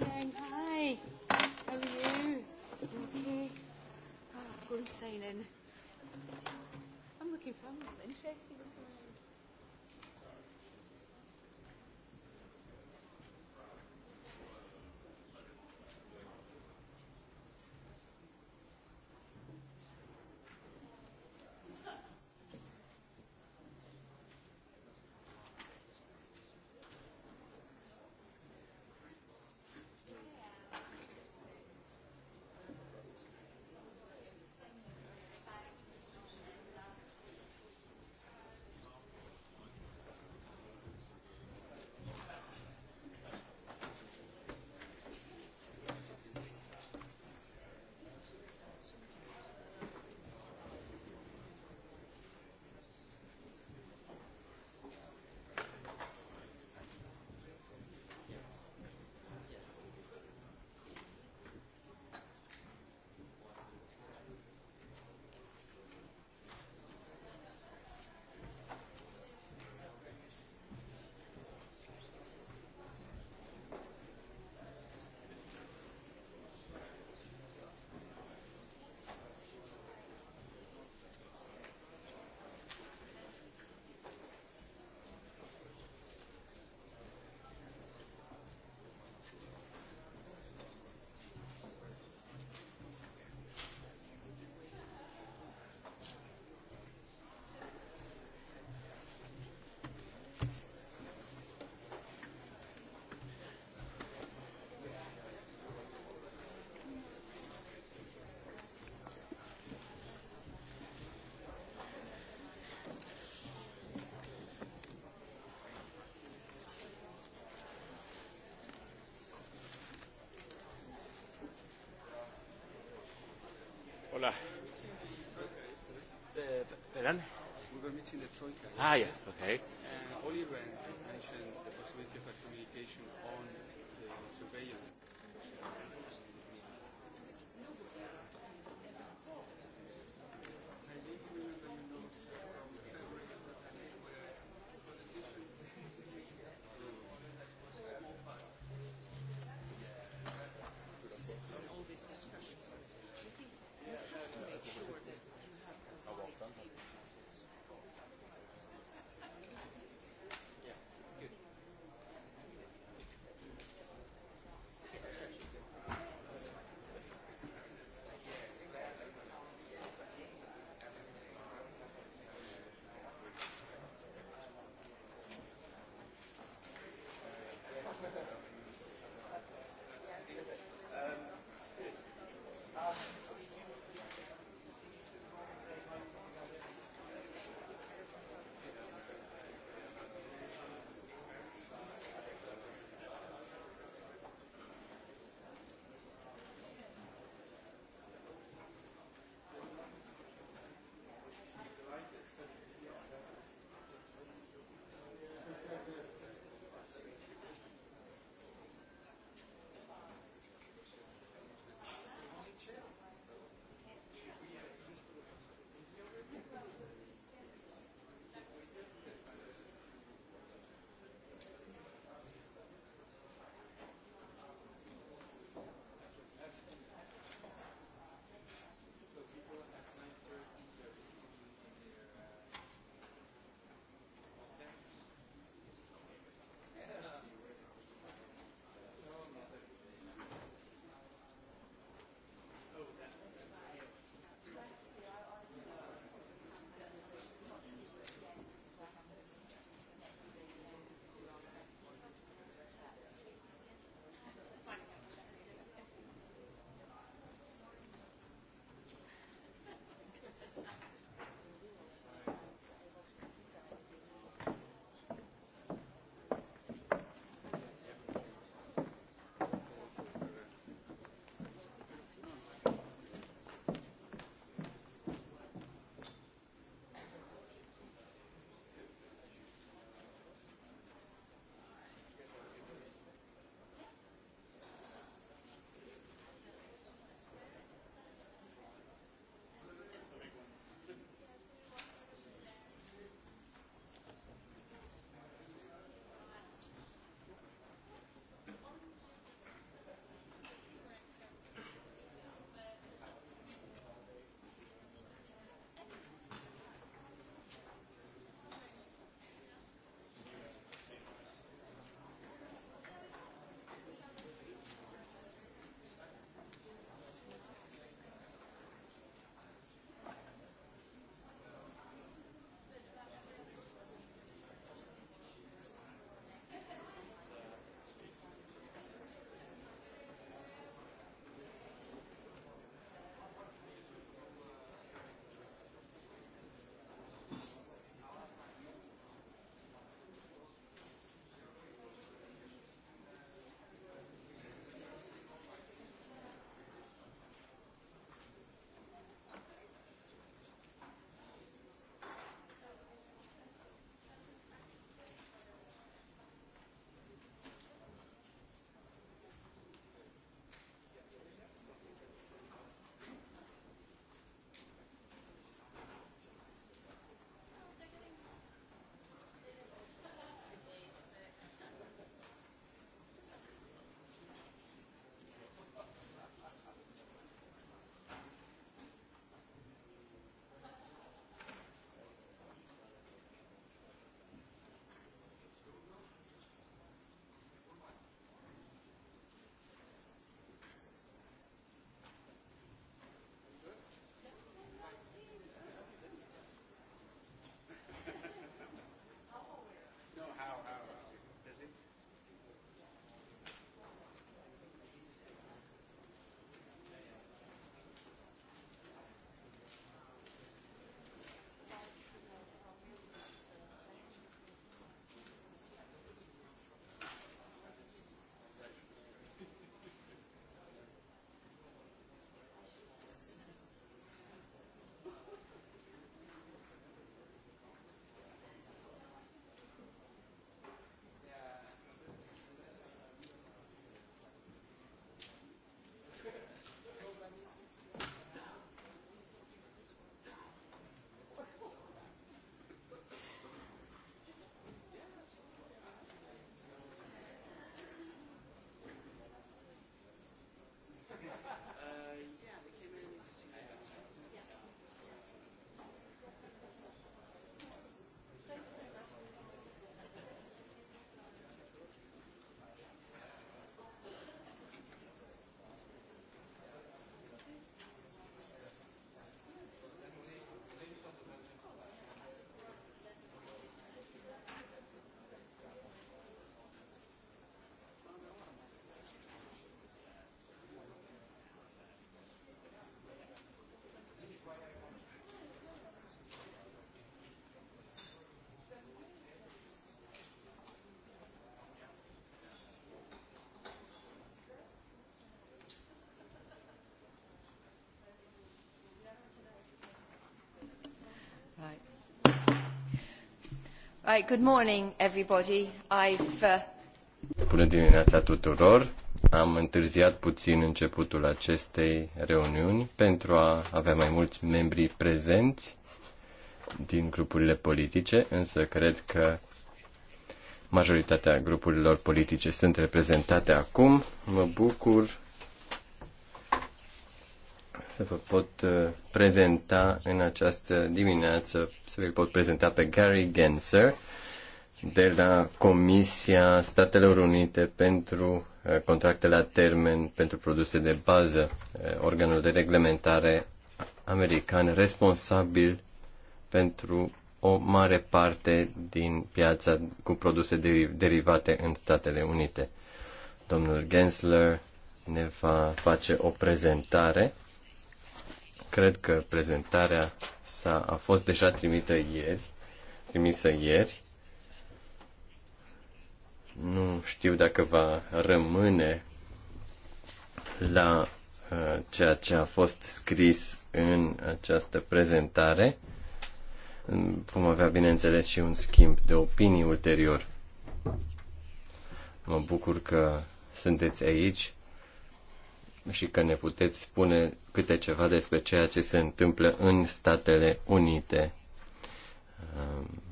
morning. Hi. How are you? Okay. Oh, going gone I'm looking for, I'm not interested. Hola. Eh, Pardon? We were meeting the Troika. Ah, yes, okay. And Oli Ren mentioned the possibility of a communication on good morning everybody. I've, uh... Bună dimineața tuturor! Am întârziat puțin începutul acestei reuniuni pentru a avea mai mulți membri prezenți din grupurile politice, însă cred că majoritatea grupurilor politice sunt reprezentate acum. Mă bucur să vă pot uh, prezenta în această dimineață, să vă pot prezenta pe Gary Genser de la Comisia Statelor Unite pentru uh, contracte la termen pentru produse de bază, uh, organul de reglementare american responsabil pentru o mare parte din piața cu produse derivate în Statele Unite. Domnul Gensler ne va face o prezentare Cred că prezentarea s-a, a fost deja trimită ieri, trimisă ieri. Nu știu dacă va rămâne la uh, ceea ce a fost scris în această prezentare. Vom avea, bineînțeles, și un schimb de opinii ulterior. Mă bucur că sunteți aici și că ne puteți spune câte ceva despre ceea ce se întâmplă în Statele Unite um,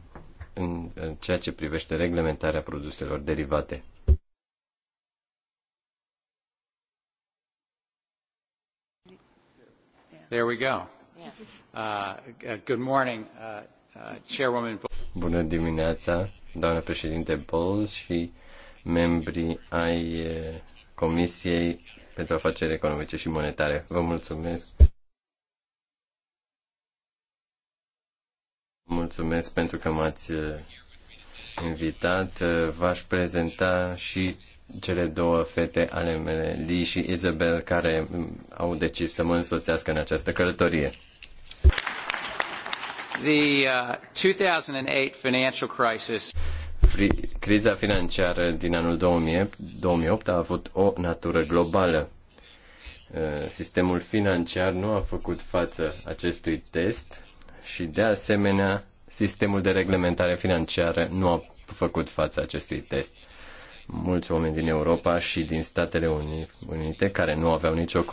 în ceea ce privește reglementarea produselor derivate. There we go. Uh, uh, good morning, uh, uh, Chairwoman. Bună dimineața, doamnă președinte Bowles și membrii ai uh, Comisiei pentru afaceri economice și monetare. Vă mulțumesc! Mulțumesc pentru că m-ați uh, invitat. Uh, v-aș prezenta și cele două fete ale mele, Lee și Isabel, care mm, au decis să mă însoțească în această călătorie. The uh, 2008 financial crisis criza financiară din anul 2008 a avut o natură globală. Uh, sistemul financiar nu a făcut față acestui test și, de asemenea, sistemul de reglementare financiară nu a făcut față acestui test. Mulți oameni din Europa și din Statele Unite care nu aveau nicio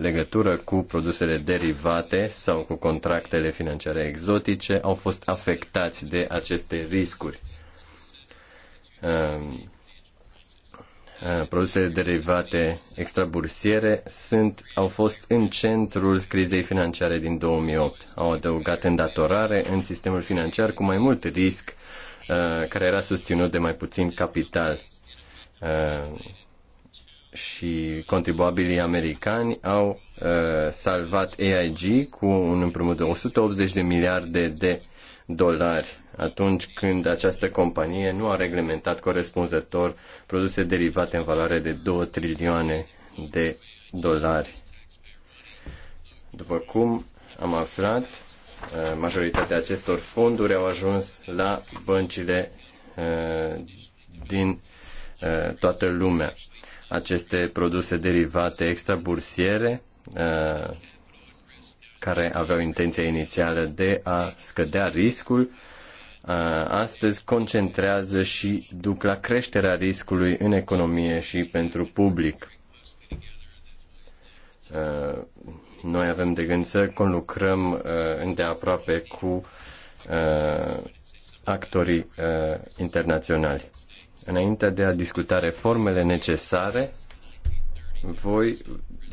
legătură cu produsele derivate sau cu contractele financiare exotice au fost afectați de aceste riscuri Um, uh, produsele derivate extrabursiere sunt, au fost în centrul crizei financiare din 2008. Au adăugat îndatorare în sistemul financiar cu mai mult risc uh, care era susținut de mai puțin capital. Uh, și contribuabilii americani au uh, salvat AIG cu un împrumut de 180 de miliarde de dolari atunci când această companie nu a reglementat corespunzător produse derivate în valoare de 2 trilioane de dolari. După cum am aflat, eh, majoritatea acestor fonduri au ajuns la băncile eh, din eh, toată lumea. Aceste produse derivate extrabursiere care aveau intenția inițială de a scădea riscul, astăzi concentrează și duc la creșterea riscului în economie și pentru public. Noi avem de gând să conlucrăm îndeaproape cu actorii internaționali. Înainte de a discuta reformele necesare, voi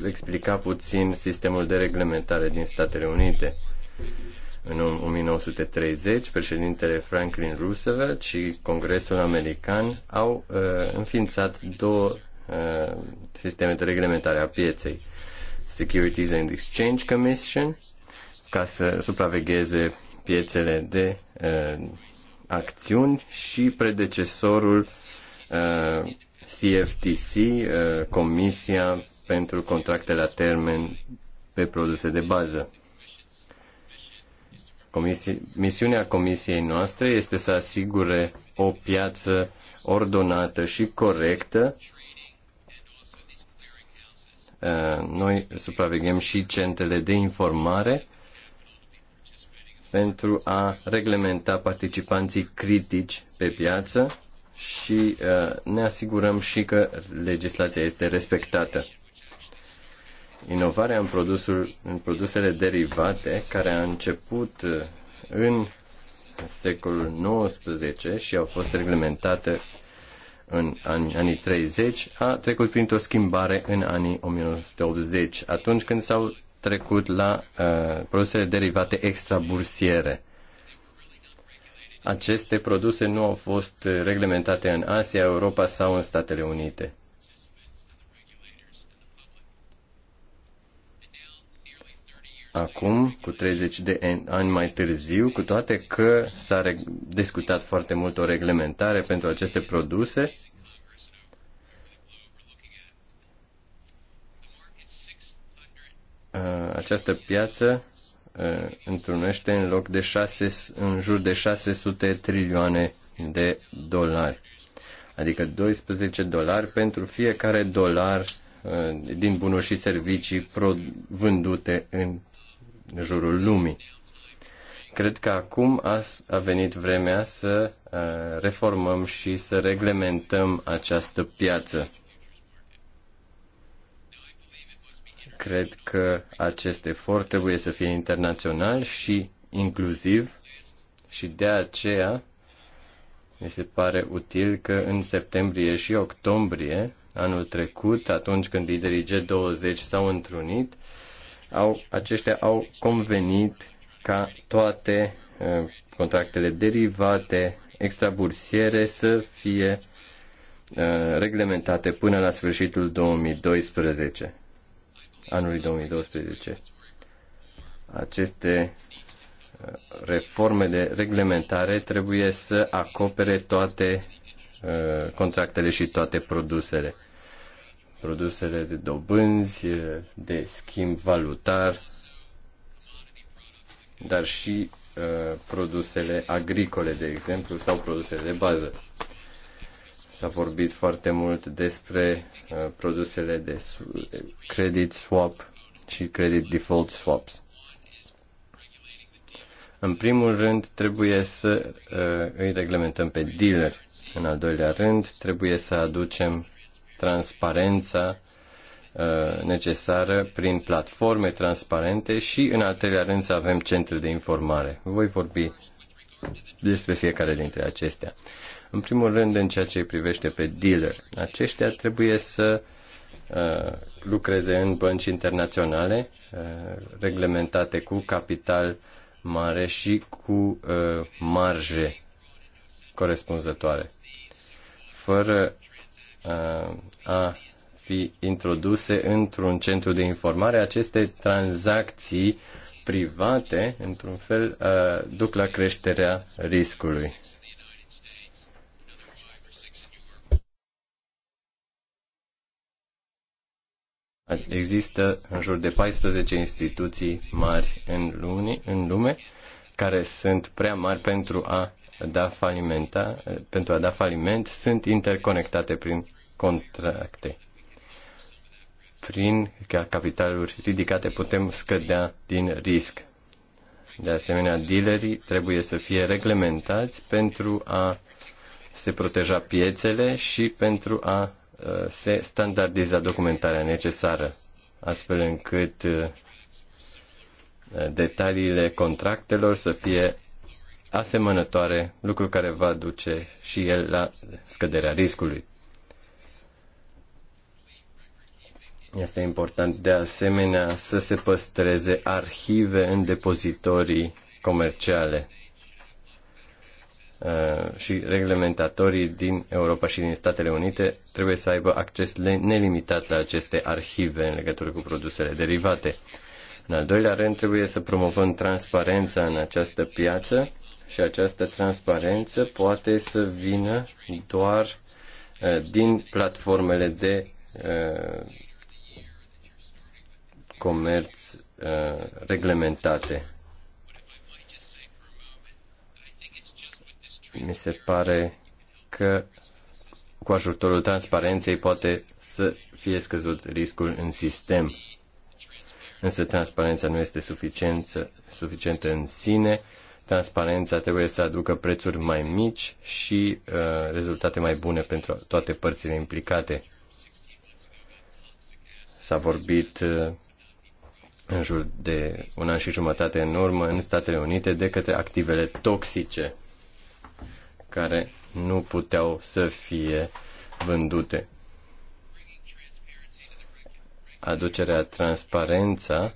explica puțin sistemul de reglementare din Statele Unite în 1930, președintele Franklin Roosevelt și Congresul American au uh, înființat două uh, sisteme de reglementare a pieței. Securities and Exchange Commission, ca să supravegheze piețele de uh, acțiuni și predecesorul uh, CFTC, uh, Comisia pentru contractele la termen pe produse de bază. Comisie, misiunea comisiei noastre este să asigure o piață ordonată și corectă. Uh, noi supraveghem și centrele de informare pentru a reglementa participanții critici pe piață și uh, ne asigurăm și că legislația este respectată. Inovarea în, produsul, în produsele derivate, care a început uh, în secolul XIX și au fost reglementate în anii, anii 30, a trecut printr-o schimbare în anii 1980, atunci când s-au trecut la uh, produsele derivate extrabursiere. Aceste produse nu au fost uh, reglementate în Asia, Europa sau în Statele Unite. acum, cu 30 de ani mai târziu, cu toate că s-a discutat foarte mult o reglementare pentru aceste produse. Această piață întrunește în loc de 6, în jur de 600 trilioane de dolari. Adică 12 dolari pentru fiecare dolar din bunuri și servicii vândute în jurul lumii. Cred că acum a, a venit vremea să uh, reformăm și să reglementăm această piață. Cred că acest efort trebuie să fie internațional și inclusiv și de aceea mi se pare util că în septembrie și octombrie anul trecut, atunci când liderii G20 s-au întrunit, au, aceștia au convenit ca toate eh, contractele derivate extrabursiere să fie eh, reglementate până la sfârșitul 2012, anului 2012. Aceste eh, reforme de reglementare trebuie să acopere toate contractele și toate produsele produsele de dobânzi, de schimb valutar, dar și uh, produsele agricole, de exemplu, sau produsele de bază. S-a vorbit foarte mult despre uh, produsele de credit swap și credit default swaps. În primul rând, trebuie să uh, îi reglementăm pe dealer. În al doilea rând, trebuie să aducem transparența uh, necesară prin platforme transparente și, în al treilea rând, să avem centre de informare. Voi vorbi despre fiecare dintre acestea. În primul rând, în ceea ce îi privește pe dealer, aceștia trebuie să uh, lucreze în bănci internaționale uh, reglementate cu capital mare și cu uh, marje corespunzătoare. Fără a fi introduse într-un centru de informare aceste tranzacții private, într-un fel, duc la creșterea riscului. Există în jur de 14 instituții mari în, luni, în lume care sunt prea mari pentru a da falimenta, pentru a da faliment, sunt interconectate prin contracte. Prin capitaluri ridicate putem scădea din risc. De asemenea, dealerii trebuie să fie reglementați pentru a se proteja piețele și pentru a uh, se standardiza documentarea necesară, astfel încât uh, detaliile contractelor să fie asemănătoare, lucru care va duce și el la scăderea riscului. Este important de asemenea să se păstreze arhive în depozitorii comerciale uh, și reglementatorii din Europa și din Statele Unite trebuie să aibă acces nelimitat la aceste arhive în legătură cu produsele derivate. În al doilea rând, trebuie să promovăm transparența în această piață și această transparență poate să vină doar uh, din platformele de uh, comerț uh, reglementate. Mi se pare că cu ajutorul transparenței poate să fie scăzut riscul în sistem. Însă transparența nu este suficientă, suficientă în sine. Transparența trebuie să aducă prețuri mai mici și uh, rezultate mai bune pentru toate părțile implicate. S-a vorbit uh, în jur de un an și jumătate în urmă în Statele Unite de către activele toxice care nu puteau să fie vândute. Aducerea transparența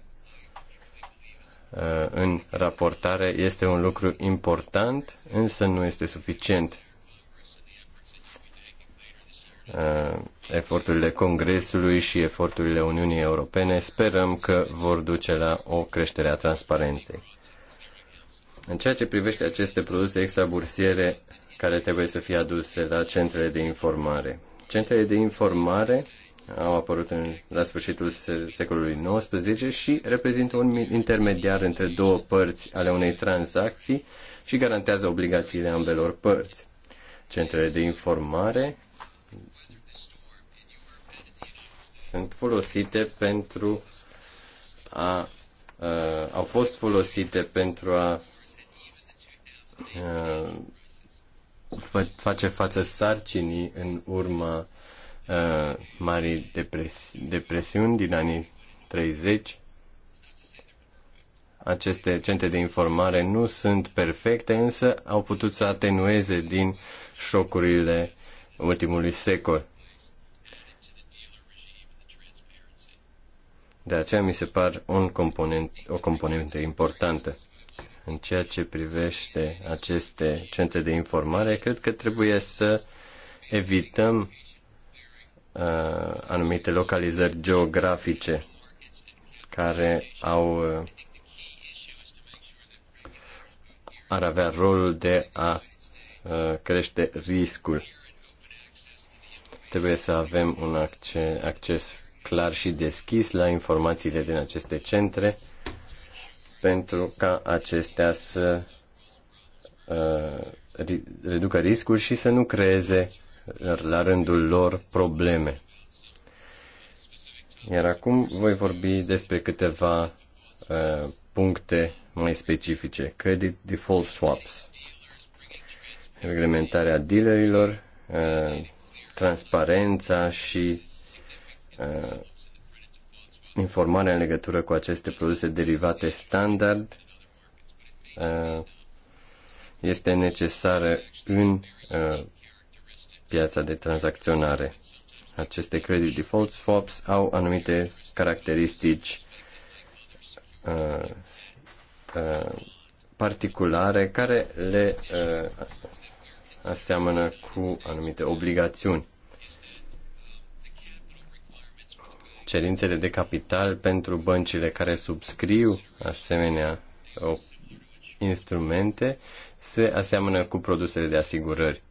uh, în raportare este un lucru important, însă nu este suficient. Uh, eforturile Congresului și eforturile Uniunii Europene, sperăm că vor duce la o creștere a transparenței. În ceea ce privește aceste produse extrabursiere care trebuie să fie aduse la centrele de informare. Centrele de informare au apărut în, la sfârșitul secolului XIX și reprezintă un intermediar între două părți ale unei tranzacții și garantează obligațiile ambelor părți. Centrele de informare sunt folosite pentru a, uh, au fost folosite pentru a uh, face față sarcinii în urma uh, marii depresi- depresiuni din anii 30. Aceste centre de informare nu sunt perfecte, însă au putut să atenueze din șocurile ultimului secol. De aceea mi se par un component, o componentă importantă. În ceea ce privește aceste centre de informare, cred că trebuie să evităm uh, anumite localizări geografice care au uh, ar avea rolul de a uh, crește riscul. Trebuie să avem un acces, acces clar și deschis la informațiile din aceste centre pentru ca acestea să uh, reducă riscuri și să nu creeze la rândul lor probleme. Iar acum voi vorbi despre câteva uh, puncte mai specifice. Credit default swaps, reglementarea dealerilor, uh, transparența și Uh, informarea în legătură cu aceste produse derivate standard uh, este necesară în uh, piața de tranzacționare. Aceste credit default swaps au anumite caracteristici uh, uh, particulare care le uh, aseamănă cu anumite obligațiuni. cerințele de capital pentru băncile care subscriu asemenea o, instrumente se aseamănă cu produsele de asigurări.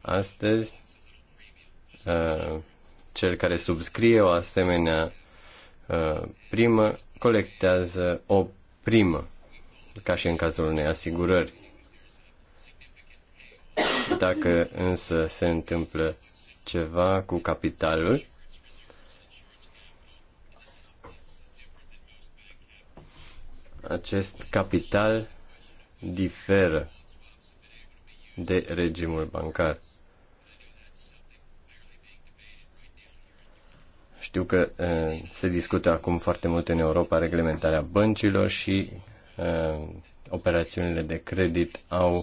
Astăzi, cel care subscrie o asemenea primă colectează o primă, ca și în cazul unei asigurări. Dacă însă se întâmplă ceva cu capitalul. Acest capital diferă de regimul bancar. Știu că uh, se discută acum foarte mult în Europa reglementarea băncilor și uh, operațiunile de credit au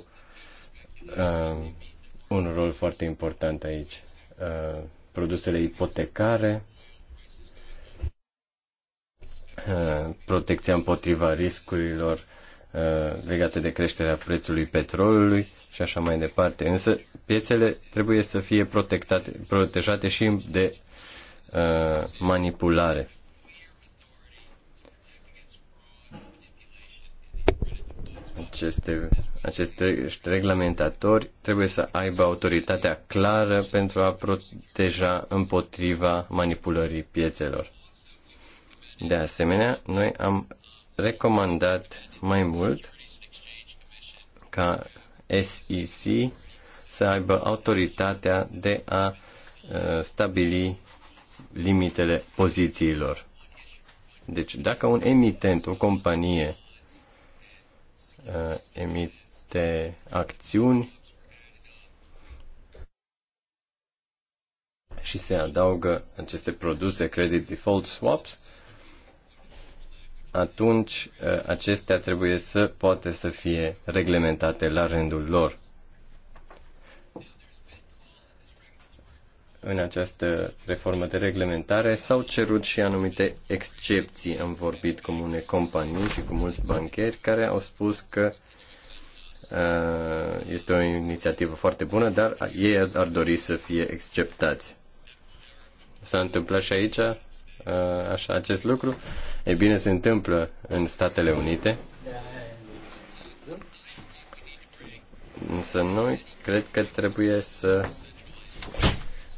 uh, un rol foarte important aici. Uh, produsele ipotecare, uh, protecția împotriva riscurilor uh, legate de creșterea prețului petrolului și așa mai departe. Însă piețele trebuie să fie protejate și de manipulare. aceste, aceste reglementatori trebuie să aibă autoritatea clară pentru a proteja împotriva manipulării piețelor. De asemenea, noi am recomandat mai mult ca SEC să aibă autoritatea de a uh, stabili limitele pozițiilor. Deci, dacă un emitent, o companie, Uh, emite acțiuni și se adaugă aceste produse credit default swaps, atunci uh, acestea trebuie să poate să fie reglementate la rândul lor. în această reformă de reglementare s-au cerut și anumite excepții. Am vorbit cu unele companii și cu mulți bancheri care au spus că uh, este o inițiativă foarte bună, dar ei ar dori să fie exceptați. S-a întâmplat și aici uh, așa acest lucru? E bine, se întâmplă în Statele Unite. Însă noi cred că trebuie să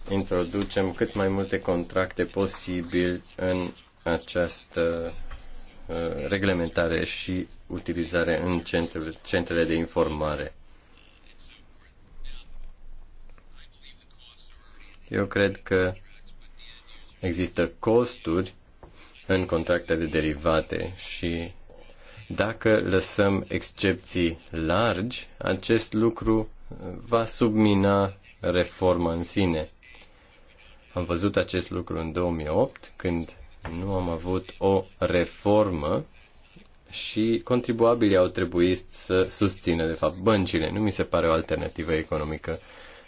introducem cât mai multe contracte posibil în această uh, reglementare și utilizare în centrele, centrele de informare. Eu cred că există costuri în contractele derivate și dacă lăsăm excepții largi, acest lucru uh, va submina reforma în sine. Am văzut acest lucru în 2008, când nu am avut o reformă și contribuabilii au trebuit să susțină, de fapt, băncile. Nu mi se pare o alternativă economică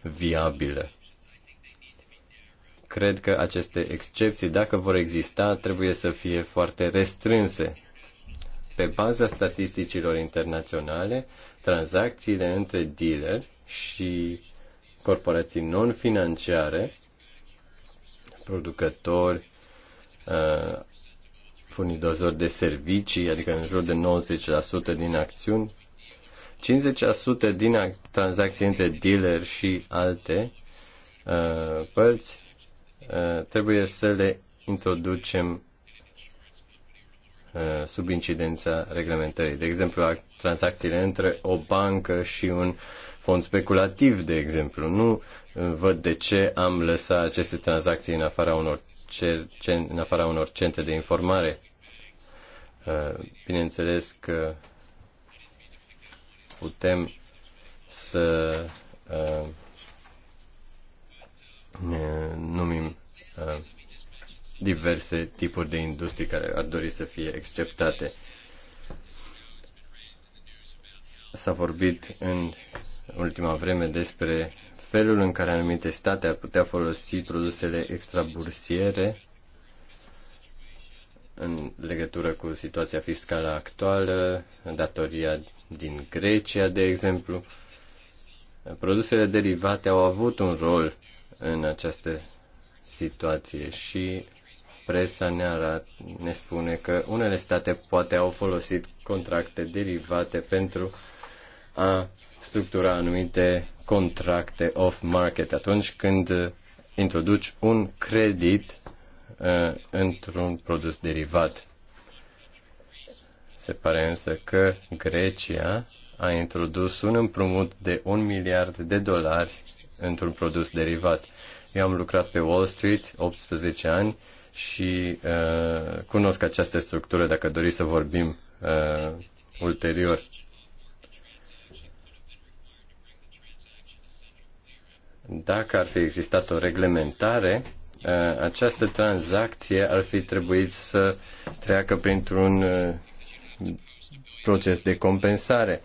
viabilă. Cred că aceste excepții, dacă vor exista, trebuie să fie foarte restrânse. Pe baza statisticilor internaționale, tranzacțiile între dealeri și corporații non-financiare producători, uh, furnizori de servicii, adică în jur de 90% din acțiuni, 50% din tranzacții între dealer și alte uh, părți uh, trebuie să le introducem sub incidența reglementării. De exemplu, tranzacțiile între o bancă și un fond speculativ, de exemplu. Nu văd de ce am lăsat aceste tranzacții în afara unor, cer, în afara unor centre de informare. Uh, bineînțeles că putem să uh, numim uh, diverse tipuri de industrii care ar dori să fie exceptate. S-a vorbit în ultima vreme despre felul în care anumite state ar putea folosi produsele extrabursiere în legătură cu situația fiscală actuală, datoria din Grecia, de exemplu. Produsele derivate au avut un rol în această situație și presa ne, arat, ne spune că unele state poate au folosit contracte derivate pentru a structura anumite contracte off-market atunci când introduci un credit uh, într-un produs derivat. Se pare însă că Grecia a introdus un împrumut de un miliard de dolari într-un produs derivat. Eu am lucrat pe Wall Street 18 ani și uh, cunosc această structură dacă doriți să vorbim uh, ulterior. Dacă ar fi existat o reglementare, uh, această tranzacție ar fi trebuit să treacă printr-un uh, proces de compensare.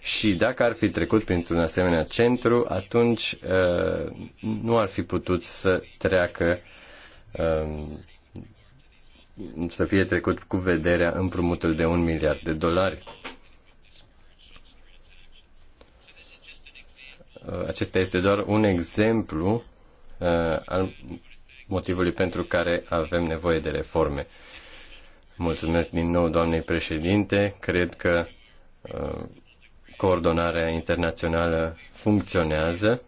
Și dacă ar fi trecut printr-un asemenea centru, atunci uh, nu ar fi putut să treacă um, să fie trecut cu vederea împrumutul de un miliard de dolari. Acesta este doar un exemplu uh, al motivului pentru care avem nevoie de reforme. Mulțumesc din nou doamnei președinte. Cred că uh, coordonarea internațională funcționează.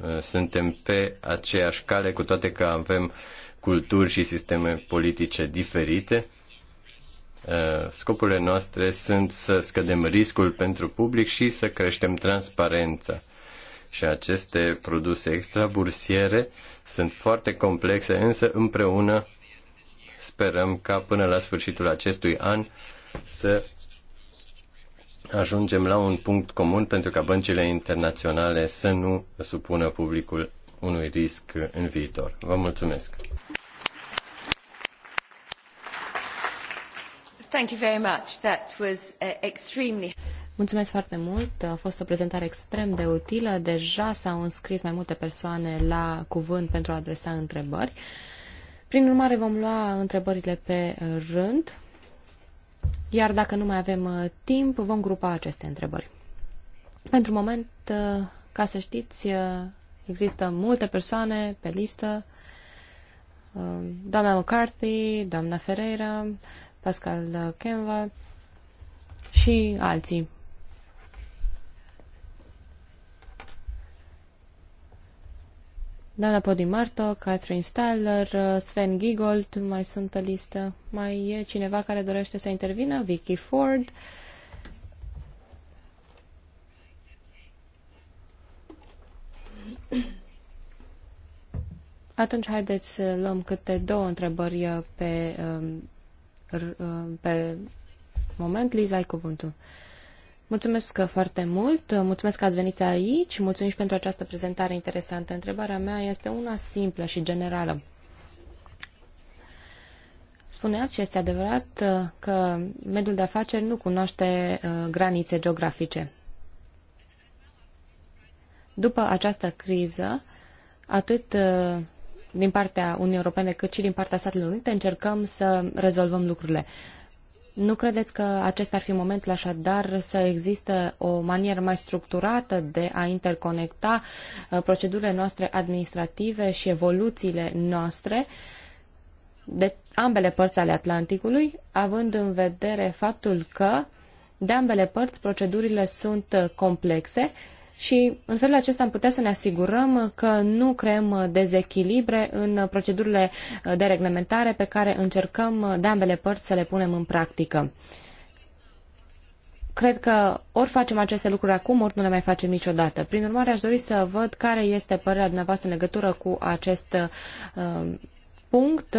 Uh, suntem pe aceeași cale, cu toate că avem culturi și sisteme politice diferite. Scopurile noastre sunt să scădem riscul pentru public și să creștem transparența și aceste produse extrabursiere sunt foarte complexe, însă împreună sperăm ca până la sfârșitul acestui an să ajungem la un punct comun pentru ca băncile internaționale să nu supună publicul unui risc în viitor. Vă mulțumesc! Thank you very much. That was uh, extremely... Mulțumesc foarte mult, a fost o prezentare extrem de utilă. Deja s-au înscris mai multe persoane la cuvânt pentru a adresa întrebări. Prin urmare, vom lua întrebările pe rând, iar dacă nu mai avem uh, timp, vom grupa aceste întrebări. Pentru moment, uh, ca să știți, uh, există multe persoane pe listă. Doamna McCarthy, doamna Ferreira, Pascal Kenva și alții. Dana Podimarto, Catherine Styler, Sven Giegold mai sunt pe listă. Mai e cineva care dorește să intervină? Vicky Ford. Atunci haideți să luăm câte două întrebări pe, um, um, pe moment. Liza, ai cuvântul. Mulțumesc foarte mult, mulțumesc că ați venit aici, mulțumim și pentru această prezentare interesantă. Întrebarea mea este una simplă și generală. Spuneați și este adevărat că mediul de afaceri nu cunoaște uh, granițe geografice. După această criză, atât uh, din partea Uniunii Europene cât și din partea Statelor Unite încercăm să rezolvăm lucrurile. Nu credeți că acesta ar fi momentul așadar să existe o manieră mai structurată de a interconecta uh, procedurile noastre administrative și evoluțiile noastre de ambele părți ale Atlanticului, având în vedere faptul că de ambele părți procedurile sunt uh, complexe și în felul acesta am putea să ne asigurăm că nu creăm dezechilibre în procedurile de reglementare pe care încercăm de ambele părți să le punem în practică. Cred că ori facem aceste lucruri acum, ori nu le mai facem niciodată. Prin urmare, aș dori să văd care este părerea dumneavoastră în legătură cu acest uh, punct,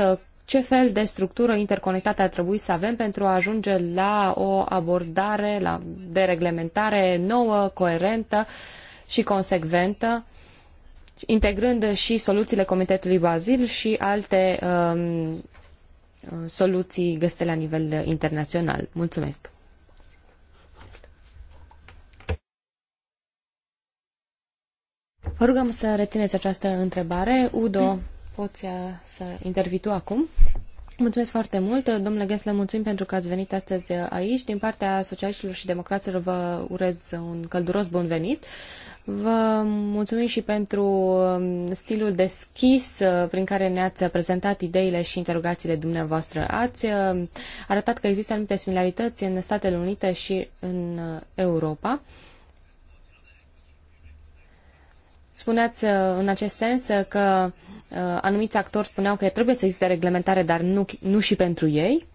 ce fel de structură interconectată ar trebui să avem pentru a ajunge la o abordare la, de reglementare nouă, coerentă și consecventă, integrând și soluțiile Comitetului Bazil și alte um, soluții găsite la nivel internațional. Mulțumesc! Vă rugăm să rețineți această întrebare. Udo poți uh, să intervii tu acum. Mulțumesc foarte mult. Domnule Gensler, mulțumim pentru că ați venit astăzi uh, aici. Din partea socialiștilor și democraților vă urez un călduros bun venit. Vă mulțumim și pentru um, stilul deschis uh, prin care ne-ați prezentat ideile și interogațiile dumneavoastră. Ați arătat că există anumite similarități în Statele Unite și în Europa Spuneați uh, în acest sens uh, că uh, anumiți actori spuneau că trebuie să existe reglementare, dar nu, nu și pentru ei.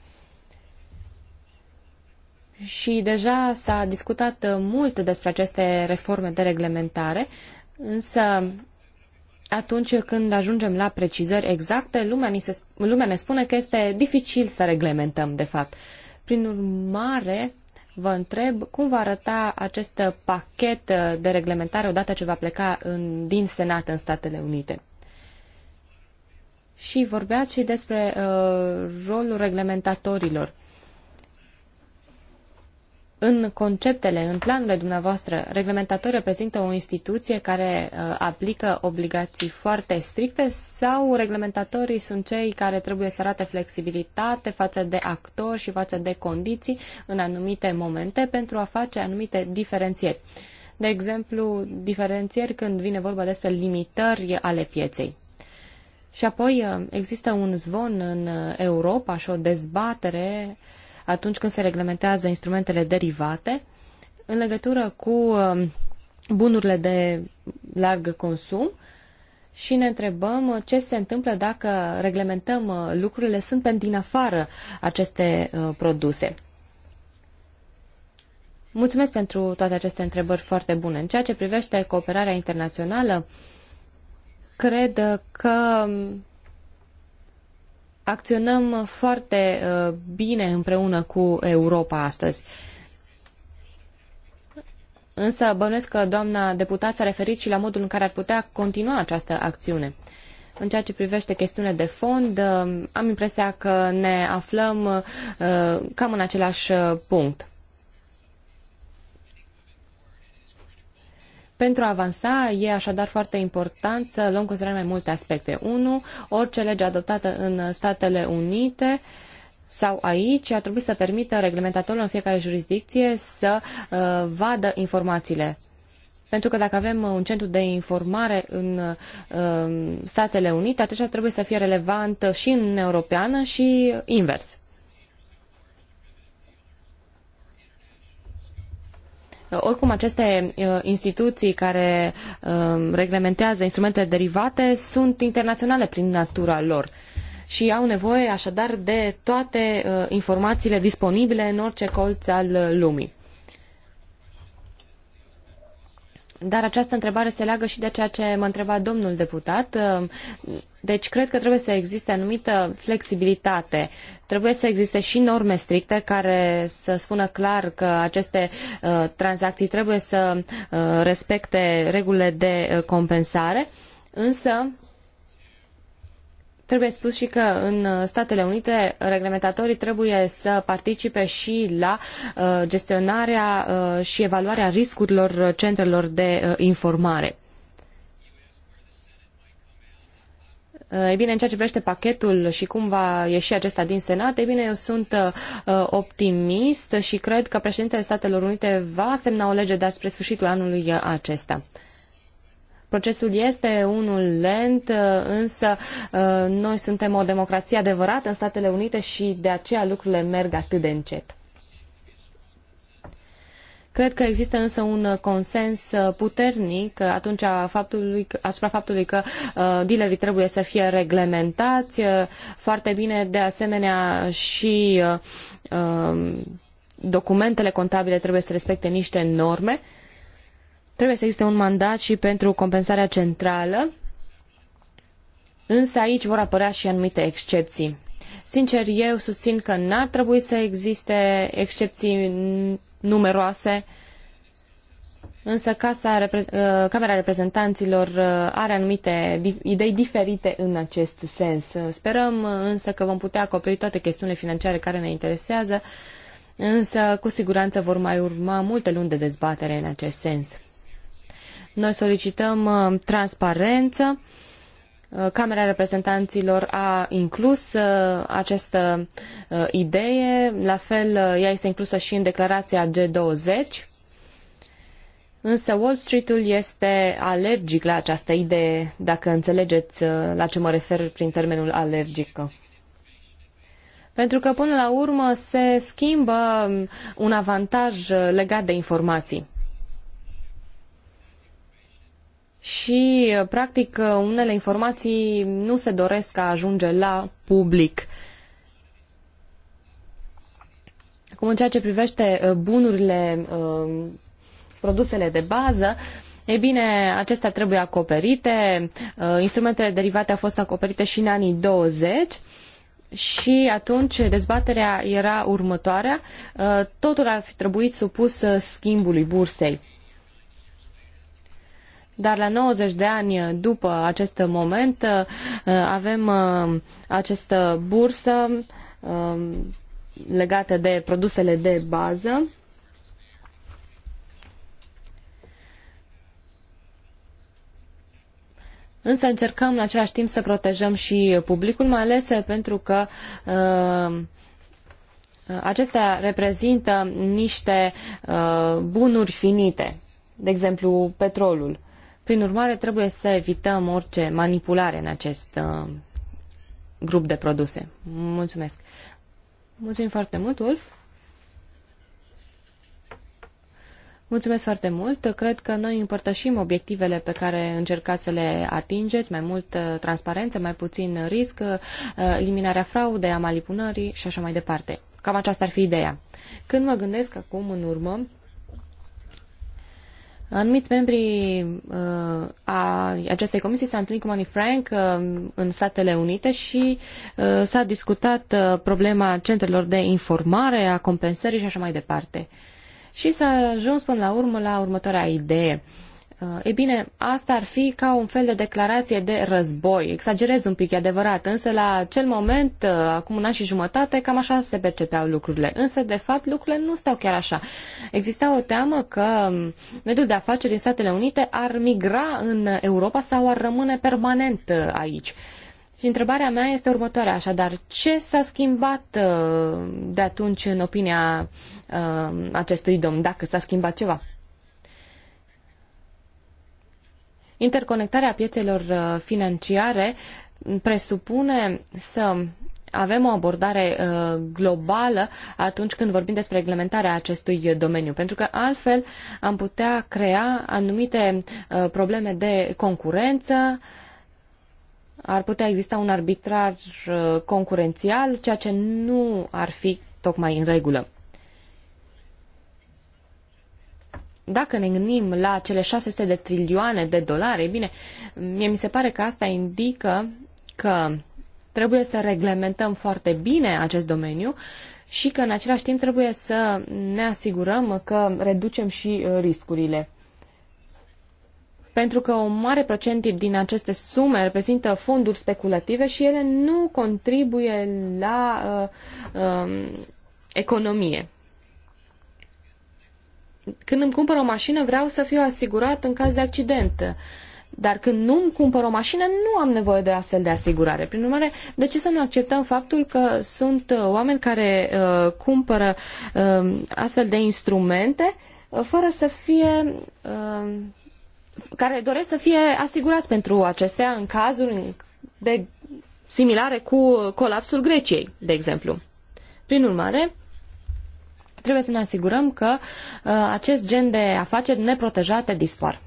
Și deja s-a discutat mult despre aceste reforme de reglementare, însă atunci când ajungem la precizări exacte, lumea, ni se, lumea ne spune că este dificil să reglementăm, de fapt. Prin urmare, vă întreb cum va arăta acest pachet de reglementare odată ce va pleca în, din Senat în Statele Unite. Și vorbeați și despre uh, rolul reglementatorilor. Uh, în conceptele, în planurile dumneavoastră, reglementator reprezintă o instituție care uh, aplică obligații foarte stricte sau reglementatorii sunt cei care trebuie să arate flexibilitate față de actori și față de condiții în anumite momente pentru a face anumite diferențieri? De exemplu, diferențieri când vine vorba despre limitări ale pieței. Și apoi uh, există un zvon în Europa și o dezbatere uh, atunci când se reglementează instrumentele derivate în legătură cu um, bunurile de larg consum și ne întrebăm ce se întâmplă dacă reglementăm uh, lucrurile, sunt pe din afară aceste uh, produse. Mulțumesc pentru toate aceste întrebări foarte bune. În ceea ce privește cooperarea internațională, cred că um, acționăm foarte uh, bine împreună cu Europa astăzi. Însă bănuiesc că doamna deputat s-a referit și la modul în care ar putea continua această acțiune. În ceea ce privește chestiunile de fond, uh, am impresia că ne aflăm uh, cam în același punct. Pentru a avansa, e așadar foarte important să luăm considerare mai multe aspecte. 1. Orice lege adoptată în Statele Unite sau aici a trebuit să permită reglementatorul în fiecare jurisdicție să uh, vadă informațiile. Pentru că dacă avem un centru de informare în uh, Statele Unite, atunci trebuie să fie relevant și în Europeană și invers. Oricum, aceste uh, instituții care um, reglementează instrumente derivate sunt internaționale prin natura lor și au nevoie așadar de toate uh, informațiile disponibile în orice colț al uh, lumii. Dar această întrebare se leagă și de ceea ce mă întreba domnul deputat. Deci cred că trebuie să existe anumită flexibilitate. Trebuie să existe și norme stricte care să spună clar că aceste uh, tranzacții trebuie să uh, respecte regulile de uh, compensare, însă Trebuie spus și că în uh, Statele Unite reglementatorii trebuie să participe și la uh, gestionarea uh, și evaluarea riscurilor centrelor de informare. Ei bine, în ceea ce privește pachetul și cum va ieși acesta din Senat, ei bine, eu sunt optimist și cred că președintele Statelor Unite va semna o lege, dar spre sfârșitul anului acesta. Procesul este unul lent, însă uh, noi suntem o democrație adevărată în Statele Unite și de aceea lucrurile merg atât de încet. Cred că există însă un consens uh, puternic atunci faptului, asupra faptului că uh, dealerii trebuie să fie reglementați uh, foarte bine, de asemenea și uh, um, documentele contabile trebuie să respecte niște norme uh, Trebuie să existe un mandat și pentru compensarea centrală, însă aici vor apărea și anumite excepții. Sincer, eu susțin că n-ar trebui să existe excepții numeroase, însă Casa, uh, Camera Reprezentanților uh, are anumite idei diferite în acest sens. Sperăm uh, însă că vom putea acoperi toate chestiunile financiare care ne interesează, însă cu siguranță vor mai urma multe luni de dezbatere în acest sens. Noi solicităm uh, transparență. Uh, Camera Reprezentanților a inclus uh, această idee, la fel ea este inclusă și în declarația G20, însă Wall Street-ul este alergic la această idee, dacă înțelegeți la ce mă refer prin termenul alergică. Pentru că până la urmă se schimbă um, un avantaj legat de informații. și, uh, practic, uh, unele informații nu se doresc a ajunge la public. Acum, în ceea ce privește uh, bunurile, produsele de bază, ei bine, acestea trebuie acoperite, instrumentele derivate au fost acoperite și în anii 20 și atunci dezbaterea era următoarea, totul ar fi trebuit supus schimbului bursei. Dar la 90 de ani după acest moment uh, avem uh, această bursă um, legată de produsele de bază. Însă încercăm în același timp să protejăm și publicul, mai ales pentru că uh, acestea reprezintă niște uh, bunuri finite, de exemplu petrolul. Prin urmare, trebuie să evităm orice manipulare în acest uh, grup de produse. Mulțumesc! Mulțumim foarte mult, Ulf! Mulțumesc foarte mult. Cred că noi împărtășim obiectivele pe care încercați să le atingeți, mai mult uh, transparență, mai puțin risc, uh, eliminarea fraudei, a manipulării și așa mai departe. Cam aceasta ar fi ideea. Când mă gândesc acum în urmă Anumiți membri uh, a acestei comisii s-au întâlnit cu Money Frank uh, în Statele Unite și uh, s-a discutat uh, problema centrelor de informare, a compensării și așa mai departe. Și s-a ajuns până la urmă la următoarea idee. Uh, E bine, asta ar fi ca un fel de declarație de război. Exagerez un pic, e adevărat, însă la acel moment, uh, acum un an și jumătate, cam așa se percepeau lucrurile. Însă, de fapt, lucrurile nu stau chiar așa. Exista o teamă că um, mediul de afaceri din Statele Unite ar migra în Europa sau ar rămâne permanent uh, aici. Și întrebarea mea este următoarea, așadar, ce s-a schimbat uh, de atunci în opinia acestui domn, dacă s-a schimbat ceva? Interconectarea piețelor uh, financiare presupune să avem o abordare uh, globală atunci când vorbim despre reglementarea acestui domeniu, pentru că altfel am putea crea anumite uh, probleme de concurență, ar putea exista un arbitrar concurențial, ceea ce nu ar fi tocmai în regulă. dacă ne gândim la cele 600 de trilioane de dolari, e bine, mie mi se pare că asta indică că trebuie să reglementăm foarte bine acest domeniu și că în același timp trebuie să ne asigurăm că reducem și uh, riscurile. Pentru că o mare procent din aceste sume reprezintă fonduri speculative și ele nu contribuie la uh, uh, economie când îmi cumpăr o mașină vreau să fiu asigurat în caz de accident. Dar când nu îmi cumpăr o mașină, nu am nevoie de astfel de asigurare. Prin urmare, de ce să nu acceptăm faptul că sunt uh, oameni care uh, cumpără uh, astfel de instrumente uh, fără să fie. Uh, care doresc să fie asigurați pentru acestea în cazul de similare cu colapsul Greciei, de exemplu. Prin urmare, trebuie să ne asigurăm că uh, acest gen de afaceri neprotejate dispar.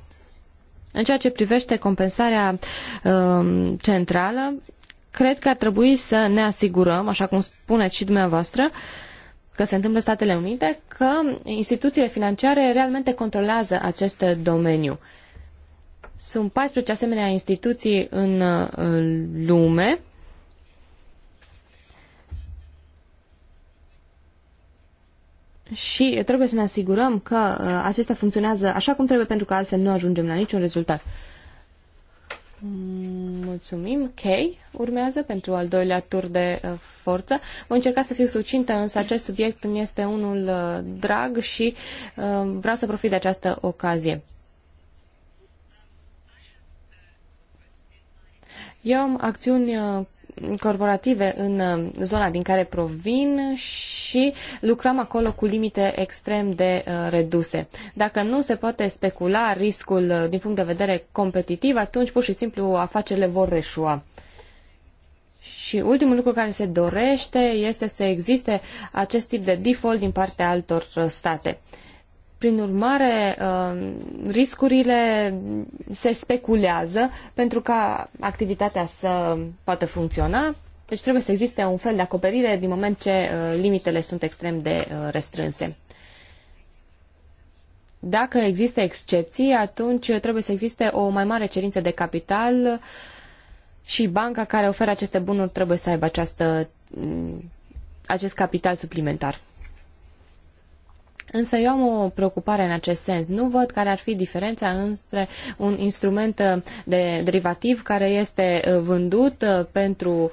În ceea ce privește compensarea um, centrală, cred că ar trebui să ne asigurăm, așa cum spuneți și dumneavoastră, că se întâmplă Statele Unite, că instituțiile financiare realmente controlează acest domeniu. Sunt 14 asemenea instituții în uh, lume și trebuie să ne asigurăm că uh, acesta funcționează așa cum trebuie, pentru că altfel nu ajungem la niciun rezultat. Mulțumim. K urmează pentru al doilea tur de uh, forță. Voi încerca să fiu sucintă, însă acest subiect îmi este unul uh, drag și uh, vreau să profit de această ocazie. Eu am acțiuni uh, corporative în uh, zona din care provin și lucrăm acolo cu limite extrem de uh, reduse. Dacă nu se poate specula riscul uh, din punct de vedere competitiv, atunci pur și simplu afacerile vor reșua. Și ultimul lucru care se dorește este să existe acest tip de default din partea altor state. Prin urmare, uh, riscurile se speculează pentru ca activitatea să poată funcționa. Deci trebuie să existe un fel de acoperire din moment ce uh, limitele sunt extrem de uh, restrânse. Dacă există excepții, atunci trebuie să existe o mai mare cerință de capital și banca care oferă aceste bunuri trebuie să aibă această, mm, acest capital suplimentar. Însă eu am o preocupare în acest sens. Nu văd care ar fi diferența între un instrument uh, de derivativ care este uh, vândut uh, pentru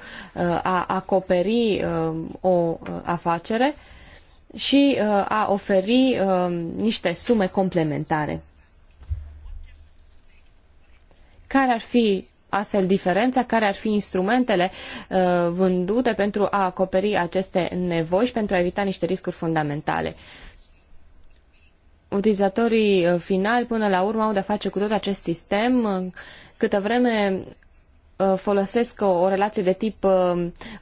a acoperi o afacere și a oferi niște sume complementare. Care ar fi astfel diferența, care ar fi instrumentele vândute pentru a acoperi aceste nevoi și pentru a evita niște riscuri fundamentale utilizatorii uh, finali până la urmă au de-a face cu tot acest sistem. Uh, câtă vreme uh, folosesc o relație de tip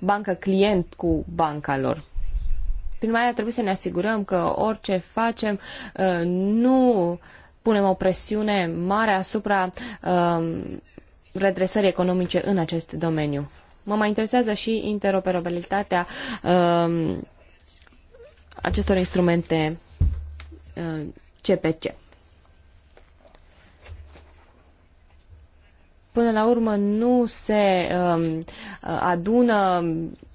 bancă-client cu banca lor. Prin mai trebuie să ne asigurăm că orice facem nu punem o presiune mare asupra redresării economice în acest domeniu. Mă mai interesează și interoperabilitatea acestor instrumente CPC. Până la urmă nu se um, adună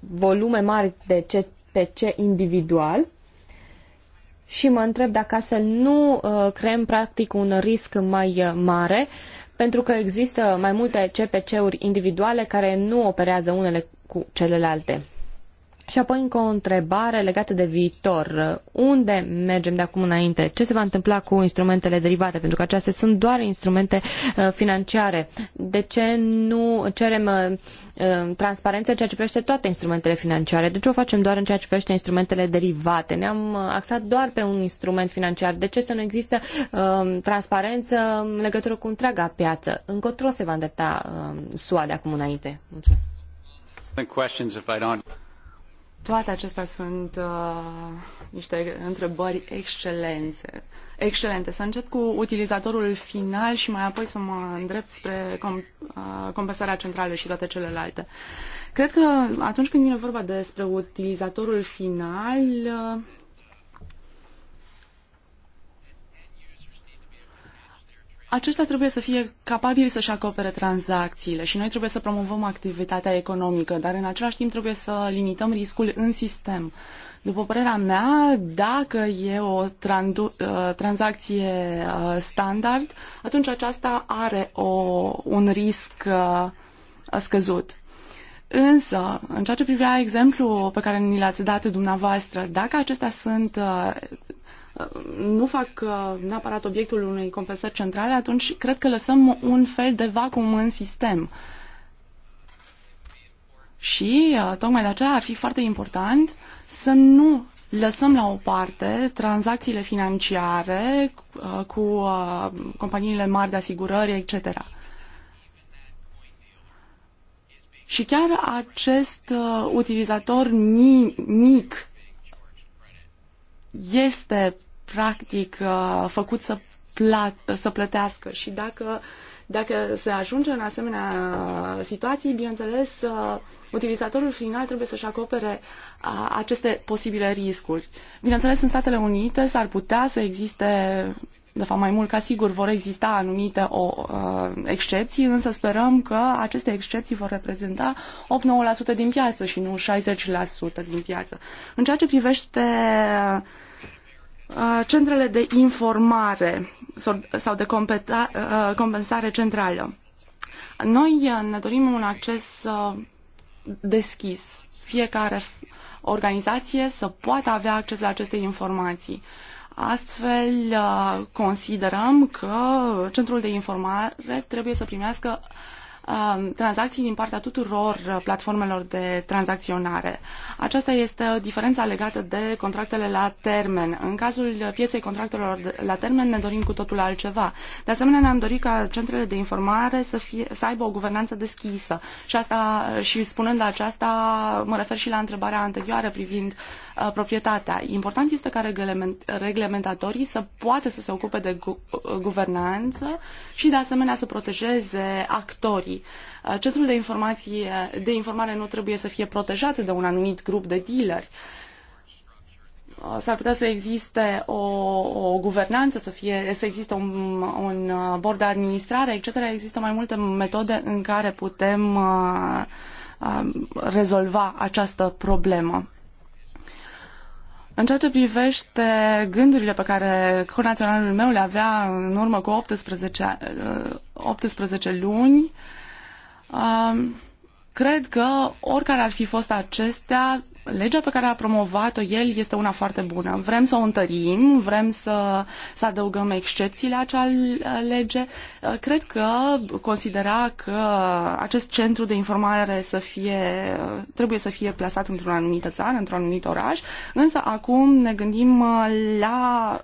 volume mari de CPC individual și mă întreb dacă astfel nu uh, creăm practic un risc mai uh, mare pentru că există mai multe CPC-uri individuale care nu operează unele cu celelalte. Și apoi încă o întrebare legată de viitor. Unde mergem de acum înainte? Ce se va întâmpla cu instrumentele derivate? Pentru că acestea sunt doar instrumente uh, financiare. De ce nu cerem uh, uh, transparență în ceea ce privește toate instrumentele financiare? De ce o facem doar în ceea ce privește instrumentele derivate? Ne-am axat doar pe un instrument financiar. De ce să nu există transparență în legătură cu întreaga piață? Încotro se va îndrepta SUA de acum înainte? Mulțumesc. Toate acestea sunt uh, niște întrebări excelente, Excelente. Să încep cu utilizatorul final și mai apoi să mă îndrept spre com- uh, compensarea centrală și toate celelalte. Cred că atunci când vine vorba despre utilizatorul final, uh, aceștia trebuie să fie capabili să-și acopere tranzacțiile și noi trebuie să promovăm activitatea economică, dar în același timp trebuie să limităm riscul în sistem. După părerea mea, dacă e o uh, tranzacție uh, standard, atunci aceasta are o, un risc uh, scăzut. Însă, în ceea ce privea exemplul pe care ni l-ați dat dumneavoastră, dacă acestea sunt nu fac uh, neapărat obiectul unei compensări centrale, atunci cred că lăsăm un fel de vacuum în sistem. Și uh, tocmai de aceea ar fi foarte important să nu lăsăm la o parte tranzacțiile financiare uh, cu companiile mari de asigurări, etc. Și chiar acest utilizator mic este practic uh, făcut să, plat- să plătească și dacă, dacă se ajunge în asemenea uh, situații, bineînțeles, uh, utilizatorul final trebuie să-și acopere aceste posibile riscuri. Bineînțeles, în Statele Unite s-ar putea să existe de fapt mai mult ca sigur vor exista anumite o, uh, excepții, însă sperăm că aceste excepții vor reprezenta 8-9% din piață și nu 60% din piață. În ceea ce privește centrele de informare sau de compensare centrală. Noi ne dorim un acces deschis. Fiecare organizație să poată avea acces la aceste informații. Astfel, considerăm că centrul de informare trebuie să primească Um, tranzacții din partea tuturor uh, platformelor de tranzacționare. Aceasta este diferența legată de contractele la termen. În cazul pieței contractelor la termen ne dorim cu totul altceva. De asemenea, ne-am dorit ca centrele de informare să, fie, să aibă o guvernanță deschisă. Și, asta, și spunând aceasta, mă refer și la întrebarea anterioară privind uh, Uh, proprietatea. Important este ca reglement, reglementatorii să poată să se ocupe de gu, uh, guvernanță și de asemenea să protejeze actorii. Uh, centrul de, informație, de informare nu trebuie să fie protejat de un anumit grup de dealeri s-ar putea să existe o, o guvernanță, să, fie, să existe un, un bord de administrare, etc. Există mai multe metode în care putem uh, uh, rezolva această problemă. În ceea ce privește gândurile pe care conaționalul meu le avea în urmă cu 18, 18 eh, luni, um, Cred că, oricare ar fi fost acestea, legea pe care a promovat-o el este una foarte bună. Vrem să o întărim, vrem să, să adăugăm excepțiile la acea lege. Cred că considera că acest centru de informare să fie, trebuie să fie plasat într-o anumită țară, într-un anumit oraș, însă acum ne gândim la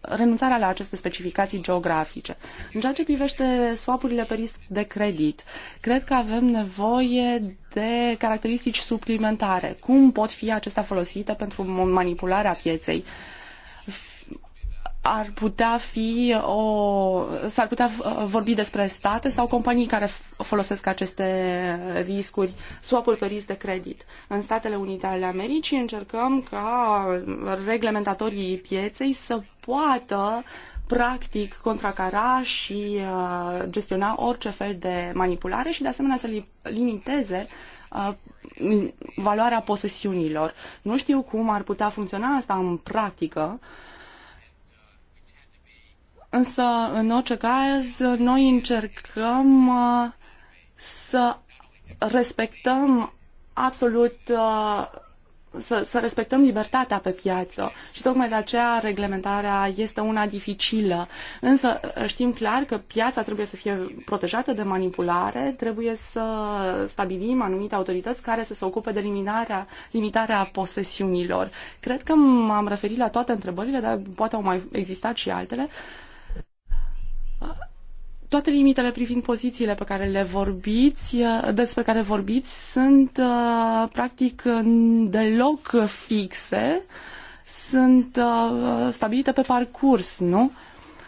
renunțarea la aceste specificații geografice. În ceea ce privește swap pe risc de credit, cred că avem nevoie serie de caracteristici suplimentare. Cum pot fi acestea folosite pentru manipularea pieței? Ar putea fi o... s-ar putea uh, vorbi despre state sau companii care folosesc aceste riscuri, swap-uri pe risc de credit. În Statele Unite ale Americii încercăm ca reglementatorii pieței să poată uh, practic contracara și uh, gestiona orice fel de manipulare și de asemenea să limiteze uh, valoarea posesiunilor. Nu știu cum ar putea funcționa asta în practică, însă în orice caz noi încercăm uh, să respectăm absolut uh, să, să respectăm libertatea pe piață și tocmai de aceea reglementarea este una dificilă. Însă eh, știm clar că piața trebuie să fie protejată de manipulare, trebuie să stabilim anumite autorități care să se ocupe de limitarea, limitarea posesiunilor. Cred că m-am referit la toate întrebările, dar poate au mai existat și altele toate limitele privind pozițiile pe care le vorbiți, uh, despre care vorbiți, sunt uh, practic uh, deloc fixe, sunt stabilite pe parcurs, nu?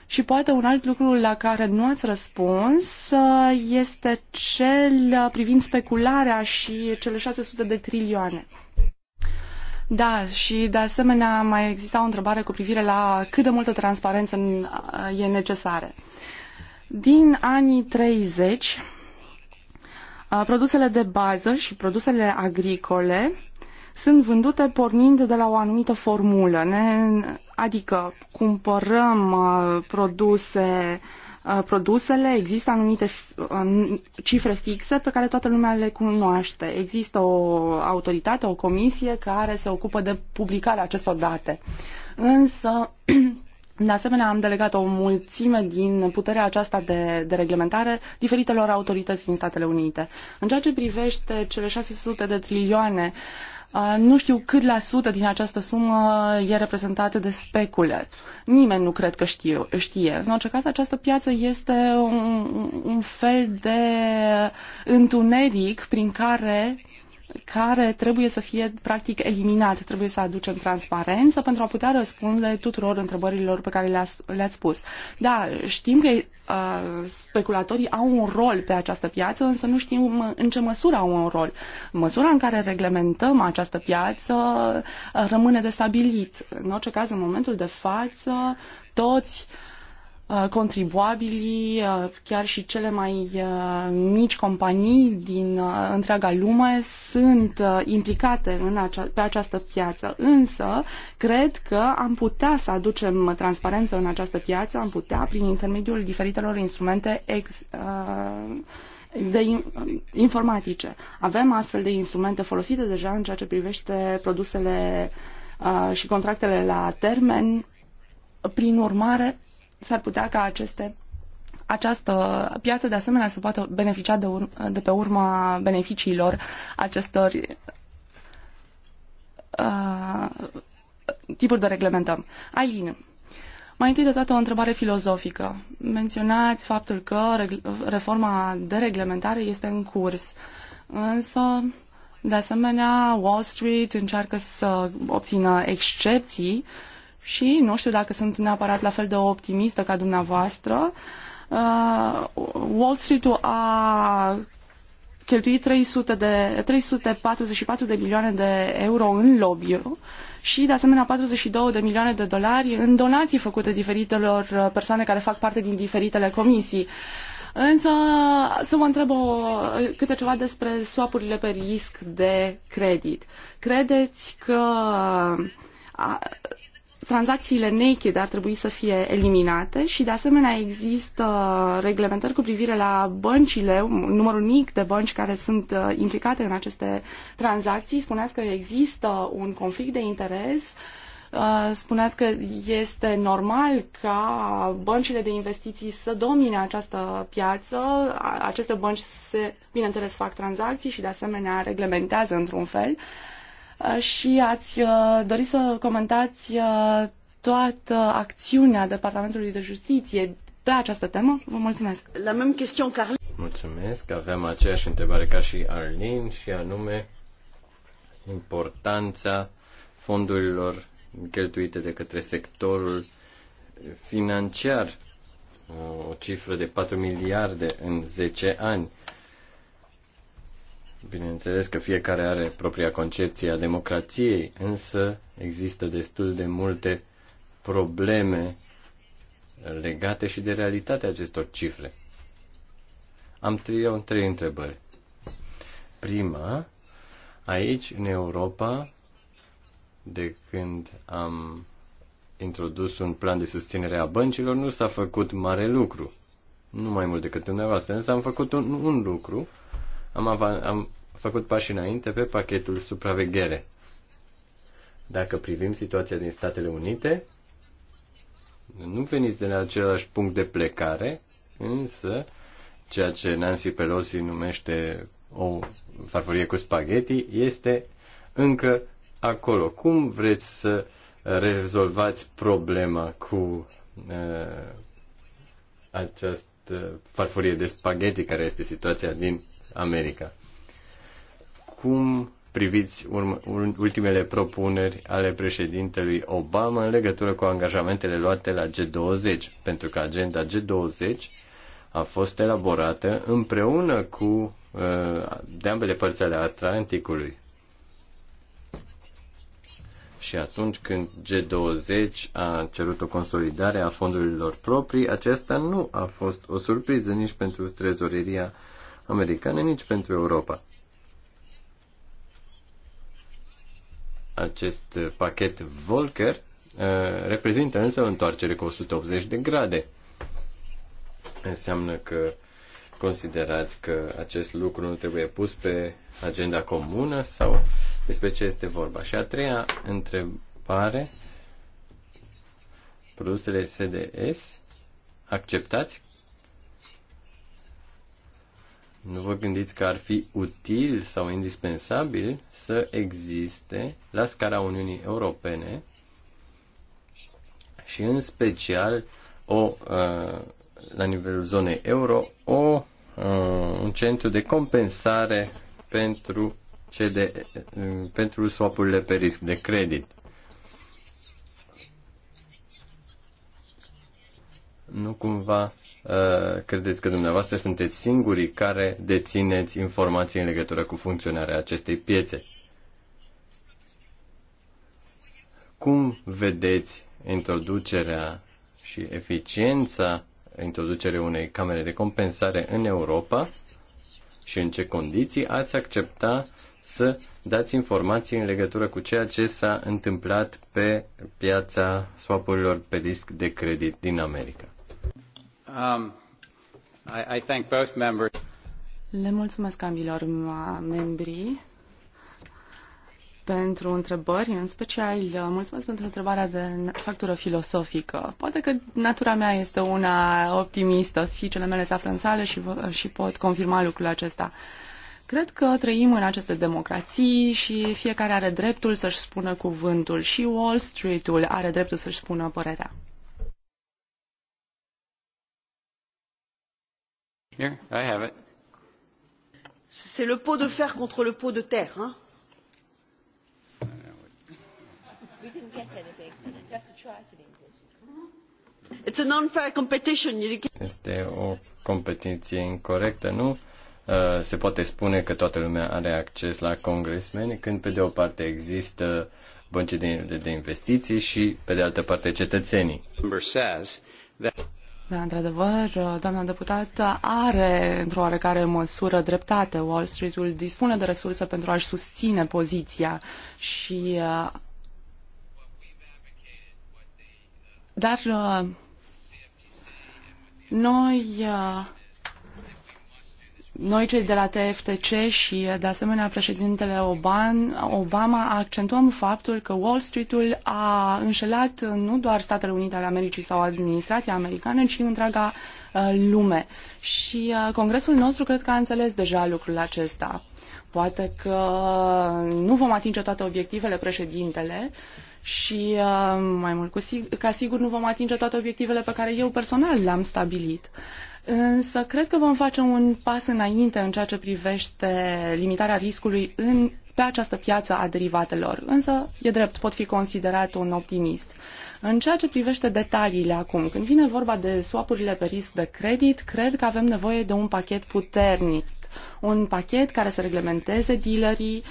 Și poate un alt lucru la care nu ați răspuns este cel privind specularea și cele 600 de trilioane. Da, și de asemenea mai exista o întrebare cu privire la cât de multă transparență e necesară. Din anii 30, produsele de bază și produsele agricole sunt vândute pornind de la o anumită formulă, ne, adică cumpărăm produse produsele, există anumite cifre fixe pe care toată lumea le cunoaște. Există o autoritate, o comisie care se ocupă de publicarea acestor date. Însă De asemenea, am delegat o mulțime din puterea aceasta de, de reglementare diferitelor autorități din Statele Unite. În ceea ce privește cele 600 de trilioane, nu știu cât la sută din această sumă e reprezentată de specule. Nimeni nu cred că știu, știe. În orice caz, această piață este un, un fel de întuneric prin care care trebuie să fie practic eliminat. Trebuie să aducem transparență pentru a putea răspunde tuturor întrebărilor pe care le-ați, le pus. Da, știm că uh, speculatorii au un rol pe această piață, însă nu știm în ce măsură au un rol. Măsura în care reglementăm această piață uh, rămâne de stabilit. În orice caz, în momentul de față, toți uh, Uh, contribuabilii, uh, chiar și cele mai uh, mici companii din întreaga lume sunt implicate în acea, pe această piață. Însă, cred că am putea să aducem transparență în această piață, am putea, prin intermediul diferitelor instrumente ex, de informatice. Avem astfel de instrumente folosite deja în ceea ce privește produsele și contractele la termen. Prin urmare, s-ar putea ca aceste această piață de asemenea să poată beneficia de, ur- de pe urma beneficiilor acestor uh, tipuri de reglementări. Aileen, mai întâi de toate o întrebare filozofică. Menționați faptul că reforma de reglementare este în curs, însă de asemenea Wall Street încearcă să obțină excepții uh, și nu știu dacă sunt neapărat la fel de optimistă ca dumneavoastră. Uh, Wall Street-ul a cheltuit 300 de, 344 de milioane de euro în lobby și, de asemenea, 42 de milioane de dolari în donații făcute diferitelor uh, persoane care fac parte din diferitele comisii. Însă să vă întreb o, câte ceva despre swapurile pe risc de credit. Credeți că tranzacțiile naked ar trebui să fie eliminate și de asemenea există reglementări cu privire la băncile, numărul mic de bănci care sunt uh, implicate în aceste tranzacții. Spuneați că există un conflict de interes uh, spuneați că este normal ca băncile de investiții să domine această piață. Aceste bănci, se, bineînțeles, fac tranzacții și, de asemenea, reglementează într-un fel. Uh, și ați uh, dori să comentați uh, toată acțiunea Departamentului de Justiție pe această temă. Vă mulțumesc. La même question, Mulțumesc. Aveam aceeași întrebare ca și Arlin și anume importanța fondurilor cheltuite de către sectorul financiar, o cifră de 4 miliarde în 10 ani. Bineînțeles că fiecare are propria concepție a democrației, însă există destul de multe probleme legate și de realitatea acestor cifre. Am trei, trei întrebări. Prima, aici, în Europa, de când am introdus un plan de susținere a băncilor, nu s-a făcut mare lucru. Nu mai mult decât dumneavoastră, însă am făcut un, un lucru. Am, am făcut pași înainte pe pachetul supraveghere. Dacă privim situația din Statele Unite, nu veniți de la același punct de plecare, însă ceea ce Nancy Pelosi numește o farfurie cu spaghetti este încă acolo. Cum vreți să rezolvați problema cu uh, această farfurie de spaghetti care este situația din America? cum priviți ultimele propuneri ale președintelui Obama în legătură cu angajamentele luate la G20, pentru că agenda G20 a fost elaborată împreună cu uh, de ambele părți ale Atlanticului. Și atunci când G20 a cerut o consolidare a fondurilor proprii, aceasta nu a fost o surpriză nici pentru trezoreria americană, nici pentru Europa. Acest pachet uh, reprezintă însă o întoarcere cu 180 de grade. Înseamnă că considerați că acest lucru nu trebuie pus pe agenda comună sau despre ce este vorba? Și a treia întrebare, produsele SDS, acceptați nu vă gândiți că ar fi util sau indispensabil să existe la scara Uniunii Europene și în special o, uh, la nivelul zonei euro o, uh, un centru de compensare pentru, cele, uh, pentru swap-urile pe risc de credit. Nu cumva Uh, credeți că dumneavoastră sunteți singurii care dețineți informații în legătură cu funcționarea acestei piețe. Cum vedeți introducerea și eficiența introducerea unei camere de compensare în Europa și în ce condiții ați accepta să dați informații în legătură cu ceea ce s-a întâmplat pe piața swapurilor pe disc de credit din America? Um, I, thank both members. Le mulțumesc ambilor membri pentru întrebări, în special uh, mulțumesc pentru întrebarea de factură filosofică. Poate că natura mea este una optimistă, fiicele mele se află în sală și, și pot confirma lucrul acesta. Cred că trăim în aceste democrații și fiecare are dreptul să-și spună cuvântul și Wall Street-ul are dreptul să-și spună părerea. C'est le pot de fer contre le pot de terre, hein? Este o competiție incorrectă, nu? Uh, se poate spune că toată lumea are acces la congresmeni, când pe de o parte există băncii de, de, de investiții și pe de altă parte cetățenii. Da, într-adevăr, doamna deputată are, într-o oarecare măsură, dreptate. Wall Street-ul dispune de resurse pentru a-și susține poziția și... Uh, dar uh, noi uh, noi, cei de la TFTC și, de asemenea, președintele Obama, accentuăm faptul că Wall Street-ul a înșelat nu doar Statele Unite ale Americii sau administrația americană, ci întreaga uh, lume. Și uh, congresul nostru cred că a înțeles deja lucrul acesta. Poate că nu vom atinge toate obiectivele președintele, și uh, mai mult cu sig- ca sigur nu vom atinge toate obiectivele pe care eu personal le-am stabilit. Însă cred că vom face un pas înainte în ceea ce privește limitarea riscului în, pe această piață a derivatelor. Însă, e drept, pot fi considerat un optimist. În ceea ce privește detaliile acum, când vine vorba de swapurile pe risc de credit, cred că avem nevoie de un pachet puternic. Un pachet care să reglementeze dealerii,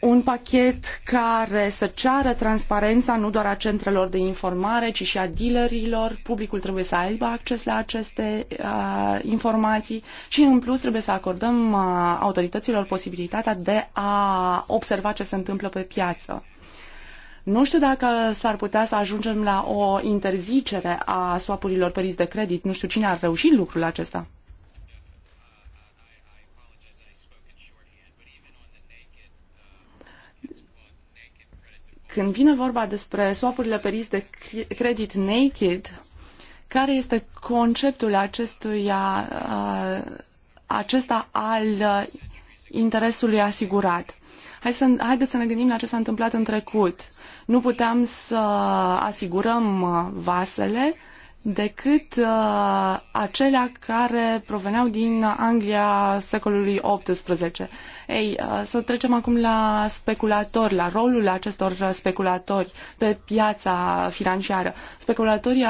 un pachet care să ceară transparența nu doar a centrelor de informare, ci și a dealerilor. Publicul trebuie să aibă acces la aceste uh, informații și, în plus, trebuie să acordăm uh, autorităților posibilitatea de a observa ce se întâmplă pe piață. Nu știu dacă s-ar putea să ajungem la o interzicere a swapurilor pe risc de credit. Nu știu cine ar reuși lucrul acesta. Când vine vorba despre swapurile pe risc de credit naked, care este conceptul acestuia, uh, acesta al uh, interesului asigurat? Hai să, haideți să ne gândim la ce s-a întâmplat în trecut. Nu puteam să asigurăm uh, vasele decât uh, acelea care proveneau din Anglia secolului XVIII. Ei, uh, să trecem acum la speculatori, la rolul acestor speculatori pe piața financiară. Speculatorii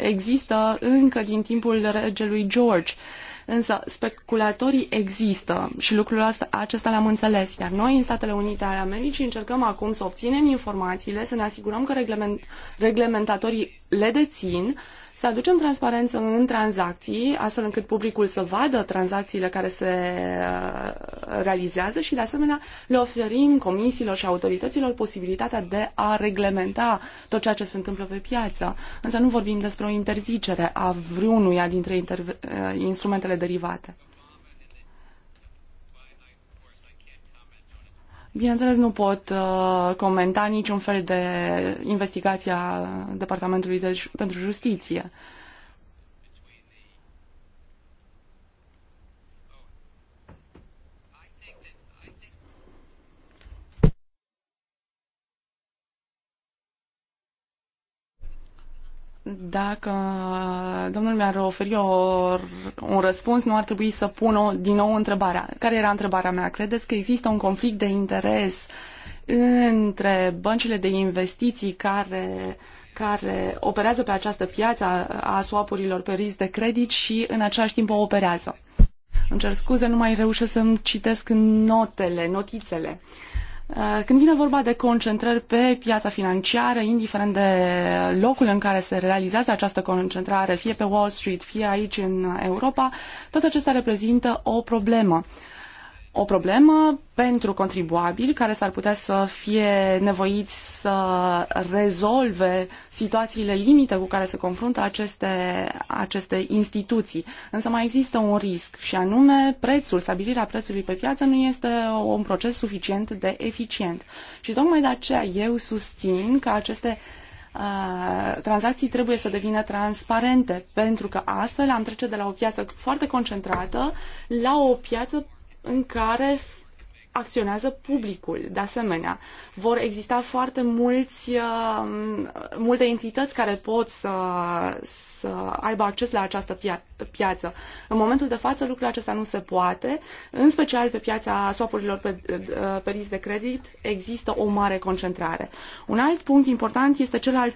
există încă din timpul regelui George. Uh, Însă speculatorii există și lucrul acesta l-am înțeles, iar noi în Statele Unite ale Americii încercăm acum să obținem informațiile, să ne asigurăm că reglement, reglementatorii le dețin, să aducem transparență în tranzacții, astfel încât publicul să vadă tranzacțiile care se uh, realizează și, de asemenea, le oferim comisiilor și autorităților posibilitatea de a reglementa tot ceea ce se întâmplă pe piață. Însă nu vorbim despre o interzicere a vreunuia dintre uh, instrumentele derivate. Bineînțeles, nu pot uh, comenta niciun fel de investigație a Departamentului de, pentru Justiție. Uh, Dacă domnul mi-ar oferi o, un răspuns, nu ar trebui să pun o, din nou întrebarea. Care era întrebarea mea? Credeți că există un conflict de interes între băncile de investiții care care operează pe această piață a swapurilor pe risc de credit și în același timp o operează. Îmi cer scuze, nu mai reușesc să-mi citesc notele, notițele. Uh, Uh, când vine vorba de concentrări pe piața financiară, indiferent de locul în care se realizează această concentrare, fie pe Wall Street, fie aici în Europa, tot acesta reprezintă o problemă o problemă pentru contribuabili care s-ar putea să fie nevoiți să rezolve situațiile limite cu care se confruntă aceste, aceste instituții. Însă mai există un risc și anume prețul, stabilirea prețului pe piață nu este un proces suficient de eficient. Și tocmai de aceea eu susțin că aceste uh, tranzacții trebuie să devină transparente, pentru că astfel am trece de la o piață foarte concentrată la o piață în care acționează publicul, de asemenea. Vor exista foarte mulți, uh, multe entități care pot să, să aibă acces la această piață. În momentul de față lucrul acesta nu se poate, în special pe piața swapurilor pe, eh, pe risc de credit există o mare concentrare. Un alt punct important este cel al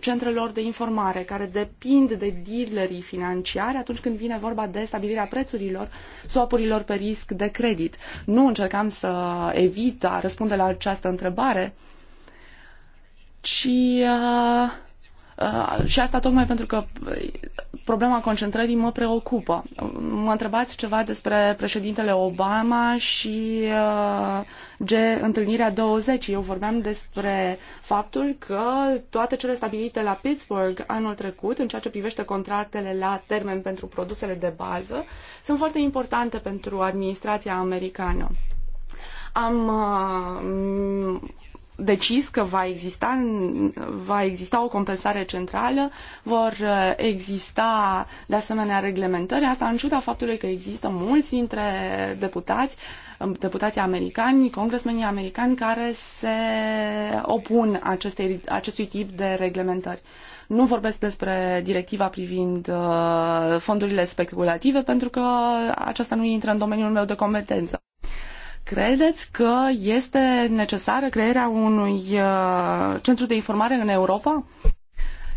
centrelor, de informare care depind de dealerii financiari atunci când vine vorba de stabilirea prețurilor swapurilor pe risc de credit. Nu încercam să evit a răspunde la această întrebare, ci uh, Uh, și asta tocmai pentru că uh, problema concentrării mă preocupă. Mă întrebați ceva despre președintele Obama și uh, G, întâlnirea 20. Eu vorbeam despre faptul că toate cele stabilite la Pittsburgh anul trecut, în ceea ce privește contractele la termen pentru produsele de bază, sunt foarte importante pentru administrația americană. Am decis că va exista, va exista o compensare centrală, vor uh, exista de asemenea reglementări, asta în ciuda faptului că există mulți dintre deputați, um, deputații americani, congresmenii americani care se opun acestei, acestui tip de reglementări. Nu vorbesc despre directiva privind uh, fondurile speculative pentru că aceasta nu intră în domeniul meu de competență. Credeți că este necesară crearea unui uh, centru de informare în Europa?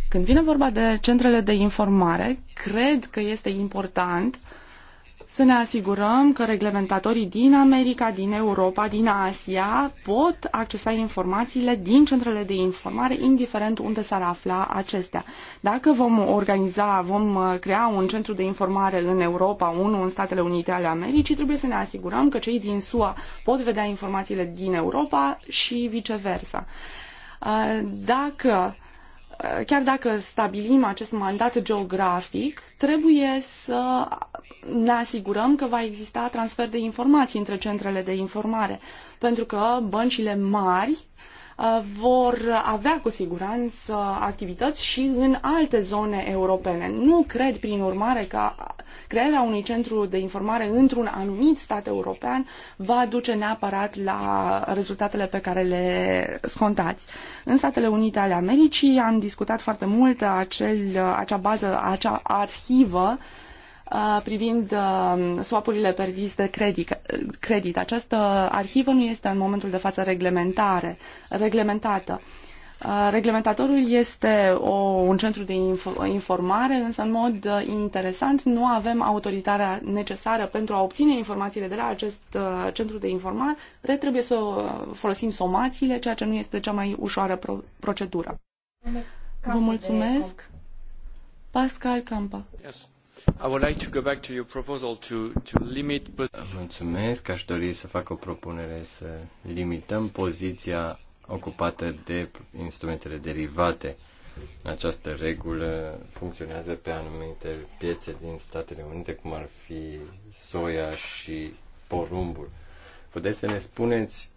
Când vine vorba de centrele de informare, cred că este important uh, să ne asigurăm că reglementatorii din America, din Europa, din Asia pot accesa informațiile din centrele de informare, indiferent unde s-ar afla acestea. Dacă vom organiza, vom uh, crea un centru de informare în Europa, unul în Statele Unite ale Americii, trebuie să ne asigurăm că cei din SUA pot vedea informațiile din Europa și viceversa. Uh, dacă uh, chiar dacă stabilim acest mandat geografic, trebuie să ne asigurăm că va exista transfer de informații între centrele de informare, pentru că băncile mari uh, vor avea cu siguranță activități și în alte zone europene. Nu cred, prin urmare, că crearea unui centru de informare într-un anumit stat european va duce neapărat la rezultatele pe care le scontați. În Statele Unite ale Americii am discutat foarte mult acel, acea bază, acea arhivă uh, Uh, privind uh, swapurile pe vis de credit. credit. Această uh, arhivă nu este în momentul de față reglementare, reglementată. Reglementatorul este o, un centru de inf- informare, însă în mod interesant nu avem autoritatea necesară pentru a obține informațiile de la acest uh, centru de informare. Trebuie să folosim somațiile, ceea ce nu este cea mai ușoară pro- procedură. Vă mulțumesc. Pascal Campa. Yes. Mulțumesc, aș dori să fac o propunere să limităm poziția ocupată de instrumentele derivate. Această regulă funcționează pe anumite piețe din Statele Unite, cum ar fi soia și porumbul. Puteți să ne spuneți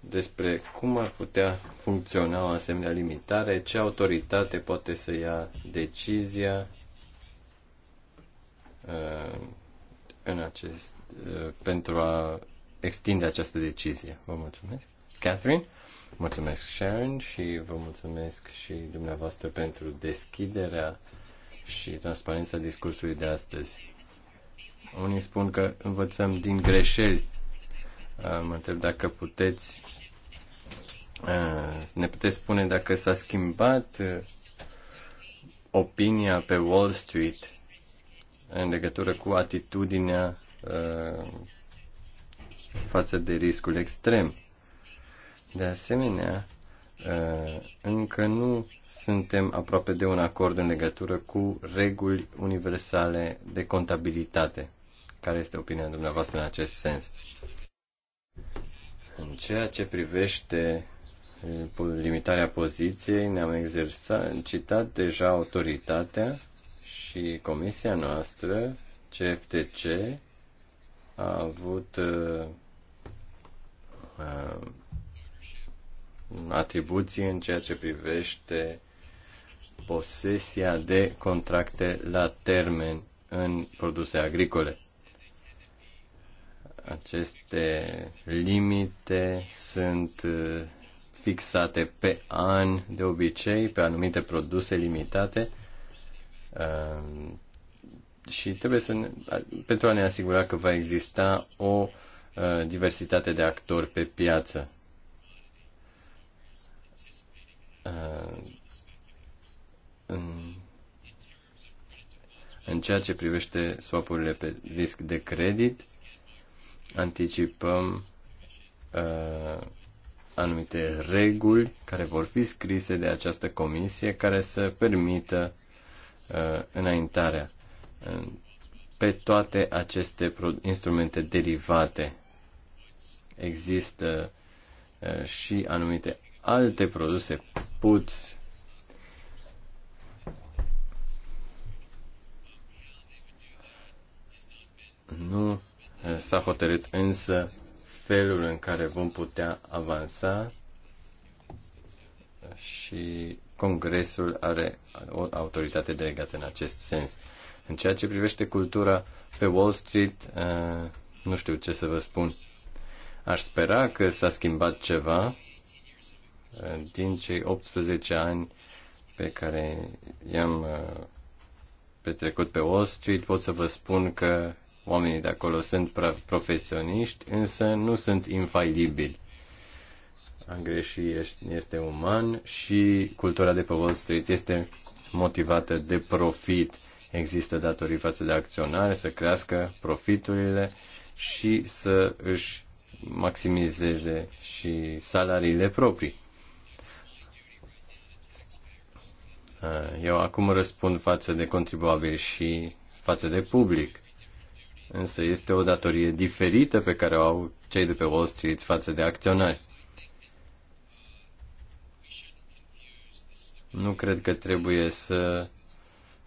despre cum ar putea funcționa o asemenea limitare, ce autoritate poate să ia decizia Uh, în acest, uh, pentru a extinde această decizie. Vă mulțumesc. Catherine, mulțumesc Sharon și vă mulțumesc și dumneavoastră pentru deschiderea și transparența discursului de astăzi. Unii spun că învățăm din greșeli. Uh, mă întreb dacă puteți ne puteți spune dacă s-a schimbat opinia pe Wall Street în legătură cu atitudinea uh, față de riscul extrem. De asemenea, uh, încă nu suntem aproape de un acord în legătură cu reguli universale de contabilitate. Care este opinia dumneavoastră în acest sens? În ceea ce privește uh, limitarea poziției, ne-am exercitat deja autoritatea și comisia noastră, CFTC, a avut uh, uh, atribuții în ceea ce privește posesia de contracte la termen în produse agricole. Aceste limite sunt uh, fixate pe an de obicei, pe anumite produse limitate Ehm, și trebuie să ne, pentru a ne asigura că va exista o uh, diversitate de actori pe piață. Ehm, în, în ceea ce privește swapurile pe risc de credit, anticipăm uh, anumite reguli care vor fi scrise de această comisie care să permită Uh, înaintarea uh, pe toate aceste instrumente derivate. Există uh, și anumite alte produse put nu s-a hotărât însă felul în care vom putea avansa și Congresul are o autoritate delegată în acest sens. În ceea ce privește cultura pe Wall Street, uh, nu știu ce să vă spun. Aș spera că s-a schimbat ceva uh, din cei 18 ani pe care i-am uh, petrecut pe Wall Street, pot să vă spun că oamenii de acolo sunt profesioniști, însă nu sunt infailibili a greși este uman și cultura de pe Wall Street este motivată de profit. Există datorii față de acționare să crească profiturile și să își maximizeze și salariile proprii. Eu acum răspund față de contribuabil și față de public. Însă este o datorie diferită pe care o au cei de pe Wall Street față de acționari. Nu cred că trebuie să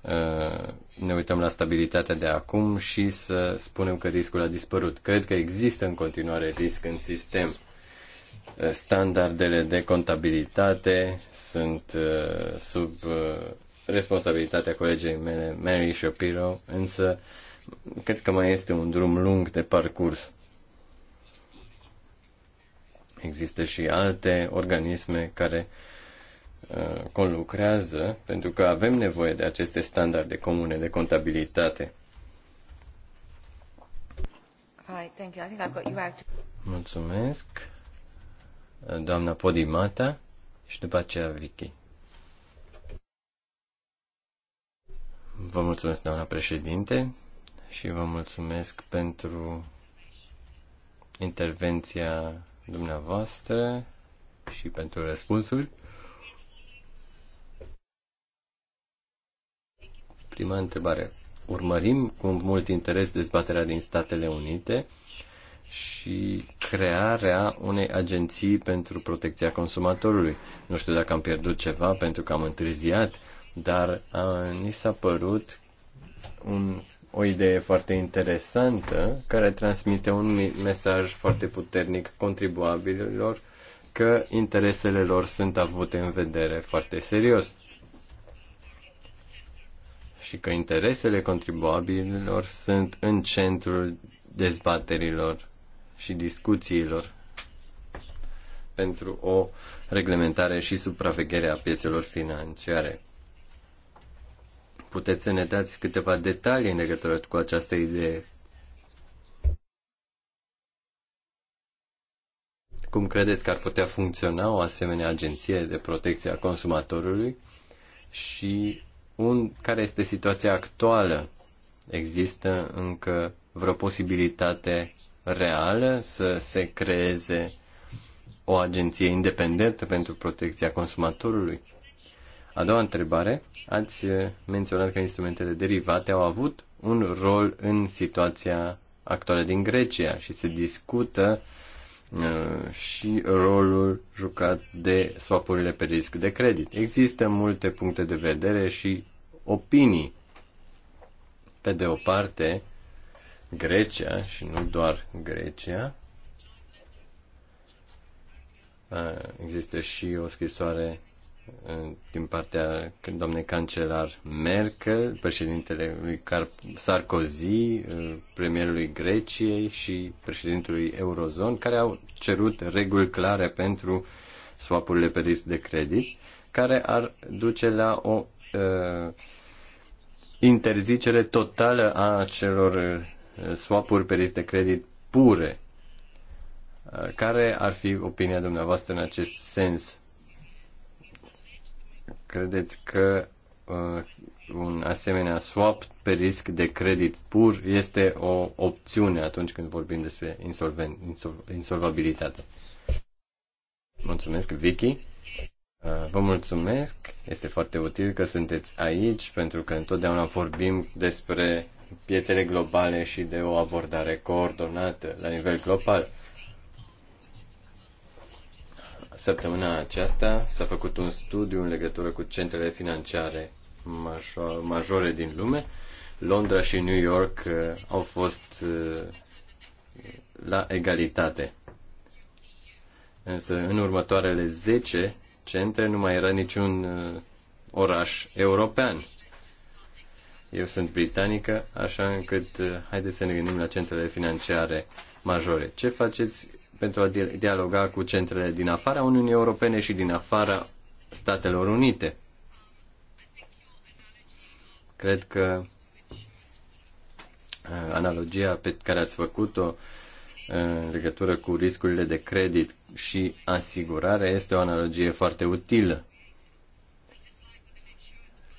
uh, ne uităm la stabilitatea de acum și să spunem că riscul a dispărut. Cred că există în continuare risc în sistem. Uh, standardele de contabilitate sunt uh, sub responsabilitatea colegei mele, Mary Shapiro, însă cred că mai este un drum lung de parcurs. Există și alte organisme care uh, Uh, conlucrează, pentru că avem nevoie de aceste standarde comune de contabilitate. Mulțumesc. Doamna Podimata și după aceea Vicky. Vă mulțumesc, doamna președinte, și vă mulțumesc pentru intervenția dumneavoastră și pentru răspunsuri. Prima întrebare. Urmărim cu mult interes dezbaterea din Statele Unite și crearea unei agenții pentru protecția consumatorului. Nu știu dacă am pierdut ceva pentru că am întârziat, dar a, ni s-a părut un, o idee foarte interesantă care transmite un mesaj foarte puternic contribuabililor că interesele lor sunt avute în vedere foarte serios și că interesele contribuabililor sunt în centrul dezbaterilor și discuțiilor pentru o reglementare și supraveghere a piețelor financiare. Puteți să ne dați câteva detalii în legătură cu această idee? Cum credeți că ar putea funcționa o asemenea agenție de protecție a consumatorului și un, care este situația actuală? Există încă vreo posibilitate reală să se creeze o agenție independentă pentru protecția consumatorului? A doua întrebare, ați menționat că instrumentele derivate au avut un rol în situația actuală din Grecia și se discută Uh, și rolul jucat de swapurile pe risc de credit. Există multe puncte de vedere și opinii. Pe de o parte, Grecia și nu doar Grecia, uh, există și o scrisoare din partea doamnei cancelar Merkel, președintele lui Sarkozy, uh, premierului Greciei și președintelui Eurozon, care au cerut reguli clare pentru swapurile pe risc de credit, care ar duce la o uh, interzicere totală a acelor uh, swapuri pe risc de credit pure. Uh, care ar fi opinia dumneavoastră în acest sens? Credeți că uh, un asemenea swap pe risc de credit pur este o opțiune atunci când vorbim despre insolven, insol, insolvabilitate? Mulțumesc, Vicky. Uh, vă mulțumesc, este foarte util că sunteți aici pentru că întotdeauna vorbim despre piețele globale și de o abordare coordonată la nivel global. Săptămâna aceasta s-a făcut un studiu în legătură cu centrele financiare majore din lume. Londra și New York uh, au fost uh, la egalitate. Însă în următoarele 10 centre nu mai era niciun uh, oraș european. Eu sunt britanică, așa încât haideți să ne gândim la centrele financiare majore. Ce faceți pentru a dialoga cu centrele din afara Uniunii Europene și din afara Statelor Unite. Cred că uh, analogia pe care ați făcut-o uh, în legătură cu riscurile de credit și asigurare este o analogie foarte utilă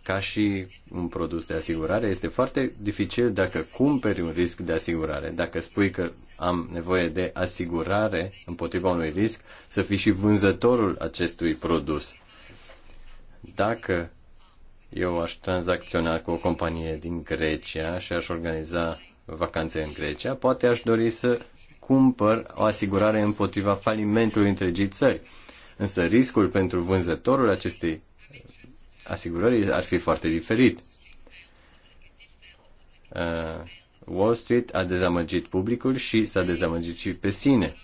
ca și un produs de asigurare, este foarte dificil dacă cumperi un risc de asigurare. Dacă spui că am nevoie de asigurare împotriva unui risc, să fii și vânzătorul acestui produs. Dacă eu aș tranzacționa cu o companie din Grecia și aș organiza vacanțe în Grecia, poate aș dori să cumpăr o asigurare împotriva falimentului întregii țări. Însă riscul pentru vânzătorul acestei asigurării ar fi foarte diferit. Uh, Wall Street a dezamăgit publicul și s-a dezamăgit și pe sine.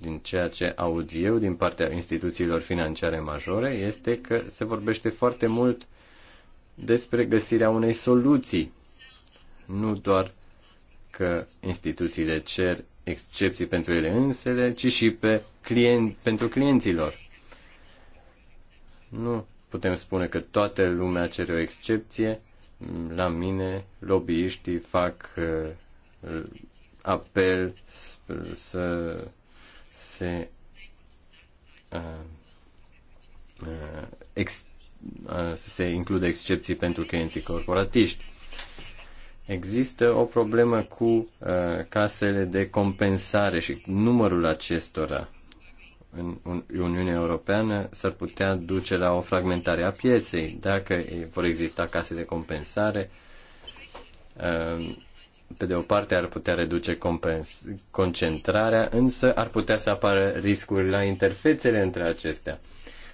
Din ceea ce aud eu din partea instituțiilor financiare majore este că se vorbește foarte mult despre găsirea unei soluții. Nu doar că instituțiile cer excepții pentru ele însele, ci și pe client, pentru clienților. Nu putem spune că toată lumea cere o excepție. La mine, lobbyiștii fac uh, apel să se uh, uh, ex, să se includă excepții pentru clienții corporatiști. Există o problemă cu uh, casele de compensare și numărul acestora în Uniunea Europeană s-ar putea duce la o fragmentare a pieței. Dacă vor exista case de compensare, uh, pe de o parte ar putea reduce concentrarea, însă ar putea să apară riscuri la interfețele între acestea.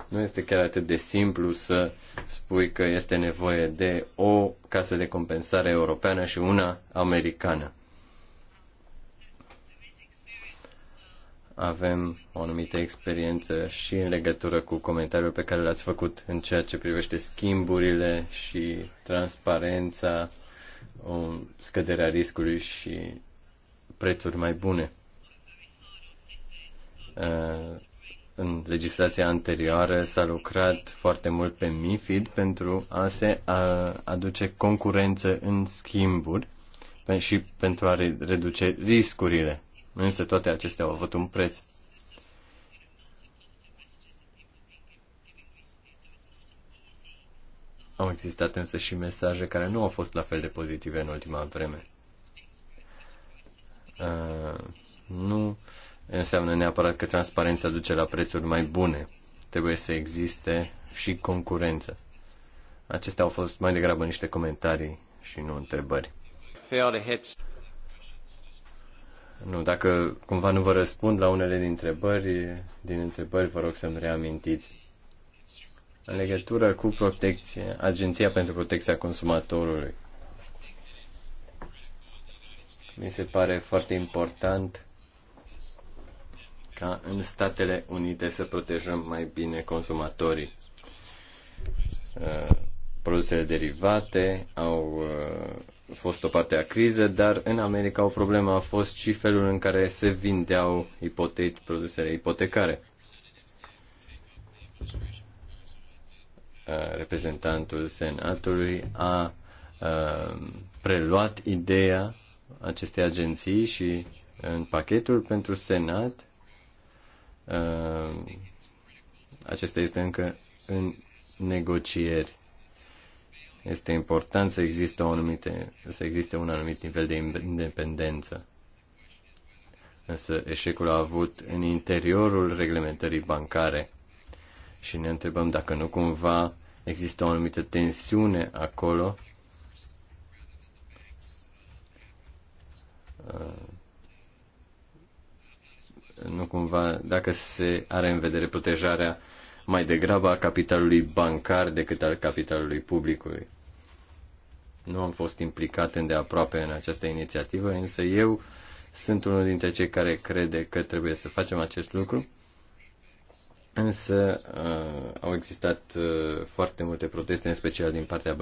Nu este chiar atât de simplu să spui că este nevoie de o casă de compensare europeană și una americană. avem o anumită experiență și în legătură cu comentariul pe care l-ați făcut în ceea ce privește schimburile și transparența, o scăderea riscului și prețuri mai bune. Uh, în legislația anterioară s-a lucrat foarte mult pe MIFID pentru a se aduce concurență în schimburi și pentru a reduce riscurile Însă toate acestea au avut un preț. Au existat însă și mesaje care nu au fost la fel de pozitive în ultima vreme. Uh, nu înseamnă neapărat că transparența duce la prețuri mai bune. Trebuie să existe și concurență. Acestea au fost mai degrabă niște comentarii și nu întrebări. Nu, dacă cumva nu vă răspund la unele din întrebări, din întrebări vă rog să-mi reamintiți. În legătură cu protecție, Agenția pentru Protecția Consumatorului. Mi se pare foarte important ca în Statele Unite să protejăm mai bine consumatorii. Uh, produsele derivate au uh, fost o parte a criză, dar în America o problemă a fost și felul în care se vindeau ipoteci, produsele ipotecare. Uh, reprezentantul Senatului a uh, preluat ideea acestei agenții și în pachetul pentru Senat uh, acesta este încă în negocieri. Este important să existe, o anumite, să existe un anumit nivel de independență. Însă eșecul a avut în interiorul reglementării bancare și ne întrebăm dacă nu cumva există o anumită tensiune acolo uh, nu cumva, dacă se are în vedere protejarea mai degrabă a capitalului bancar decât al capitalului publicului. Nu am fost implicat îndeaproape în această inițiativă, însă eu sunt unul dintre cei care crede că trebuie să facem acest lucru. Însă uh, au existat uh, foarte multe proteste, în special din partea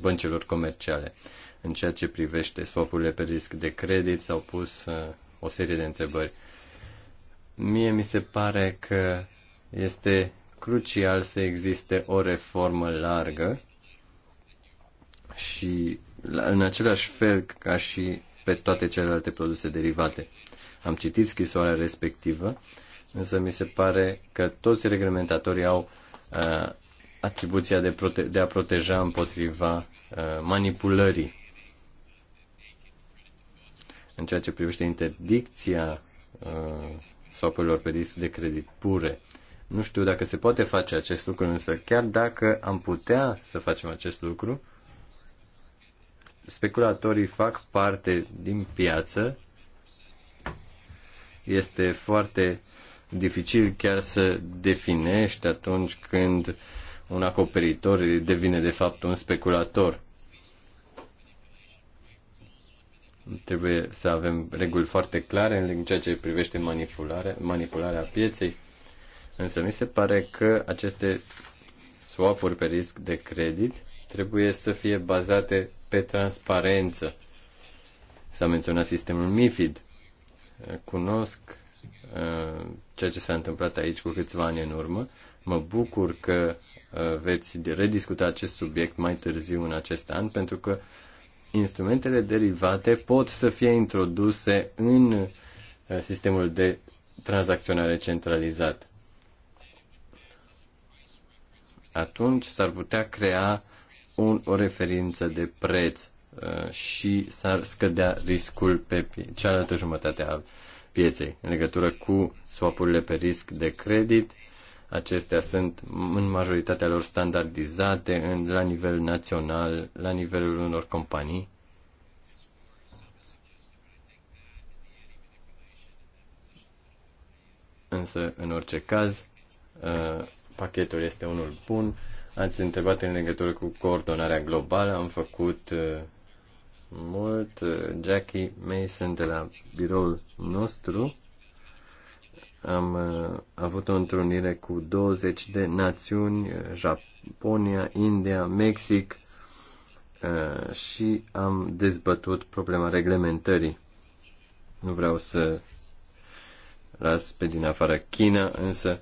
băncilor comerciale. În ceea ce privește swapurile pe risc de credit, s-au pus uh, o serie de întrebări. Mie mi se pare că este crucial să existe o reformă largă și în același fel ca și pe toate celelalte produse derivate. Am citit scrisoarea respectivă, însă mi se pare că toți reglementatorii au uh, atribuția de, prote- de a proteja împotriva uh, manipulării. În ceea ce privește interdicția uh, sau pe disc de credit pure, uh, nu știu dacă se poate face acest lucru, însă chiar dacă am putea să facem acest lucru, speculatorii fac parte din piață. Este foarte dificil chiar să definești atunci când un acoperitor devine de fapt un speculator. Trebuie să avem reguli foarte clare în ceea ce privește manipularea, manipularea pieței Însă mi se pare că aceste swap-uri pe risc de credit trebuie să fie bazate pe transparență. S-a menționat sistemul MIFID. Cunosc uh, ceea ce s-a întâmplat aici cu câțiva ani în urmă. Mă bucur că uh, veți rediscuta acest subiect mai târziu în acest an, pentru că instrumentele derivate pot să fie introduse în uh, sistemul de tranzacționare centralizat atunci s-ar putea crea un, o referință de preț uh, și s-ar scădea riscul pe cealaltă jumătate a pieței. În legătură cu swapurile pe risc de credit, acestea sunt în majoritatea lor standardizate în, la nivel național, la nivelul unor companii. Însă, în orice caz, uh, Pachetul este unul bun. Ați întrebat în legătură cu coordonarea globală. Am făcut uh, mult. Uh, Jackie Mason de la biroul nostru am uh, avut o întrunire cu 20 de națiuni, Japonia, India, Mexic și am dezbătut problema reglementării. Nu vreau să las pe din afară China, însă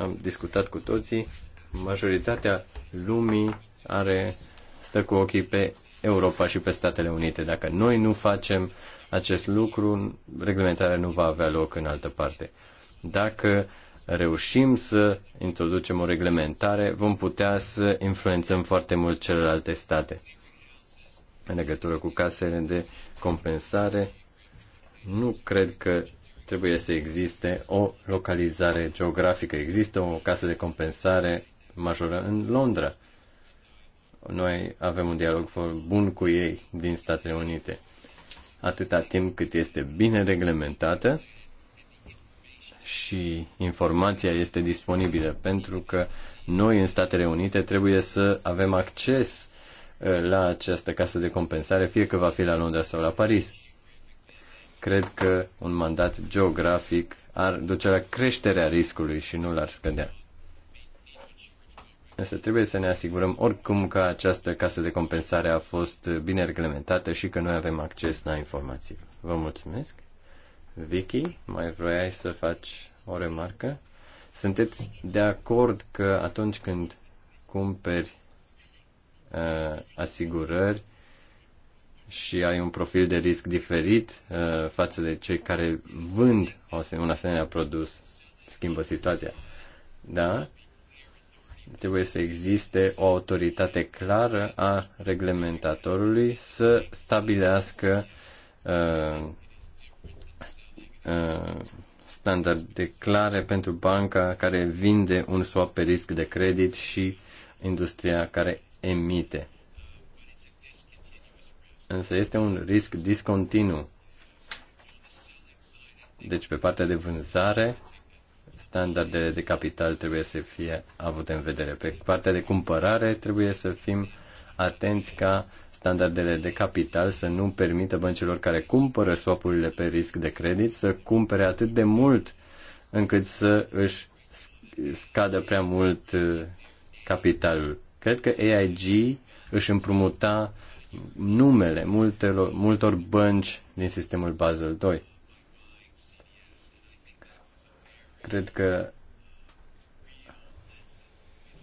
am discutat cu toții, majoritatea lumii are, stă cu ochii pe Europa și pe Statele Unite. Dacă noi nu facem acest lucru, reglementarea nu va avea loc în altă parte. Dacă reușim să introducem o reglementare, vom putea să influențăm foarte mult celelalte state. În legătură cu casele de compensare, nu cred că trebuie să existe o localizare geografică. Există o casă de compensare majoră în Londra. Noi avem un dialog bun cu ei din Statele Unite. Atâta timp cât este bine reglementată și informația este disponibilă, pentru că noi în Statele Unite trebuie să avem acces uh, la această casă de compensare, fie că va fi la Londra sau la Paris Cred că un mandat geografic ar duce la creșterea riscului și nu l-ar scădea. Însă trebuie să ne asigurăm oricum că această casă de compensare a fost bine reglementată și că noi avem acces la informații. Vă mulțumesc. Vicky, mai vroiai să faci o remarcă? Sunteți de acord că atunci când cumperi uh, asigurări, și ai un profil de risc diferit uh, față de cei care vând o un asemenea produs, schimbă situația. Da? Trebuie să existe o autoritate clară a reglementatorului să stabilească uh, uh, standarde clare pentru banca care vinde un swap pe risc de credit și industria care emite Însă este un risc discontinu. Deci pe partea de vânzare, standardele de capital trebuie să fie avute în vedere. Pe partea de cumpărare trebuie să fim atenți ca standardele de capital să nu permită băncilor care cumpără swapurile pe risc de credit să cumpere atât de mult încât să își scadă prea mult eh, capitalul. Cred că AIG își împrumuta numele multelor, multor bănci din sistemul Basel II. Cred că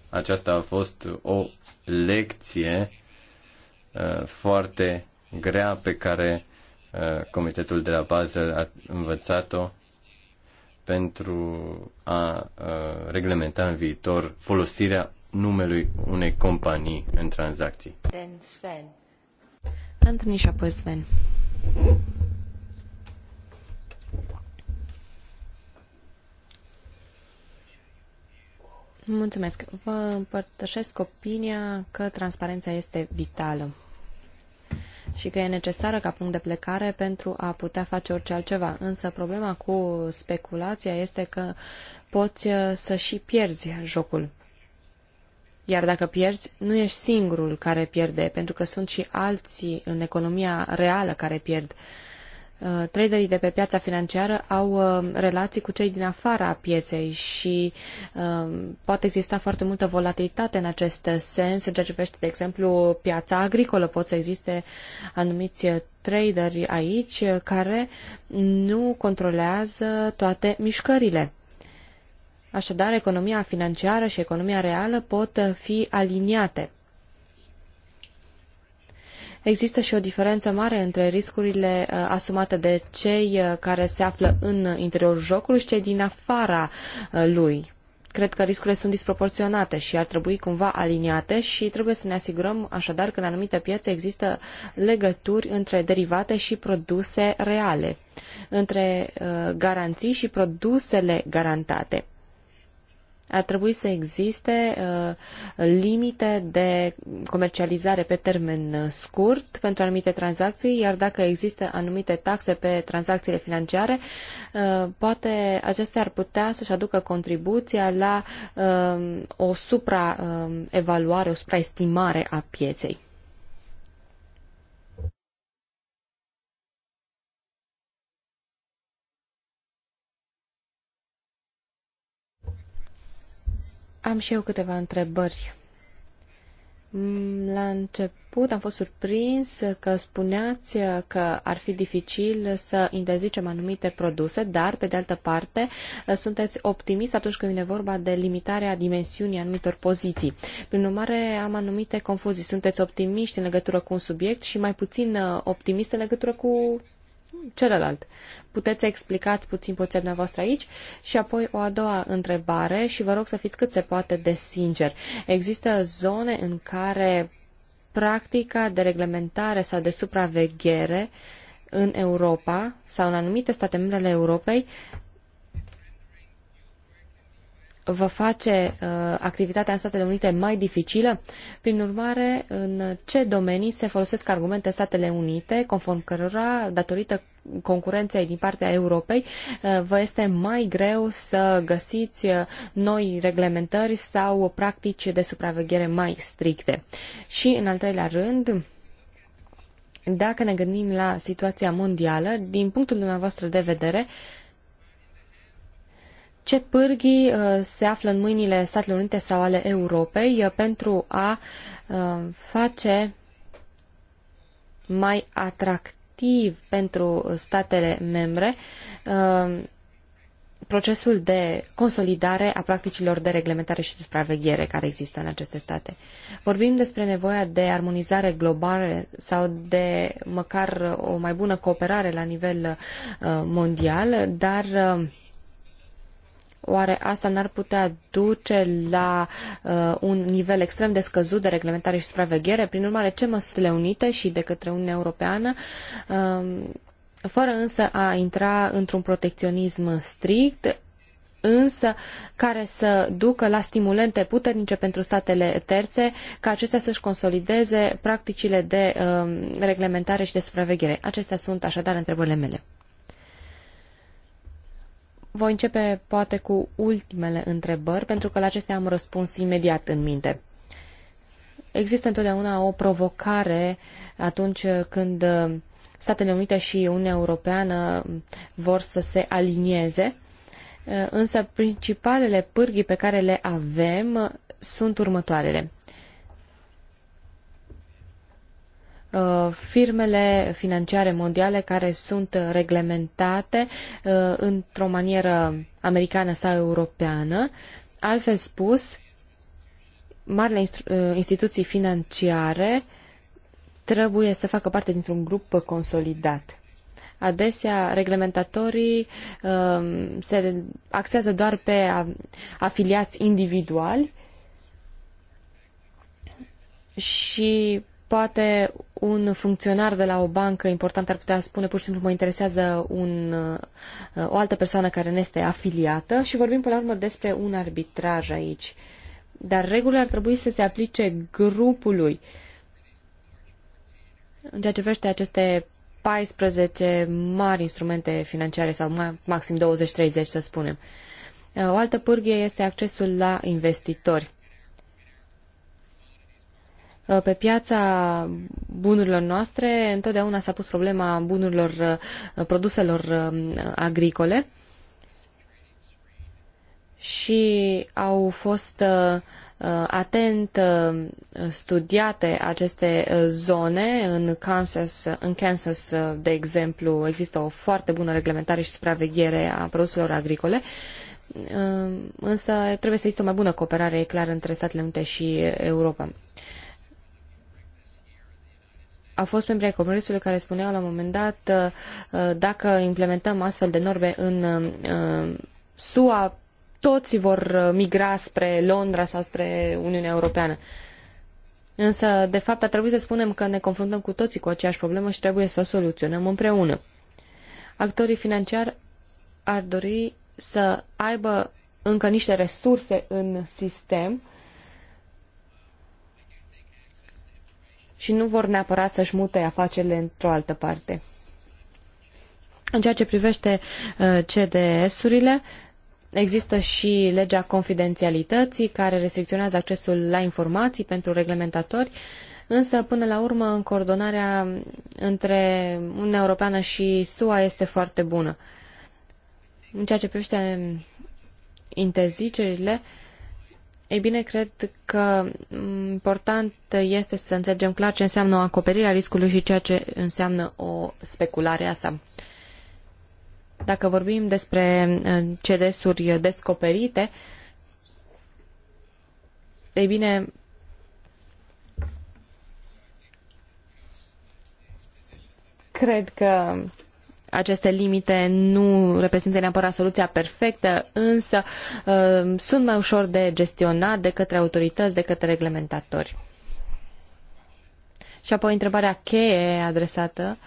aceasta a fost o lecție uh, foarte grea pe care uh, Comitetul de la Basel a învățat-o pentru a uh, reglementa în viitor folosirea numelui unei companii în tranzacții. Then Sven. Anthony și apoi Sven. Mulțumesc. Vă împărtășesc opinia că transparența este vitală și că e necesară ca punct de plecare pentru a putea face orice altceva. Însă problema cu speculația este că poți să și pierzi jocul. Iar dacă pierzi, nu ești singurul care pierde, pentru că sunt și alții în economia reală care pierd. Uh, traderii de pe piața financiară au uh, relații cu cei din afara pieței și uh, poate exista foarte multă volatilitate în acest sens. În ceea ce privește, de exemplu, piața agricolă, pot să existe anumiți traderi aici care nu controlează toate mișcările Așadar, economia financiară și economia reală pot fi aliniate. Există și o diferență mare între riscurile uh, asumate de cei uh, care se află în interiorul jocului și cei din afara uh, lui. Cred că riscurile sunt disproporționate și ar trebui cumva aliniate și trebuie să ne asigurăm așadar că în anumite piețe există legături între derivate și produse reale, între garanții și produsele garantate ar trebui să existe uh, limite de comercializare pe termen uh, scurt pentru anumite tranzacții, iar dacă există anumite taxe pe tranzacțiile financiare, uh, poate acestea ar putea să-și aducă contribuția la uh, o supraevaluare, uh, o supraestimare a pieței. Am și eu câteva întrebări. La început am fost surprins că spuneați că ar fi dificil să interzicem anumite produse, dar, pe de altă parte, sunteți optimist atunci când vine vorba de limitarea dimensiunii anumitor poziții. Prin urmare, am anumite confuzii. Sunteți optimiști în legătură cu un subiect și mai puțin optimist în legătură cu celălalt puteți să explicați puțin poziția dumneavoastră aici? Și apoi o a doua întrebare și vă rog să fiți cât se poate de sincer. Există zone în care practica de reglementare sau de supraveghere în Europa sau în anumite state membre ale Europei va face uh, activitatea în Statele Unite mai dificilă? Prin urmare, în ce domenii se folosesc argumente Statele Unite, conform cărora, datorită concurenței din partea Europei, uh, vă este mai greu să găsiți uh, noi reglementări sau practici de supraveghere mai stricte? Și, în al treilea rând, dacă ne gândim la situația mondială, din punctul dumneavoastră de vedere, uh, ce pârghii uh, se află în mâinile Statelor Unite sau ale Europei uh, pentru a uh, face mai atractiv pentru statele membre procesul de consolidare a practicilor de reglementare și supraveghere care există în aceste state. Vorbim despre nevoia de armonizare globală sau de măcar o mai bună cooperare la nivel mondial, dar Oare asta n-ar putea duce la uh, un nivel extrem de scăzut de reglementare și supraveghere? Prin urmare, ce măsurile unite și de către Uniunea Europeană, uh, fără însă a intra într-un protecționism strict, însă care să ducă la stimulente puternice pentru statele terțe ca acestea să-și consolideze practicile de uh, reglementare și de supraveghere. Acestea sunt așadar întrebările mele. Voi începe poate cu ultimele întrebări, pentru că la acestea am răspuns imediat în minte. Există întotdeauna o provocare atunci când uh, Statele Unite și Uniunea Europeană vor să se alinieze, uh, însă principalele pârghii pe care le avem sunt următoarele. Uh, firmele financiare mondiale care sunt reglementate uh, într-o manieră americană sau europeană. Altfel spus, marile uh, instituții financiare trebuie să facă parte dintr-un grup consolidat. Adesea, reglementatorii um, se axează doar pe afiliați individuali și Poate un funcționar de la o bancă importantă ar putea spune pur și simplu mă interesează un, uh, o altă persoană care nu este afiliată și vorbim până la urmă despre un arbitraj aici. Dar regulile ar trebui să se aplice grupului. În ceea ce vrește aceste 14 mari instrumente financiare sau maxim 20-30 să spunem. Uh, o altă pârghie este accesul la investitori. Uh, pe piața bunurilor noastre întotdeauna s-a pus problema bunurilor, uh, produselor uh, agricole și au fost atent studiate aceste zone în Kansas, în Kansas, de exemplu, există o foarte bună reglementare și supraveghere a produselor agricole, însă trebuie să existe o mai bună cooperare, e clar, între Statele Unite și Europa au fost membri ai Congresului care spuneau la un moment dat uh, uh, dacă implementăm astfel de norme în uh, SUA, toți vor migra spre Londra sau spre Uniunea Europeană. Însă, de fapt, ar trebui să spunem că ne confruntăm cu toții cu aceeași problemă și trebuie să o soluționăm împreună. Actorii financiari ar dori să aibă încă niște resurse în sistem și nu vor neapărat să-și mute afacerile într-o altă parte. În ceea ce privește uh, CDS-urile, Există și legea confidențialității care restricționează accesul la informații pentru reglementatori, însă până la urmă în coordonarea între Uniunea Europeană și SUA este foarte bună. În ceea ce privește um, interzicerile, uh, ei bine, cred că important este să înțelegem clar ce înseamnă o acoperire a riscului și ceea ce înseamnă o speculare a sa. Dacă vorbim despre uh, CDS-uri descoperite, ei bine, cred că aceste limite nu reprezintă neapărat soluția perfectă, însă uh, sunt mai ușor de gestionat de către autorități, de către reglementatori. Și apoi întrebarea cheie adresată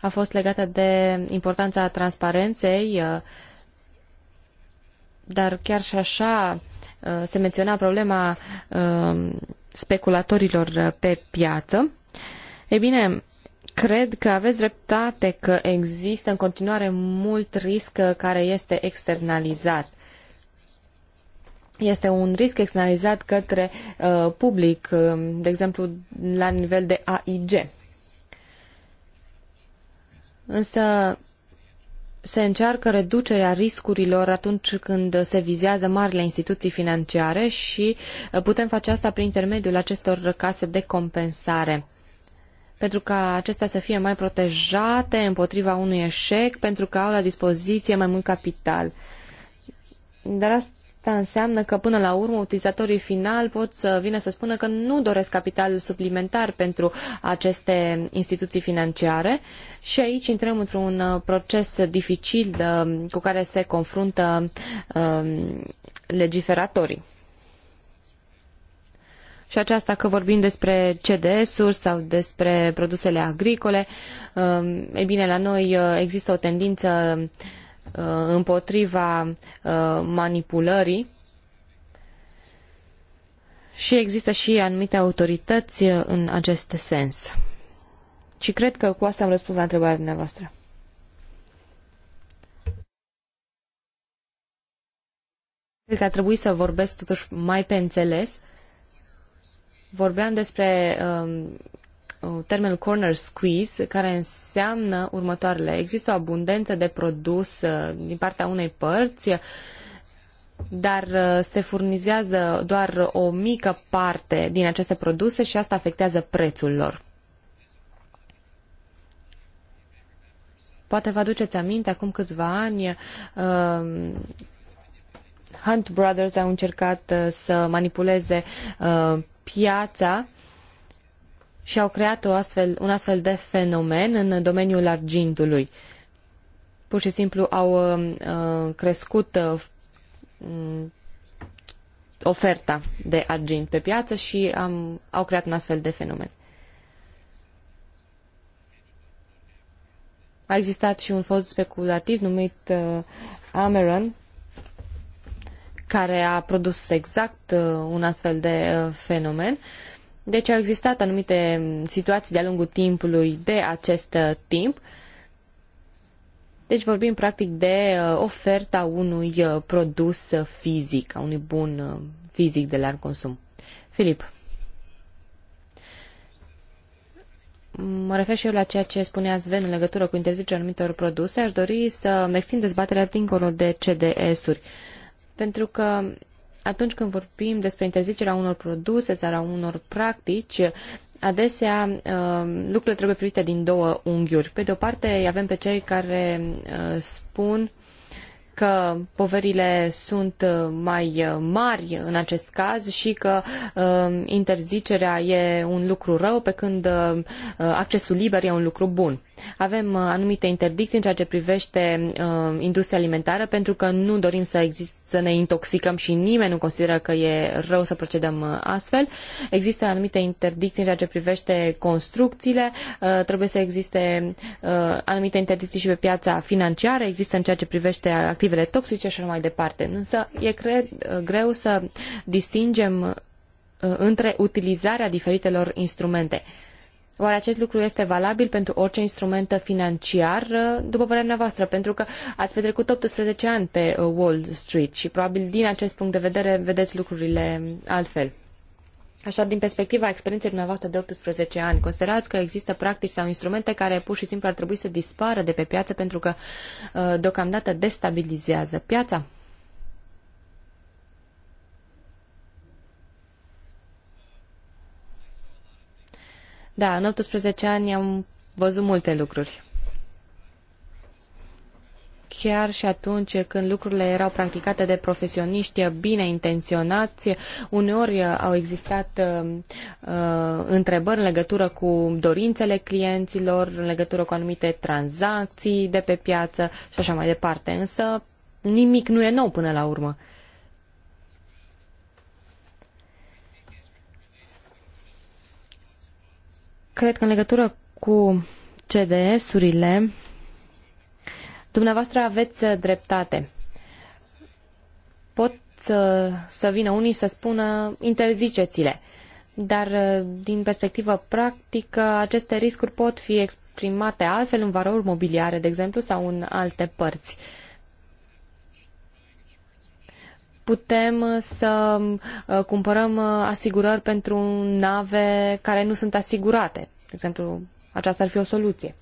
a fost legată de importanța transparenței, uh, dar chiar și așa uh, se menționa problema uh, speculatorilor pe piață. Ei bine, Cred că aveți dreptate că există în continuare mult risc care este externalizat. Este un risc externalizat către uh, public, um, de exemplu la nivel de AIG. Însă se încearcă reducerea riscurilor atunci când se vizează marile instituții financiare și uh, putem face asta prin intermediul acestor case de compensare pentru ca acestea să fie mai protejate împotriva unui eșec, pentru că au la dispoziție mai mult capital. Dar asta înseamnă că până la urmă utilizatorii finali pot să vină să spună că nu doresc capital suplimentar pentru aceste instituții financiare și aici intrăm într-un uh, proces dificil uh, cu care se confruntă um, legiferatorii. Și aceasta că vorbim despre CDS-uri sau despre produsele agricole, um, e bine, la noi uh, există o tendință uh, împotriva uh, manipulării și există și anumite autorități în acest sens. Și cred că cu asta am răspuns la întrebarea dumneavoastră. Cred că ar trebui să vorbesc totuși mai pe înțeles vorbeam despre um, termenul corner squeeze, care înseamnă următoarele. Există o abundență de produs uh, din partea unei părți, dar uh, se furnizează doar o mică parte din aceste produse și asta afectează prețul lor. Poate vă aduceți aminte, acum câțiva ani, uh, Hunt Brothers au încercat uh, să manipuleze uh, piața și au creat o astfel, un astfel de fenomen în domeniul argintului. Pur și simplu au uh, uh crescut uh, mm, oferta de argint pe piață și am, au creat un astfel de fenomen. A existat și un fond speculativ numit uh, Ameron, care a produs exact uh, un astfel de uh, fenomen. Deci au existat anumite situații de-a lungul timpului de acest uh, timp. Deci vorbim practic de oferta unui produs fizic, a unui bun fizic de larg consum. Filip. Mă refer și eu la ceea ce spunea Sven în legătură cu interzicerea anumitor produse. Aș dori să mi extind dezbaterea dincolo de CDS-uri. Uh, pentru că atunci când vorbim despre interzicerea unor produse sau a unor practici, adesea uh, lucrurile trebuie privite din două unghiuri. Pe de o parte, avem pe cei care uh, spun că poverile sunt uh, mai mari în acest caz și că interzicerea e un lucru rău, pe când accesul liber e un lucru bun. Avem uh, anumite interdicții în ceea ce privește uh, industria alimentară pentru că nu dorim să, exist, să ne intoxicăm și nimeni nu consideră că e rău să procedăm uh, astfel. Există anumite interdicții în ceea ce privește construcțiile, trebuie să existe anumite interdicții și pe piața financiară, există în ceea ce privește activele toxice și așa mai departe. Însă e cred, greu să distingem între utilizarea diferitelor instrumente. Oare acest lucru este valabil pentru orice instrument financiar, uh, după părerea noastră? Pentru că ați petrecut 18 ani pe uh, Wall Street și probabil din acest punct de vedere vedeți lucrurile altfel. Așa, din perspectiva experienței dumneavoastră de 18 ani, considerați că există practici sau instrumente care pur și simplu ar trebui să dispară de pe piață pentru că uh, deocamdată destabilizează piața? Da, în 18 ani am văzut multe lucruri. Chiar și atunci când lucrurile erau practicate de profesioniști bine intenționați, uneori au existat uh, uh, întrebări în legătură cu dorințele clienților, în legătură cu anumite tranzacții de pe piață și așa mai departe. Însă nimic nu e nou până la urmă. Uh, Cred că în legătură cu CDS-urile, dumneavoastră aveți uh, dreptate. Pot uh, să vină unii să spună interziceți-le dar uh, din perspectivă practică, aceste riscuri pot fi exprimate altfel în valori mobiliare, de exemplu, sau în alte părți. Uh, putem uh, să uh, cumpărăm uh, asigurări pentru nave care nu sunt asigurate. De exemplu, aceasta ar fi o soluție.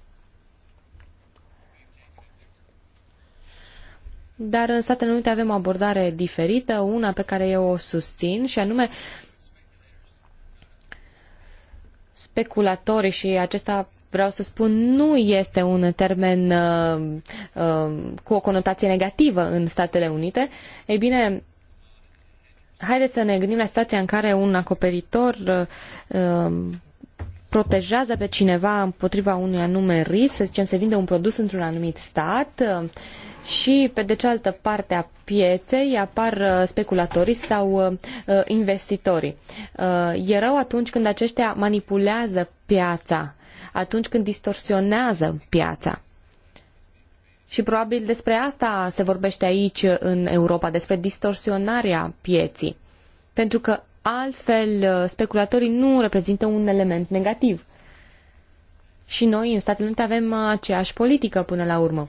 Dar în Statele Unite avem o abordare diferită, una pe care eu o susțin, și anume speculatorii și acesta vreau să spun, nu este un termen uh, uh, cu o conotație negativă în Statele Unite. Ei bine, haideți să ne gândim la situația în care un acoperitor uh, um, protejează pe cineva împotriva unui anume risc, să zicem, se vinde un produs într-un anumit stat uh, și pe de cealaltă parte a pieței apar uh, speculatorii sau investitorii. E rău atunci când aceștia manipulează piața, atunci când distorsionează piața. Și probabil despre asta se vorbește aici în Europa, despre distorsionarea pieții. Pentru că altfel uh, speculatorii nu reprezintă un element negativ. Și noi în Statele Unite avem uh, aceeași politică până la urmă.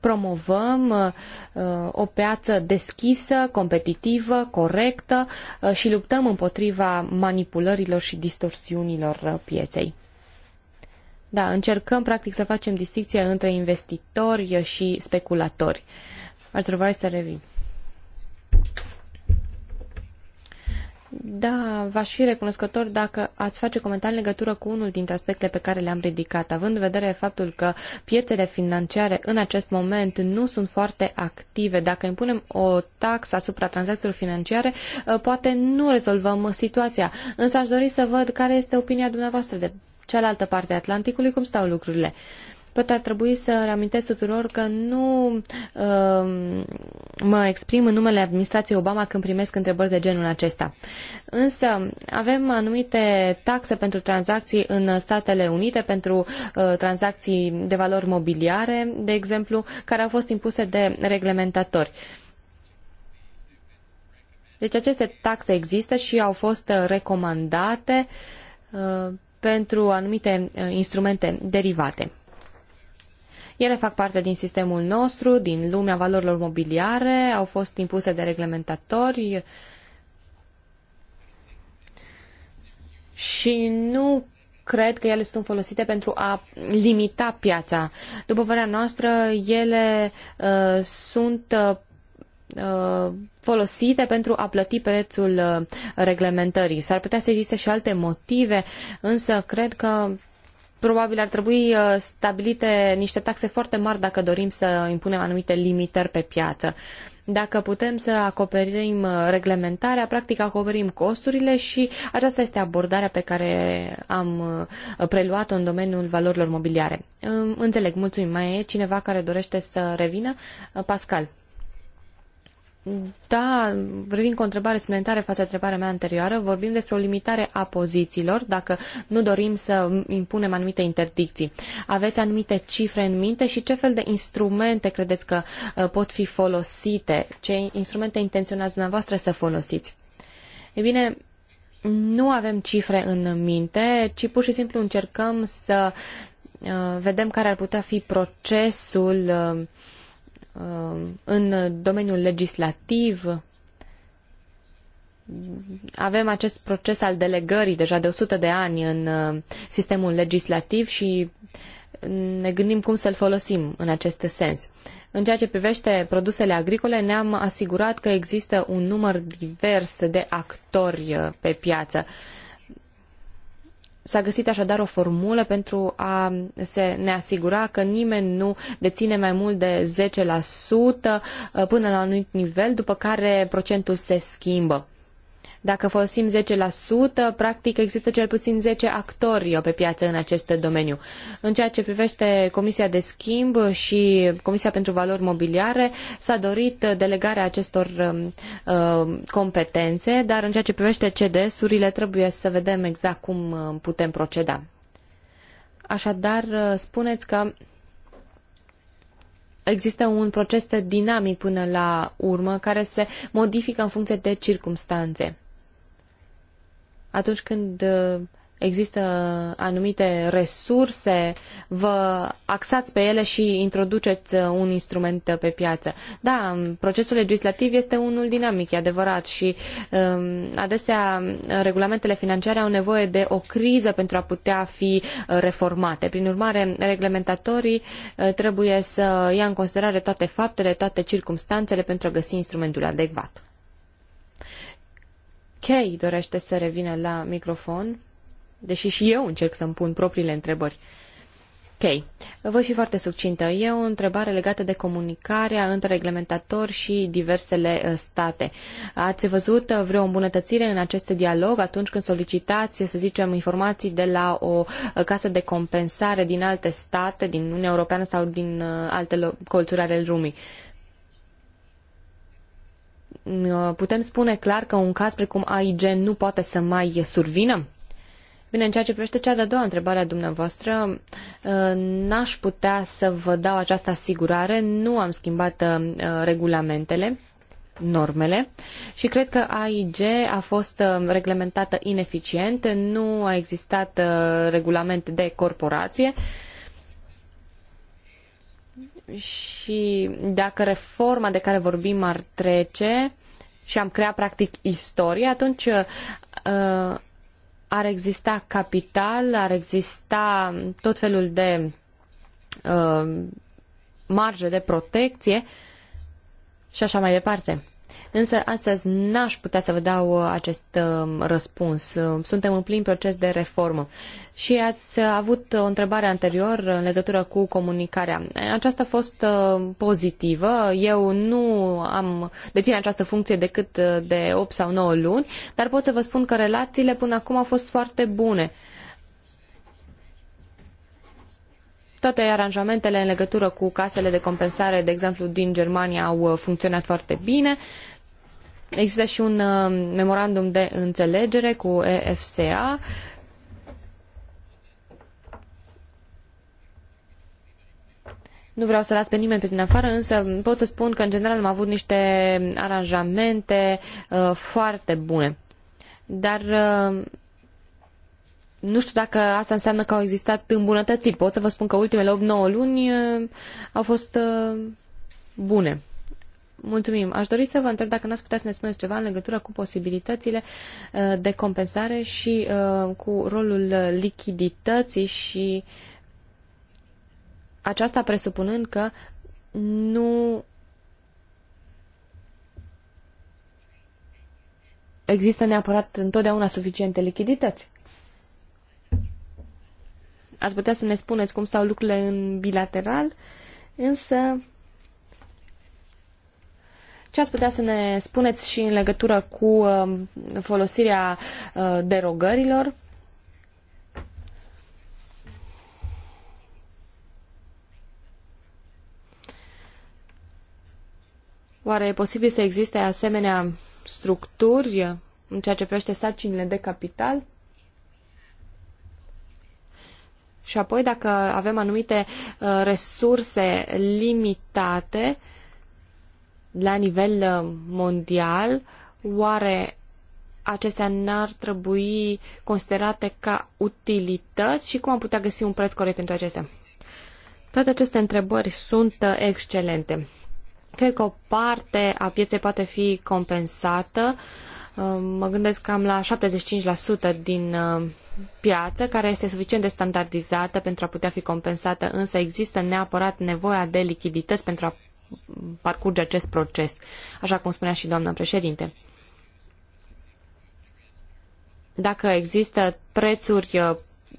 Promovăm uh, uh, o piață deschisă, competitivă, corectă uh, și luptăm împotriva manipulărilor și distorsiunilor pieței. Da, încercăm practic să facem distinția între investitori și speculatori. Ar trebui să revin. Da, v-aș fi recunoscător dacă ați face comentarii în legătură cu unul dintre aspectele pe care le-am ridicat, având în vedere faptul că piețele financiare în acest moment nu sunt foarte active. Dacă impunem o taxă asupra tranzacțiilor financiare, eh, poate nu rezolvăm situația. Însă aș dori să văd care este opinia dumneavoastră de cealaltă parte a Atlanticului, cum stau lucrurile. Pot ar trebui să reamintesc tuturor că nu uh, mă exprim în numele administrației Obama când primesc întrebări de genul acesta. Însă avem anumite taxe pentru tranzacții în Statele Unite, pentru uh, tranzacții de valori mobiliare, de exemplu, care au fost impuse de reglementatori. Deci aceste taxe există și au fost uh, recomandate uh, pentru anumite uh, instrumente derivate. Ele fac parte din sistemul nostru, din lumea valorilor mobiliare, au fost impuse de reglementatori și nu cred că ele sunt folosite pentru a limita piața. După părerea noastră, ele uh, sunt uh, Uh, folosite pentru a plăti prețul uh, reglementării. S-ar putea să existe și alte motive, însă cred că probabil ar trebui uh, stabilite niște taxe foarte mari dacă dorim să impunem anumite limitări pe piață. Dacă putem să acoperim reglementarea, practic acoperim costurile și aceasta este abordarea pe care am preluat-o în domeniul valorilor mobiliare. Înțeleg, mulțumim. Mai e cineva care dorește să revină? Pascal. Da, revin cu o întrebare suplimentară față de întrebarea mea anterioară. Vorbim despre o limitare a pozițiilor, dacă nu dorim să impunem anumite interdicții. Aveți anumite cifre în minte și ce fel de instrumente credeți că uh, pot fi folosite? Ce instrumente intenționați dumneavoastră să folosiți? Ei bine, nu avem cifre în minte, ci pur și simplu încercăm să uh, vedem care ar putea fi procesul uh, Um, în domeniul legislativ avem acest proces al delegării deja de 100 de ani în uh, sistemul legislativ și ne gândim cum să-l folosim în acest sens. În ceea ce privește produsele agricole, ne-am asigurat că există un număr divers de actori uh, pe piață. Uh, S-a găsit așadar o formulă pentru a se ne asigura că nimeni nu deține mai mult de 10% uh, până la un anumit nivel, după care procentul se schimbă. Dacă folosim 10%, practic există cel puțin 10 actori pe piață în acest domeniu. În ceea ce privește Comisia de Schimb și Comisia pentru Valori Mobiliare, s-a dorit delegarea acestor uh, competențe, dar în ceea ce privește CDS-urile trebuie să vedem exact cum um, putem proceda. Așadar, spuneți că există un proces dinamic până la urmă care se modifică în funcție de circumstanțe atunci când uh, există anumite resurse, vă axați pe ele și introduceți uh, un instrument uh, pe piață. Da, procesul legislativ este unul dinamic, e adevărat, și um, adesea regulamentele financiare au nevoie de o criză pentru a putea fi reformate. Prin urmare, reglementatorii trebuie să ia în considerare toate faptele, toate circumstanțele pentru a găsi instrumentul adecvat. Kay dorește să revină la microfon, deși și eu încerc să-mi pun propriile întrebări. Ok. Voi fi foarte succintă. E o întrebare legată de comunicarea între reglementatori și diversele uh, state. Ați văzut uh, vreo îmbunătățire în acest dialog atunci când solicitați, să zicem, informații de la o uh, casă de compensare din alte state, din Uniunea Europeană sau din alte colțuri ale lumii? Uh, putem spune clar că un caz precum AIG nu poate să mai survină? Bine, în ceea ce privește cea de-a doua întrebare a dumneavoastră, uh, n-aș putea să vă dau această asigurare, nu am schimbat uh, regulamentele, normele și cred că AIG a fost uh, reglementată ineficient, nu a existat regulament de corporație și dacă reforma de care vorbim ar trece, și am creat practic istorie, atunci uh, uh, ar exista capital, ar exista tot felul de uh, marjă de protecție și așa mai departe însă astăzi n-aș putea să vă dau uh, acest um, răspuns. Uh, suntem în plin proces de reformă. Și ați uh, avut o întrebare anterior în legătură cu comunicarea. Aceasta a fost pozitivă. Eu nu am dețin această funcție decât de 8 sau 9 luni, dar pot să vă spun că relațiile până acum au fost foarte bune. Toate aranjamentele în legătură cu casele de compensare, de exemplu, din Germania au funcționat foarte bine Există și un uh, memorandum de înțelegere cu EFSA. Nu vreau să las pe nimeni pe din afară, însă pot să spun că în general am avut niște aranjamente uh, foarte bune. Dar uh, nu știu dacă asta înseamnă că au existat îmbunătățiri. Pot să vă spun că ultimele 8-9 luni uh, au fost uh, bune. Mulțumim. Aș dori să vă întreb dacă n-ați putea să ne spuneți ceva în legătură cu posibilitățile uh, de compensare și uh, cu rolul lichidității și aceasta presupunând că nu există neapărat întotdeauna suficiente lichidități. Ați putea să ne spuneți cum stau lucrurile în bilateral, însă ce ați putea să ne spuneți și în legătură cu um, folosirea uh, derogărilor? Oare e posibil să existe asemenea structuri în ceea ce privește sarcinile de capital? Și apoi, dacă avem anumite uh, resurse limitate, uh, la nivel uh, mondial, oare acestea n-ar trebui considerate ca utilități și cum am putea găsi un preț corect pentru acestea? Toate aceste întrebări sunt uh, excelente. Cred că o parte a pieței poate fi compensată. Uh, mă gândesc cam la 75% din piață, care este suficient de standardizată pentru a putea fi compensată, însă există neapărat nevoia de lichidități pentru a parcurge acest proces, așa cum spunea și doamna președinte. Dacă există prețuri uh,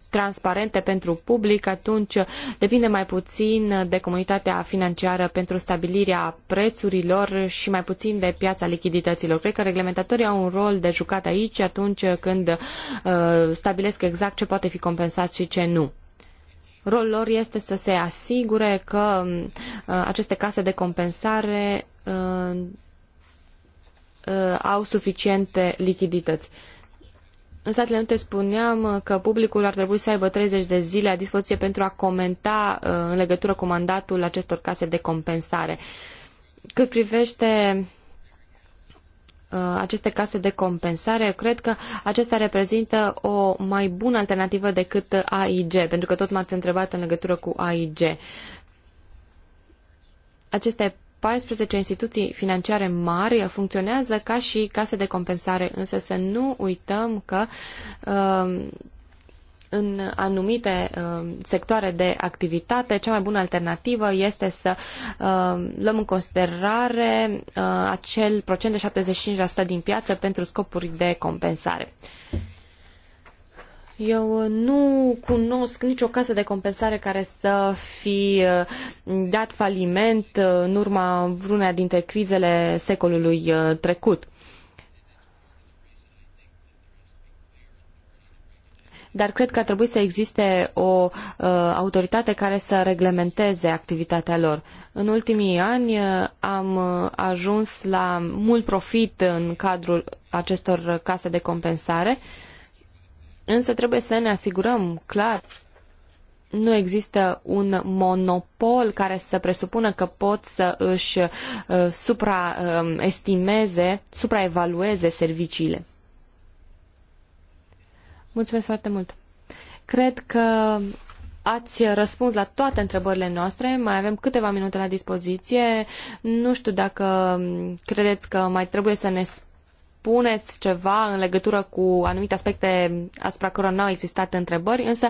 transparente pentru public, atunci uh, depinde mai puțin uh, de comunitatea financiară pentru stabilirea prețurilor și mai puțin de piața lichidităților. Cred că reglementatorii au un rol de jucat aici atunci când uh, stabilesc exact ce poate fi compensat și ce nu. Rolul lor este să se asigure că uh, aceste case de compensare uh, uh, au suficiente lichidități. În Statele Unite spuneam că publicul ar trebui să aibă 30 de zile la dispoziție pentru a comenta în legătură cu mandatul acestor case de compensare. Cât privește Uh, aceste case de compensare, cred că acestea reprezintă o mai bună alternativă decât AIG, pentru că tot m-ați întrebat în legătură cu AIG. Aceste 14 instituții financiare mari funcționează ca și case de compensare, însă să nu uităm că uh, în anumite uh, sectoare de activitate, cea mai bună alternativă este să uh, luăm în considerare uh, acel procent de 75% din piață pentru scopuri de compensare. Eu nu cunosc nicio casă de compensare care să fi uh, dat faliment uh, în urma vreuna dintre crizele secolului uh, trecut. dar cred că ar trebui să existe o uh, autoritate care să reglementeze activitatea lor. În ultimii ani uh, am uh, ajuns la mult profit în cadrul acestor case de compensare, însă trebuie să ne asigurăm clar nu există un monopol care să presupună că pot să își uh, supraestimeze, uh, supraevalueze serviciile. Mulțumesc foarte mult. Cred că ați răspuns la toate întrebările noastre. Mai avem câteva minute la dispoziție. Nu știu dacă credeți că mai trebuie să ne spuneți ceva în legătură cu anumite aspecte asupra cărora nu au existat întrebări, însă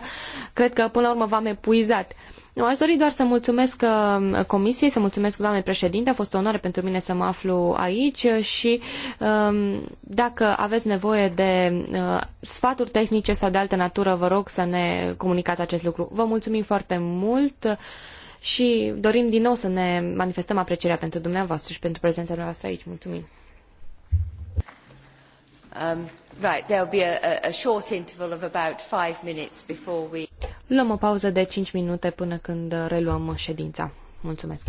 cred că până la urmă v-am epuizat. Uh, nu, aș dori doar să mulțumesc uh, comisiei, să mulțumesc doamnei președinte, a fost o onoare pentru mine să mă aflu aici și um, dacă aveți nevoie de uh, sfaturi tehnice sau de altă natură, vă rog să ne comunicați acest lucru. Vă mulțumim foarte mult și dorim din nou să ne manifestăm aprecierea pentru dumneavoastră și pentru prezența noastră aici. Mulțumim! Um. Right, there will be a, a short interval of about five minutes before we... Luăm o pauză de 5 minute până când reluăm ședința. Mulțumesc.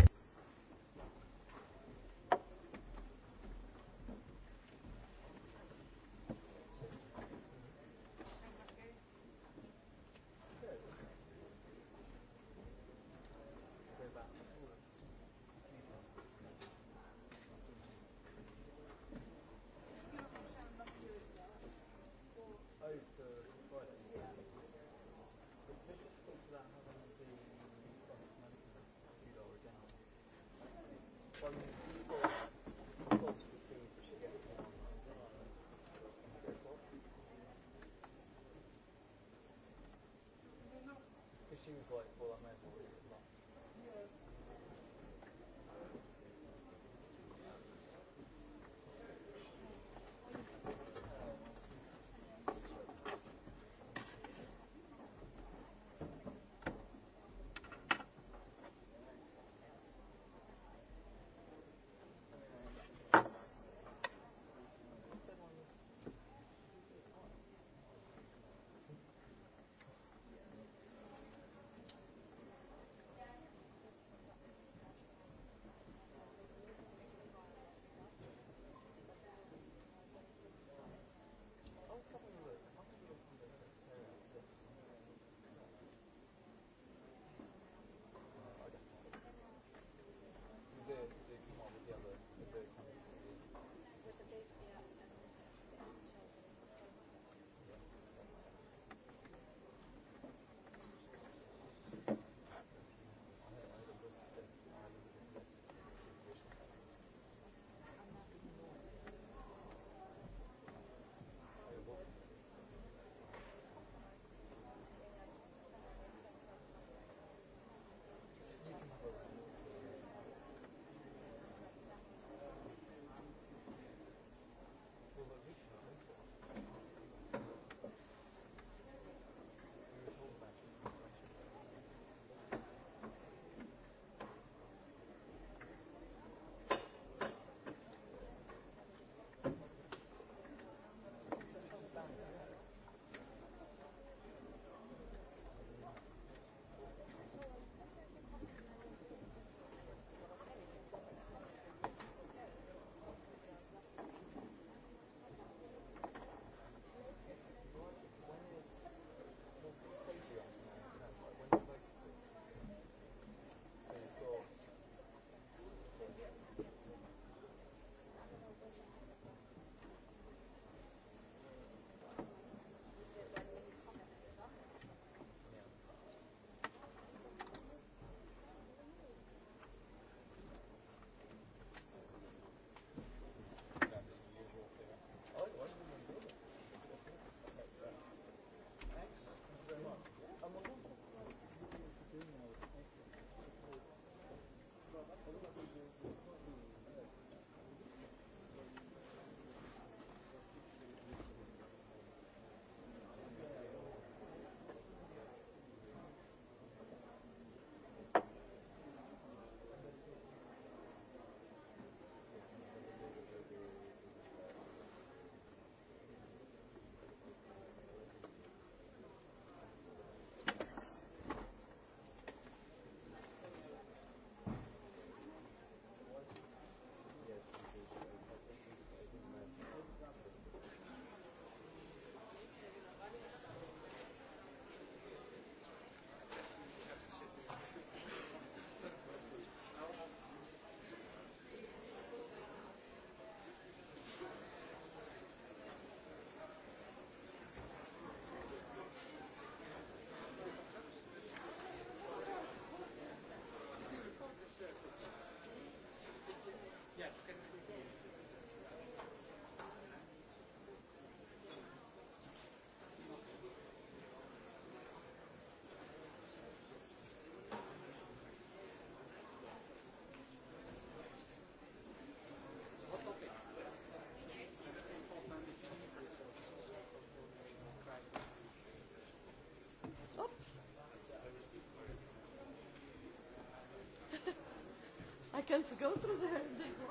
difficult to go through the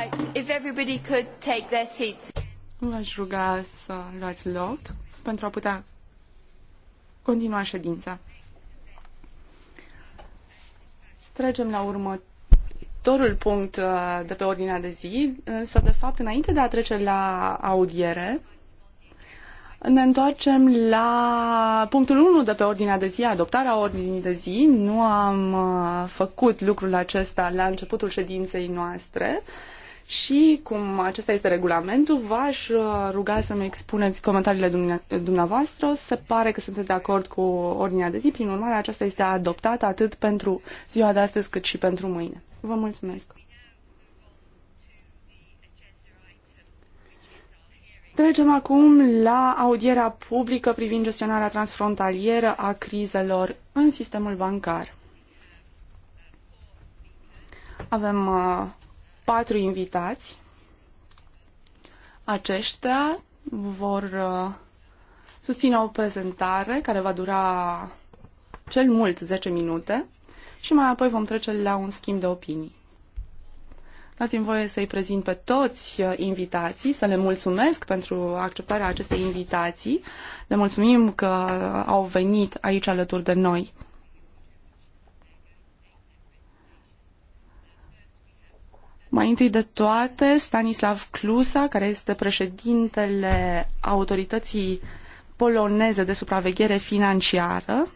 Right, if everybody could take their seats. V-aș ruga să luați loc pentru a putea continua ședința. Trecem la următorul punct uh, de pe ordinea de zi, însă, de fapt, înainte de a trece la audiere, ne întoarcem la punctul 1 de pe ordinea de zi, adoptarea ordinii de zi. Nu am uh, făcut lucrul acesta la începutul ședinței noastre și cum acesta este regulamentul, v-aș uh, ruga să-mi expuneți comentariile dumneavoastră. Se pare că sunteți de acord cu ordinea de zi, prin urmare aceasta este adoptată atât pentru ziua de astăzi cât și pentru mâine. Vă mulțumesc! Trecem acum la audierea publică privind gestionarea transfrontalieră a crizelor în sistemul bancar. Avem uh, patru invitați. Aceștia vor uh, susține o prezentare care va dura cel mult 10 minute și mai apoi vom trece la un schimb de opinii. Dați-mi voie să-i prezint pe toți uh, invitații, să le mulțumesc pentru acceptarea acestei invitații. Le mulțumim că au venit aici alături de noi. Mai întâi de toate, Stanislav Clusa, care este președintele autorității poloneze de supraveghere financiară,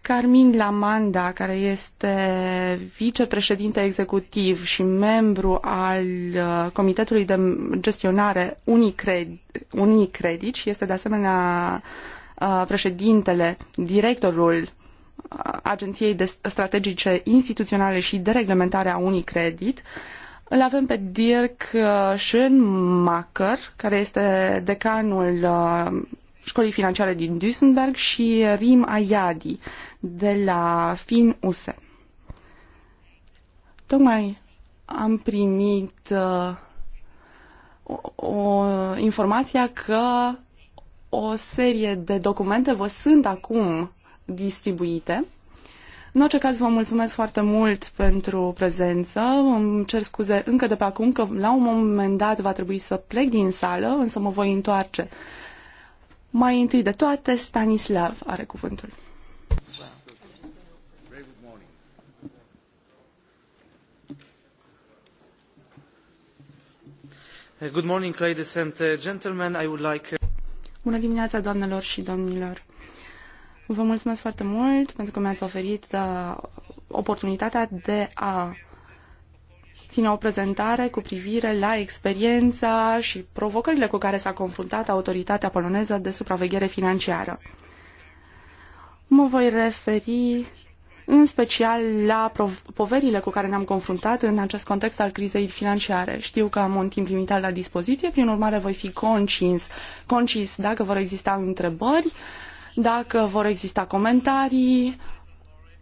Carmin Lamanda, care este vicepreședinte executiv și membru al uh, Comitetului de Gestionare UniCredit, Unicredit și este de asemenea uh, președintele, directorul uh, Agenției de Strategice Instituționale și de Reglementare a Unicredit, îl avem pe Dirk uh, Schönmacher, care este decanul uh, școlii financiare din Duisenberg și Rim Ayadi de la Fin USE. Tocmai am primit uh, o, o informația că o serie de documente vă sunt acum distribuite în orice caz, vă mulțumesc foarte mult pentru prezență. Îmi cer scuze încă de pe acum că la un moment dat va trebui să plec din sală, însă mă voi întoarce. Mai întâi de toate, Stanislav are cuvântul. Good morning, ladies and gentlemen. I would like... Bună dimineața, doamnelor și domnilor. Vă mulțumesc foarte mult pentru că mi-ați oferit uh, oportunitatea de a ține o prezentare cu privire la experiența și provocările cu care s-a confruntat autoritatea poloneză de supraveghere financiară. Mă voi referi în special la poverile cu care ne-am confruntat în acest context al crizei financiare. Știu că am un timp limitat la dispoziție, prin urmare voi fi concis, concis dacă vor exista întrebări. Uh, dacă vor exista comentarii,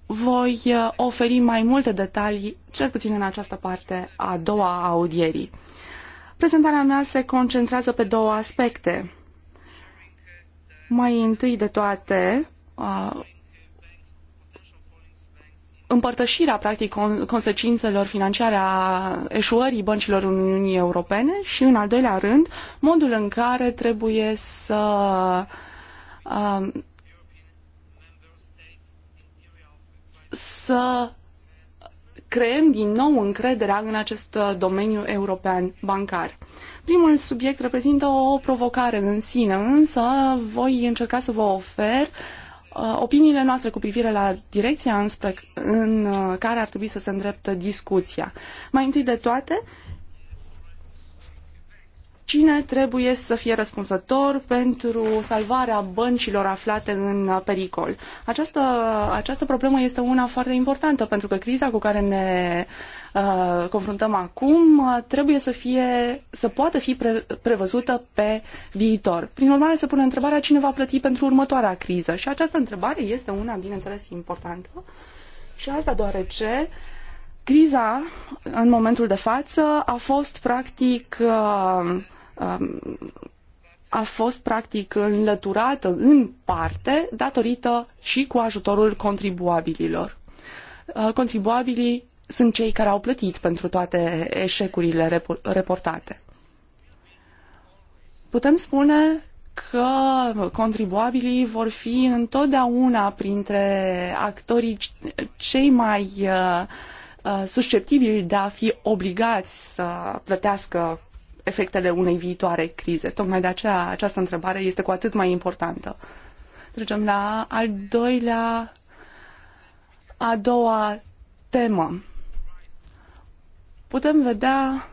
voi uh, oferi mai multe detalii, cel puțin în această parte a doua a audierii. Prezentarea mea se concentrează pe două aspecte. Mai întâi de toate, uh, împărtășirea, practic, consecințelor financiare a eșuării băncilor Uniunii Europene și, în al doilea rând, modul în care trebuie să uh, Um, să creăm din nou încrederea în acest uh, domeniu european bancar. Primul subiect reprezintă o provocare în sine, însă voi încerca să vă ofer uh, opiniile noastre cu privire la direcția înspre, în uh, care ar trebui să se îndrepte discuția. Mai întâi de toate, Cine trebuie să fie răspunzător pentru salvarea băncilor aflate în pericol? Această, această problemă este una foarte importantă pentru că criza cu care ne uh, confruntăm acum uh, trebuie să, fie, să poată fi pre, prevăzută pe viitor. Prin urmare, se pune întrebarea cine va plăti pentru următoarea criză și această întrebare este una, bineînțeles, importantă și asta deoarece criza în momentul de față a fost practic uh, Um, a fost practic înlăturată în parte datorită și cu ajutorul contribuabililor. Uh, contribuabilii sunt cei care au plătit pentru toate eșecurile reportate. Putem spune că contribuabilii vor fi întotdeauna printre actorii cei mai uh, uh, susceptibili de a fi obligați să plătească efectele unei viitoare crize. Tocmai de aceea această întrebare este cu atât mai importantă. Trecem la al doilea, a doua temă. Putem vedea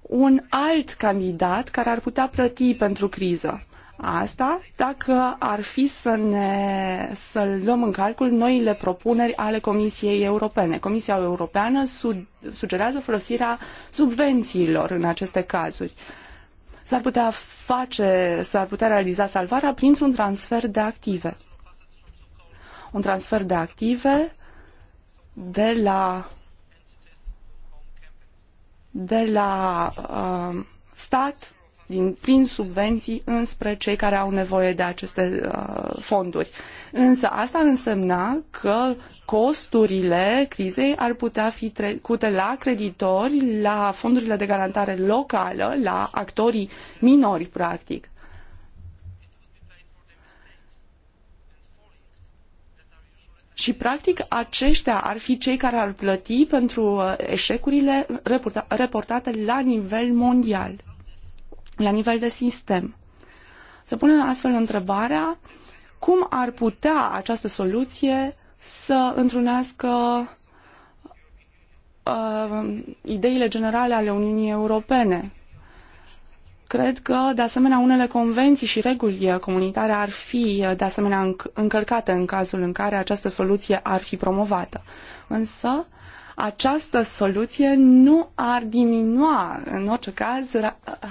un alt candidat care ar putea plăti pentru criză. Asta dacă ar fi să, ne, să luăm în calcul noile propuneri ale Comisiei Europene. Comisia Europeană su, sugerează folosirea subvențiilor în aceste cazuri. S-ar putea face, s-ar putea realiza salvarea printr-un transfer de active. Un transfer de active de la de la uh, stat din, prin subvenții înspre cei care au nevoie de aceste uh, fonduri. Însă asta ar însemna că costurile crizei ar putea fi trecute la creditori, la fondurile de garantare locală, la actorii minori, practic. Și, practic, aceștia ar fi cei care ar plăti pentru uh, eșecurile reportate la nivel mondial la nivel de sistem. Se pune astfel întrebarea cum ar putea această soluție să întrunească uh, ideile generale ale Uniunii Europene. Cred că, de asemenea, unele convenții și reguli comunitare ar fi, de asemenea, încălcate în cazul în care această soluție ar fi promovată. Însă, această soluție nu ar diminua, în orice caz,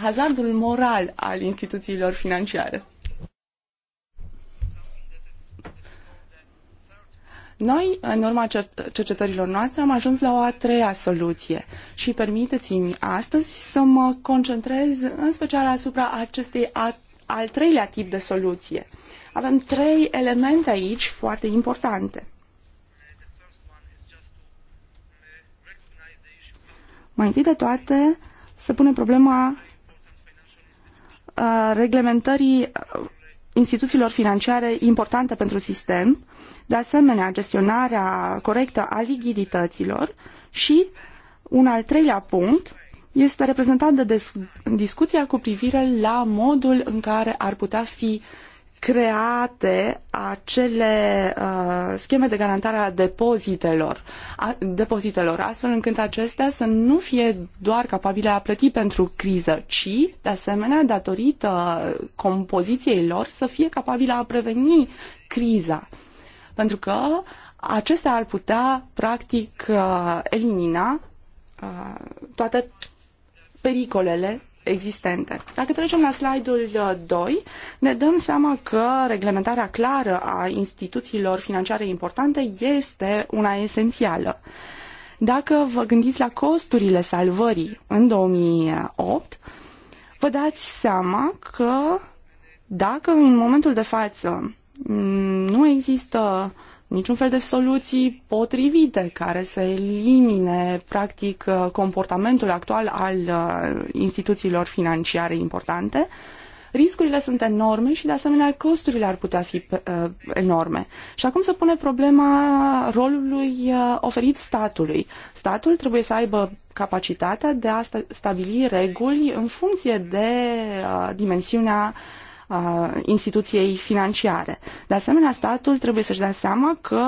hazardul moral al instituțiilor financiare. Noi, în urma cercetărilor noastre, am ajuns la o a treia soluție și permiteți-mi astăzi să mă concentrez în special asupra acestei a, al treilea tip de soluție. Avem trei elemente aici foarte importante. Mai întâi de toate, se pune problema uh, reglementării uh, instituțiilor financiare importante pentru sistem, de asemenea gestionarea corectă a lichidităților și un al treilea punct este reprezentat de discuția cu privire la modul în care ar putea fi uh, create acele uh, scheme de garantare a depozitelor, a, depozitelor, astfel încât acestea să nu fie doar capabile a plăti pentru criză, ci, de asemenea, datorită compoziției lor, să fie capabile a preveni criza. Pentru că acestea ar putea, practic, uh, elimina uh, toate pericolele existente. Dacă trecem la slide-ul 2, uh, ne dăm seama că reglementarea clară a instituțiilor financiare importante este una esențială. Dacă vă gândiți la costurile salvării în 2008, vă dați seama că dacă în momentul de față nu există uh, niciun fel de soluții potrivite care să elimine, practic, uh, comportamentul actual al uh, instituțiilor financiare importante. Riscurile sunt enorme și, de asemenea, costurile ar putea fi uh, enorme. Și acum se pune problema rolului oferit statului. Statul trebuie să aibă capacitatea de a stabili reguli în funcție de dimensiunea uh, instituției financiare. De asemenea, statul trebuie să-și dea seama că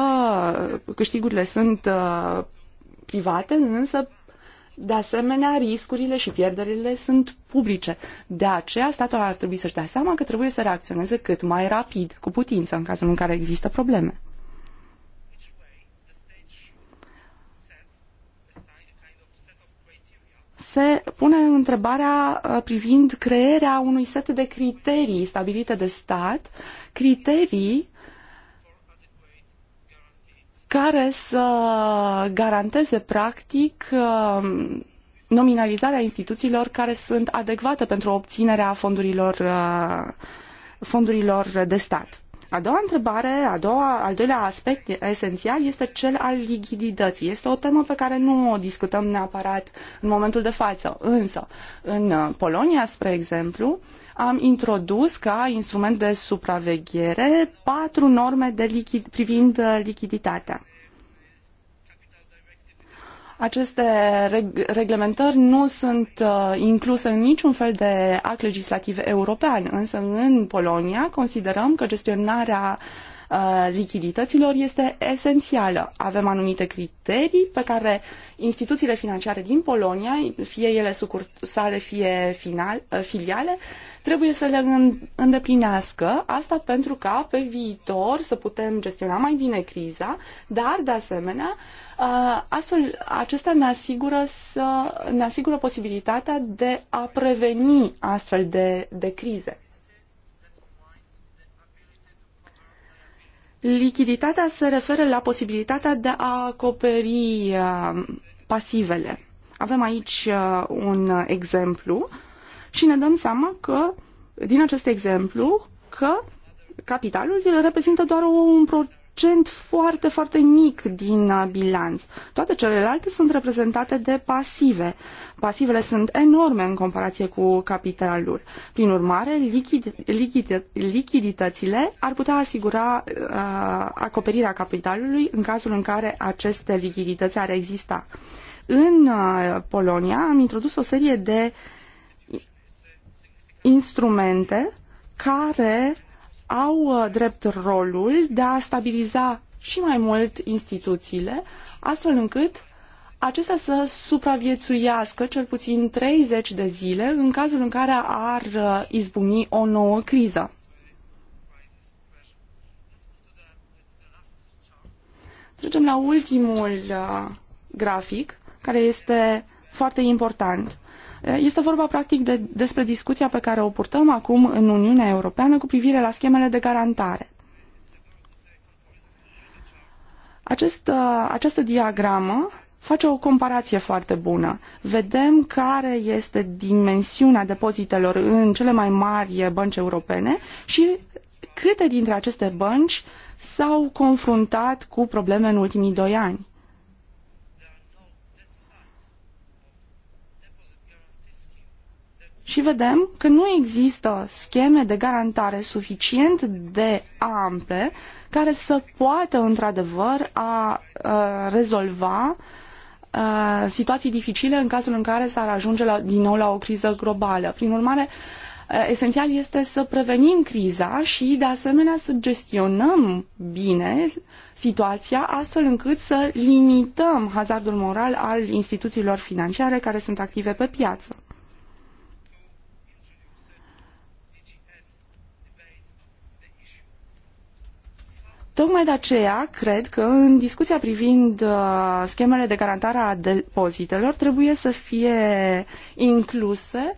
câștigurile sunt uh, private, însă de asemenea, riscurile și pierderile sunt publice. De aceea, statul ar trebui să-și dea seama că trebuie să reacționeze cât mai rapid, cu putință, în cazul în care există probleme. se pune întrebarea uh, privind crearea unui set de criterii stabilite de stat, criterii care să garanteze practic uh, nominalizarea instituțiilor care sunt adecvate pentru obținerea fondurilor, uh, fondurilor de stat. A doua întrebare, a doua, al doilea aspect esențial este cel al lichidității. Este o temă pe care nu o discutăm neapărat în momentul de față, însă în uh, Polonia, spre exemplu, am introdus ca instrument de supraveghere patru norme de lichid, privind uh, lichiditatea. Aceste reg- reglementări nu sunt uh, incluse în niciun fel de act legislativ european, însă în Polonia considerăm că gestionarea uh, Uh, lichidităților este esențială. Avem anumite criterii pe care instituțiile financiare din Polonia, fie ele sucursale, fie final, uh, filiale, trebuie să le îndeplinească, asta pentru ca pe viitor să putem gestiona mai bine criza, dar, de asemenea, uh, astfel, acestea ne asigură, să, ne asigură posibilitatea de a preveni astfel de, de crize. Lichiditatea se referă la posibilitatea de a acoperi uh, pasivele. Avem aici uh, un exemplu și ne dăm seama că, din acest exemplu, că capitalul reprezintă doar un procent foarte, foarte mic din uh, bilanț. Toate celelalte sunt reprezentate de pasive. Pasivele sunt enorme în comparație cu capitalul. Prin urmare, lichid, lichid, lichiditățile ar putea asigura uh, acoperirea capitalului în cazul în care aceste lichidități ar exista. În uh, Polonia am introdus o serie de instrumente care au uh, drept rolul de a stabiliza și mai mult instituțiile, astfel încât acesta să supraviețuiască cel puțin 30 de zile în cazul în care ar uh, izbucni o nouă criză. Trecem la ultimul uh, grafic, care este foarte important. Uh, este vorba practic de, despre discuția pe care o purtăm acum în Uniunea Europeană cu privire la schemele de garantare. Acest, această diagramă face o comparație foarte bună. Vedem care este dimensiunea depozitelor în cele mai mari bănci europene și câte dintre aceste bănci s-au confruntat cu probleme în ultimii doi ani. și vedem că nu există scheme de garantare suficient de ample care să poată într-adevăr a, a rezolva uh, Uh, situații dificile în cazul în care s-ar ajunge la, din nou la o criză globală. Prin urmare, uh, esențial este să prevenim criza și, de asemenea, să gestionăm bine situația astfel încât să limităm hazardul moral al instituțiilor financiare care sunt active pe piață. Tocmai de aceea cred că în discuția privind uh, schemele de garantare a depozitelor trebuie să fie incluse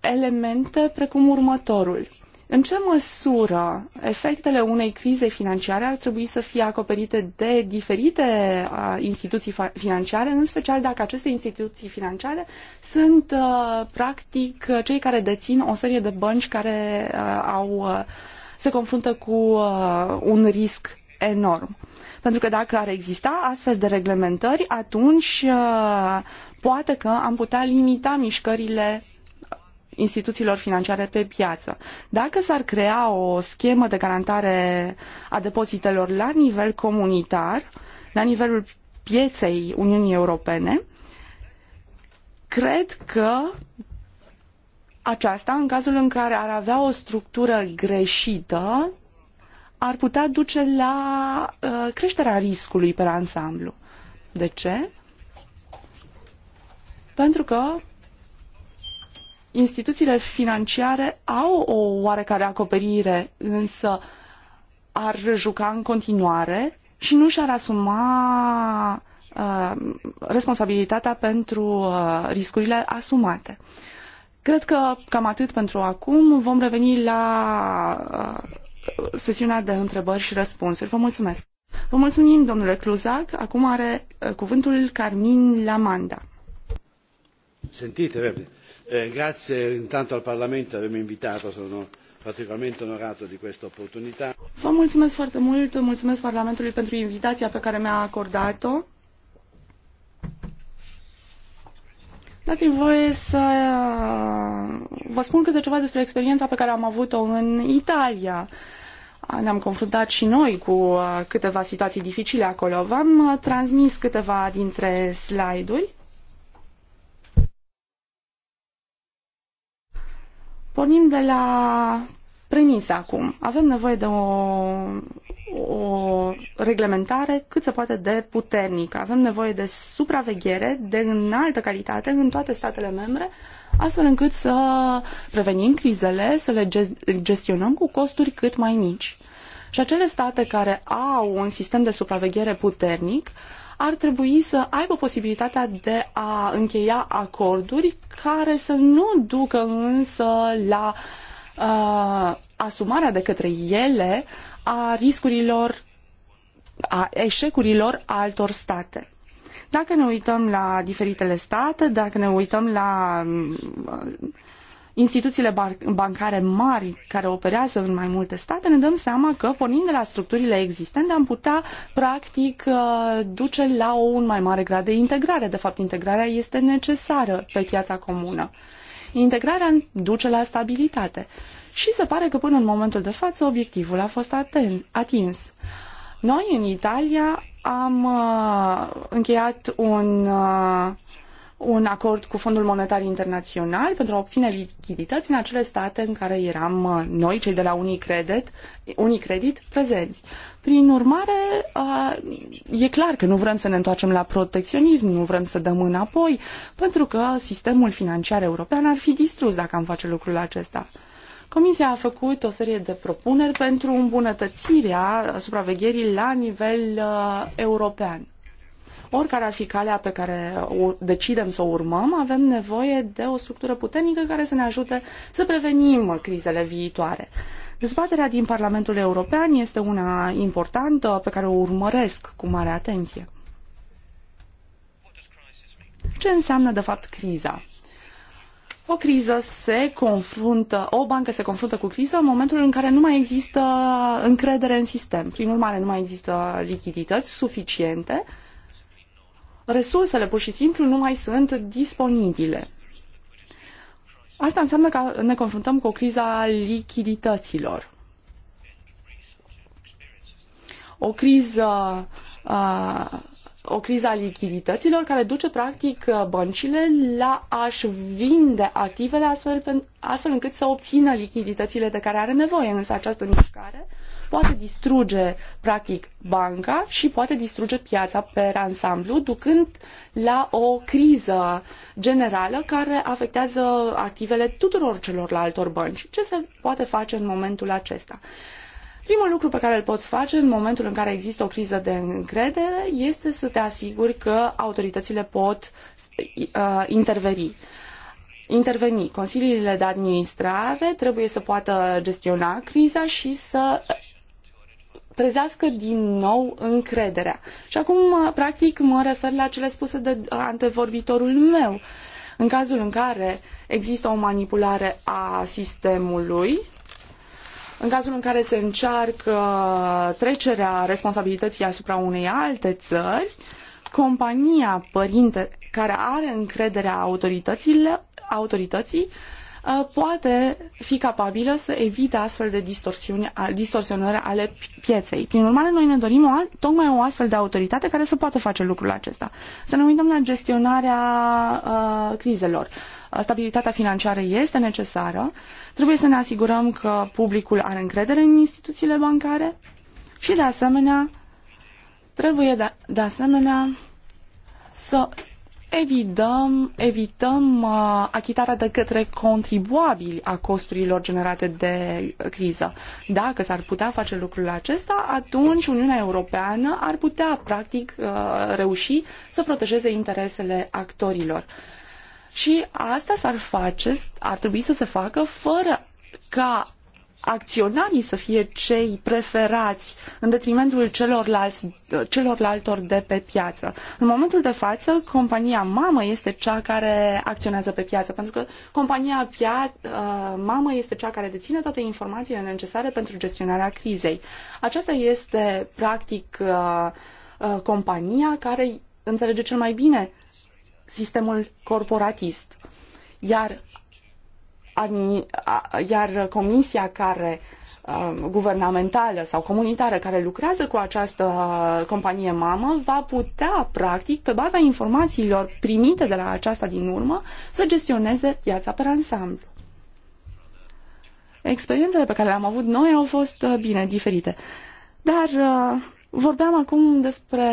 elemente precum următorul. În ce măsură efectele unei crize financiare ar trebui să fie acoperite de diferite uh, instituții financiare, în special dacă aceste instituții financiare sunt uh, practic cei care dețin o serie de bănci care au se confruntă cu uh, un risc enorm. Pentru că dacă ar exista astfel de reglementări, atunci uh, poate că am putea limita mișcările instituțiilor financiare pe piață. Dacă s-ar crea o schemă de garantare a depozitelor la nivel comunitar, la nivelul pieței Uniunii Europene, cred că aceasta, în cazul în care ar avea o structură greșită, ar putea duce la uh, creșterea riscului pe ansamblu. De ce? Pentru că instituțiile financiare au o oarecare acoperire, însă ar juca în continuare și nu și-ar asuma uh, responsabilitatea pentru uh, riscurile asumate. Uh, Cred că cam atât pentru acum. Vom reveni la uh, sesiunea de întrebări și răspunsuri. Vă mulțumesc! Vă mulțumim, domnule Cluzac. Acum are uh, cuvântul Carmin Lamanda. Sentite, repede. Eh, grazie intanto al Parlamento per avermi invitato, sono particolarmente onorato di questa opportunità. Vă mulțumesc foarte mult, mulțumesc Parlamentului pentru invitația pe care mi-a acordat-o. Dați-mi voie să uh, vă spun câte ceva despre experiența pe care am avut-o în Italia. Ne-am confruntat și noi cu uh, câteva situații dificile acolo. V-am uh, transmis câteva dintre slide-uri. Pornim de la premisa acum. Avem nevoie de o o reglementare cât se poate de puternică. Avem nevoie de supraveghere de înaltă calitate în toate statele membre, astfel încât să prevenim crizele, să le gestionăm cu costuri cât mai mici. Și acele state care au un sistem de supraveghere puternic ar trebui să aibă posibilitatea de a încheia acorduri care să nu ducă însă la uh, asumarea de către ele a riscurilor, a eșecurilor altor state. Dacă ne uităm la diferitele state, dacă ne uităm la mm, instituțiile bancare mari care operează în mai multe state, ne dăm seama că, pornind de la structurile existente, am putea, practic, uh, duce la un mai mare grad de integrare. De fapt, integrarea este necesară pe piața comună. Integrarea duce la stabilitate și se pare că până în momentul de față obiectivul a fost aten- atins. Noi, în Italia, am uh, încheiat un, uh, un acord cu Fondul Monetar Internațional pentru a obține lichidități în acele state în care eram uh, noi, cei de la Unicredit, Unicredit prezenți. Prin urmare, uh, e clar că nu vrem să ne întoarcem la protecționism, nu vrem să dăm înapoi, pentru că sistemul financiar european ar fi distrus dacă am face lucrul acesta. Uh, Comisia a făcut o serie de propuneri pentru îmbunătățirea supravegherii la nivel uh, european. Oricare ar fi calea pe care decidem să o urmăm, avem nevoie de o structură puternică care să ne ajute să prevenim crizele viitoare. Dezbaterea din Parlamentul European este una importantă pe care o urmăresc cu mare atenție. Ce înseamnă de fapt criza? o criză se confruntă, o bancă se confruntă cu criză în momentul în care nu mai există încredere în sistem. Prin urmare, nu mai există lichidități suficiente, resursele pur și simplu nu mai sunt disponibile. Asta înseamnă că ne confruntăm cu o criză a lichidităților. O criză o criză a lichidităților care duce practic băncile la a-și vinde activele astfel, astfel încât să obțină lichiditățile de care are nevoie. Însă această mișcare poate distruge practic banca și poate distruge piața pe ansamblu, ducând la o criză generală care afectează activele tuturor celorlaltor bănci. Ce se poate face în momentul acesta? Primul lucru pe care îl poți face în momentul în care există o criză de încredere este să te asiguri că autoritățile pot uh, interveni interveni. Consiliile de administrare trebuie să poată gestiona criza și să trezească din nou încrederea. Și acum, uh, practic, mă refer la cele spuse de antevorbitorul meu. În cazul în care există o manipulare a sistemului, în cazul în care se încearcă uh, trecerea responsabilității asupra unei alte țări, compania părinte care are încrederea autoritățile, autorității uh, poate fi capabilă să evite astfel de distorsiuni, distorsionări ale pieței. Prin urmare, noi ne dorim o, tocmai o astfel de autoritate care să poată face lucrul acesta. Să ne uităm la gestionarea uh, crizelor. Uh, stabilitatea financiară este necesară, trebuie să ne asigurăm că publicul are încredere în instituțiile bancare și, de asemenea, trebuie de, de asemenea să evităm, evităm uh, achitarea de către contribuabili a costurilor generate de criză. Dacă s-ar putea face lucrul acesta, atunci Uniunea Europeană ar putea, practic, uh, reuși să protejeze interesele actorilor. Și asta s-ar face, ar trebui să se facă fără ca acționarii să fie cei preferați în detrimentul celorlalți, celorlaltor de pe piață. În momentul de față, compania mamă este cea care acționează pe piață, pentru că compania pia, uh, mamă este cea care deține toate informațiile necesare pentru gestionarea crizei. Aceasta este, practic, uh, uh, compania care înțelege cel mai bine sistemul corporatist. Iar, iar comisia care um, guvernamentală sau comunitară care lucrează cu această uh, companie mamă va putea, practic, pe baza informațiilor primite de la aceasta din urmă, să gestioneze piața pe ansamblu. Experiențele pe care le-am avut noi au fost uh, bine diferite. Dar uh, Vorbeam acum despre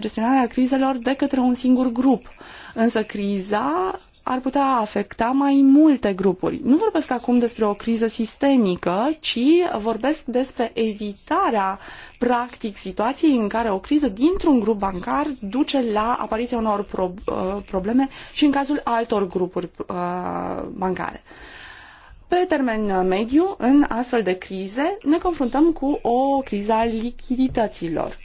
gestionarea crizelor de către un singur grup, însă criza ar putea afecta mai multe grupuri. Nu vorbesc acum despre o criză sistemică, ci vorbesc despre evitarea, practic, situației în care o criză dintr-un grup bancar duce la apariția unor pro- uh, probleme și în cazul altor grupuri uh, bancare. Uh, pe termen mediu, în astfel de crize, ne confruntăm cu o criză a lichidităților.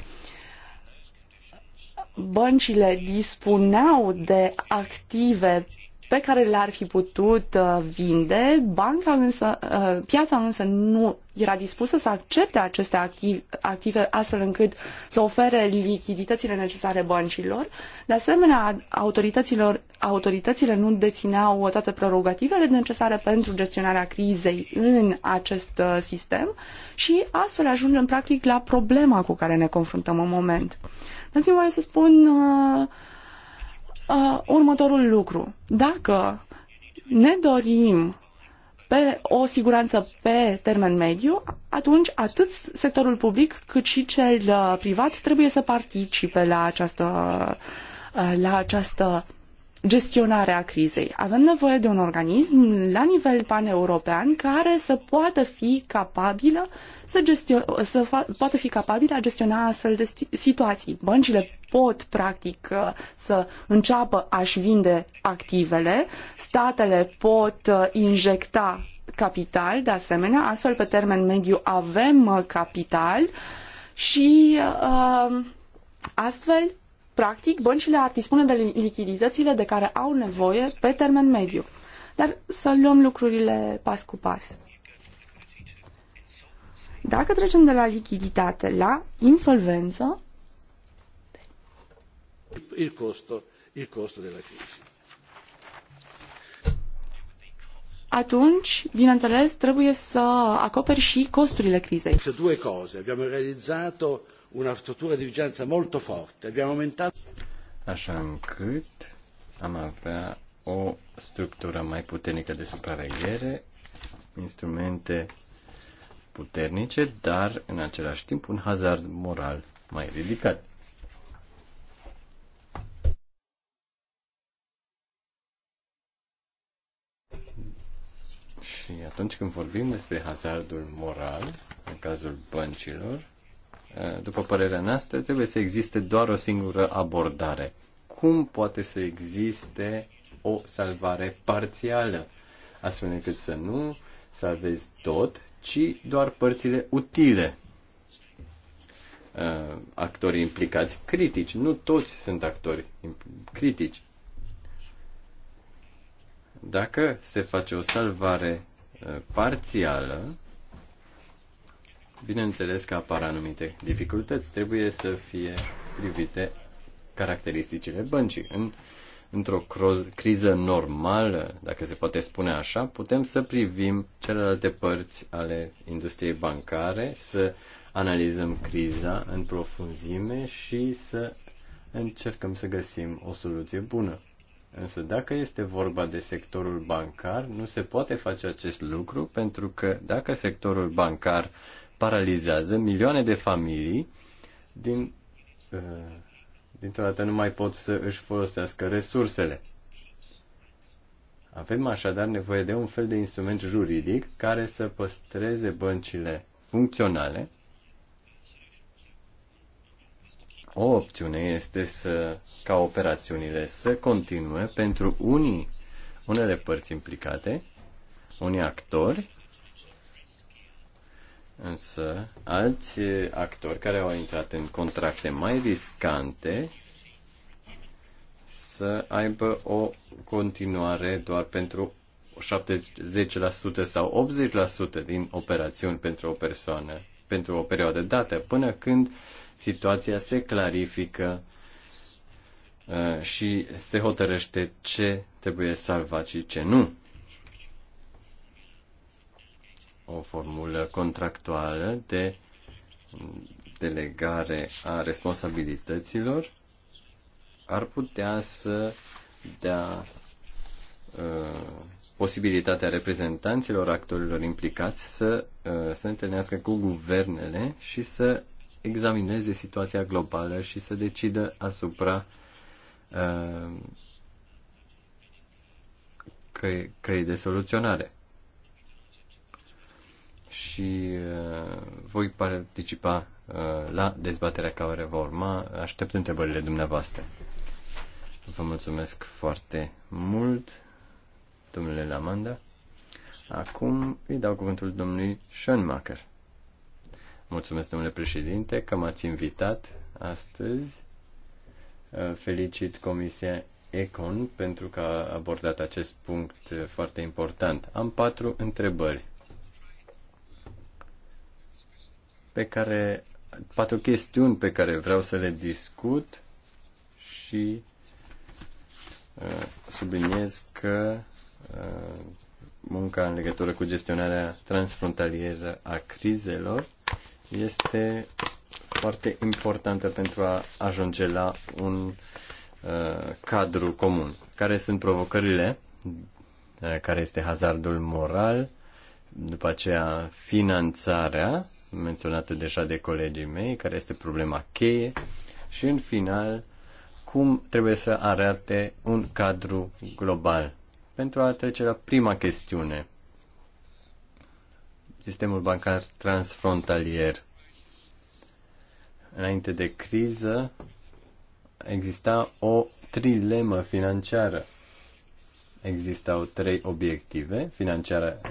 Băncile dispuneau de active pe care le-ar fi putut uh, vinde, banca însă, uh, piața însă nu era dispusă să accepte aceste active astfel încât să ofere lichiditățile necesare băncilor. De asemenea, autorităților, autoritățile nu dețineau toate prerogativele necesare pentru gestionarea crizei în acest uh, sistem și astfel ajungem practic la problema cu care ne confruntăm în moment. Dați-mi voie să spun uh, uh, următorul lucru. Dacă ne dorim pe o siguranță pe termen mediu, atunci atât sectorul public cât și cel uh, privat trebuie să participe la această, uh, la această gestionarea crizei. Avem nevoie de un organism la nivel paneuropean care să poată fi capabilă să, gestio- să poată fi capabilă a gestiona astfel de situații. Băncile pot, practic, uh, să înceapă a-și vinde activele, statele pot uh, injecta capital, de asemenea, astfel pe termen mediu avem uh, capital și astfel practic, băncile ar dispune de lichiditățile de care au nevoie pe termen mediu. Dar să luăm lucrurile pas cu pas. Dacă trecem de la lichiditate la insolvență, il costo, il costo della crisi. Atunci, bineînțeles, trebuie să acoperi și costurile crizei. două deci, cose. Abbiamo realizzato una struttura di vigilanza molto forte. Abbiamo aumentato... Așa încât am avea o structură mai puternică de supraveghere, instrumente puternice, dar în același timp un hazard moral mai ridicat. Și atunci când vorbim despre hazardul moral, în cazul băncilor, Eh, după părerea noastră, trebuie să existe doar o singură abordare. Cum poate să existe o salvare parțială, astfel încât să nu salvezi tot, ci doar părțile utile uh, actorii implicați critici. Nu toți sunt actori critici. Dacă se face o salvare uh, parțială, bineînțeles că apar anumite dificultăți, trebuie să fie privite caracteristicile băncii. În, într-o criză normală, dacă se poate spune așa, putem să privim celelalte părți ale industriei bancare, să analizăm criza în profunzime și să încercăm să găsim o soluție bună. Însă dacă este vorba de sectorul bancar, nu se poate face acest lucru pentru că dacă sectorul bancar paralizează milioane de familii din, uh, dintr-o dată nu mai pot să își folosească resursele. Avem așadar nevoie de un fel de instrument juridic care să păstreze băncile funcționale. O opțiune este să, ca operațiunile să continue pentru unii, unele părți implicate, unii actori Însă, alți eh, actori care au intrat în contracte mai riscante să aibă o continuare doar pentru 70% sau 80% din operațiuni pentru o persoană, pentru o perioadă dată, până când situația se clarifică eh, și se hotărăște ce trebuie salvat și ce nu. o formulă contractuală de delegare a responsabilităților ar putea să dea uh, posibilitatea reprezentanților actorilor implicați să uh, se întâlnească cu guvernele și să examineze situația globală și să decidă asupra uh, căi, căi de soluționare și uh, voi participa uh, la dezbaterea care va urma. Aștept întrebările dumneavoastră. Vă mulțumesc foarte mult, domnule Lamanda. Acum îi dau cuvântul domnului Schoenmacher. Mulțumesc, domnule președinte, că m-ați invitat astăzi. Uh, felicit Comisia Econ pentru că a abordat acest punct foarte important. Am patru întrebări. pe care, patru chestiuni pe care vreau să le discut și uh, subliniez că uh, munca în legătură cu gestionarea transfrontalieră a crizelor este foarte importantă pentru a ajunge la un uh, cadru comun. Care sunt provocările? Uh, care este hazardul moral? După aceea, finanțarea menționată deja de colegii mei, care este problema cheie și în final cum trebuie să arate un cadru global. Pentru a trece la prima chestiune, sistemul bancar transfrontalier. Înainte de criză exista o trilemă financiară existau trei obiective, financiară,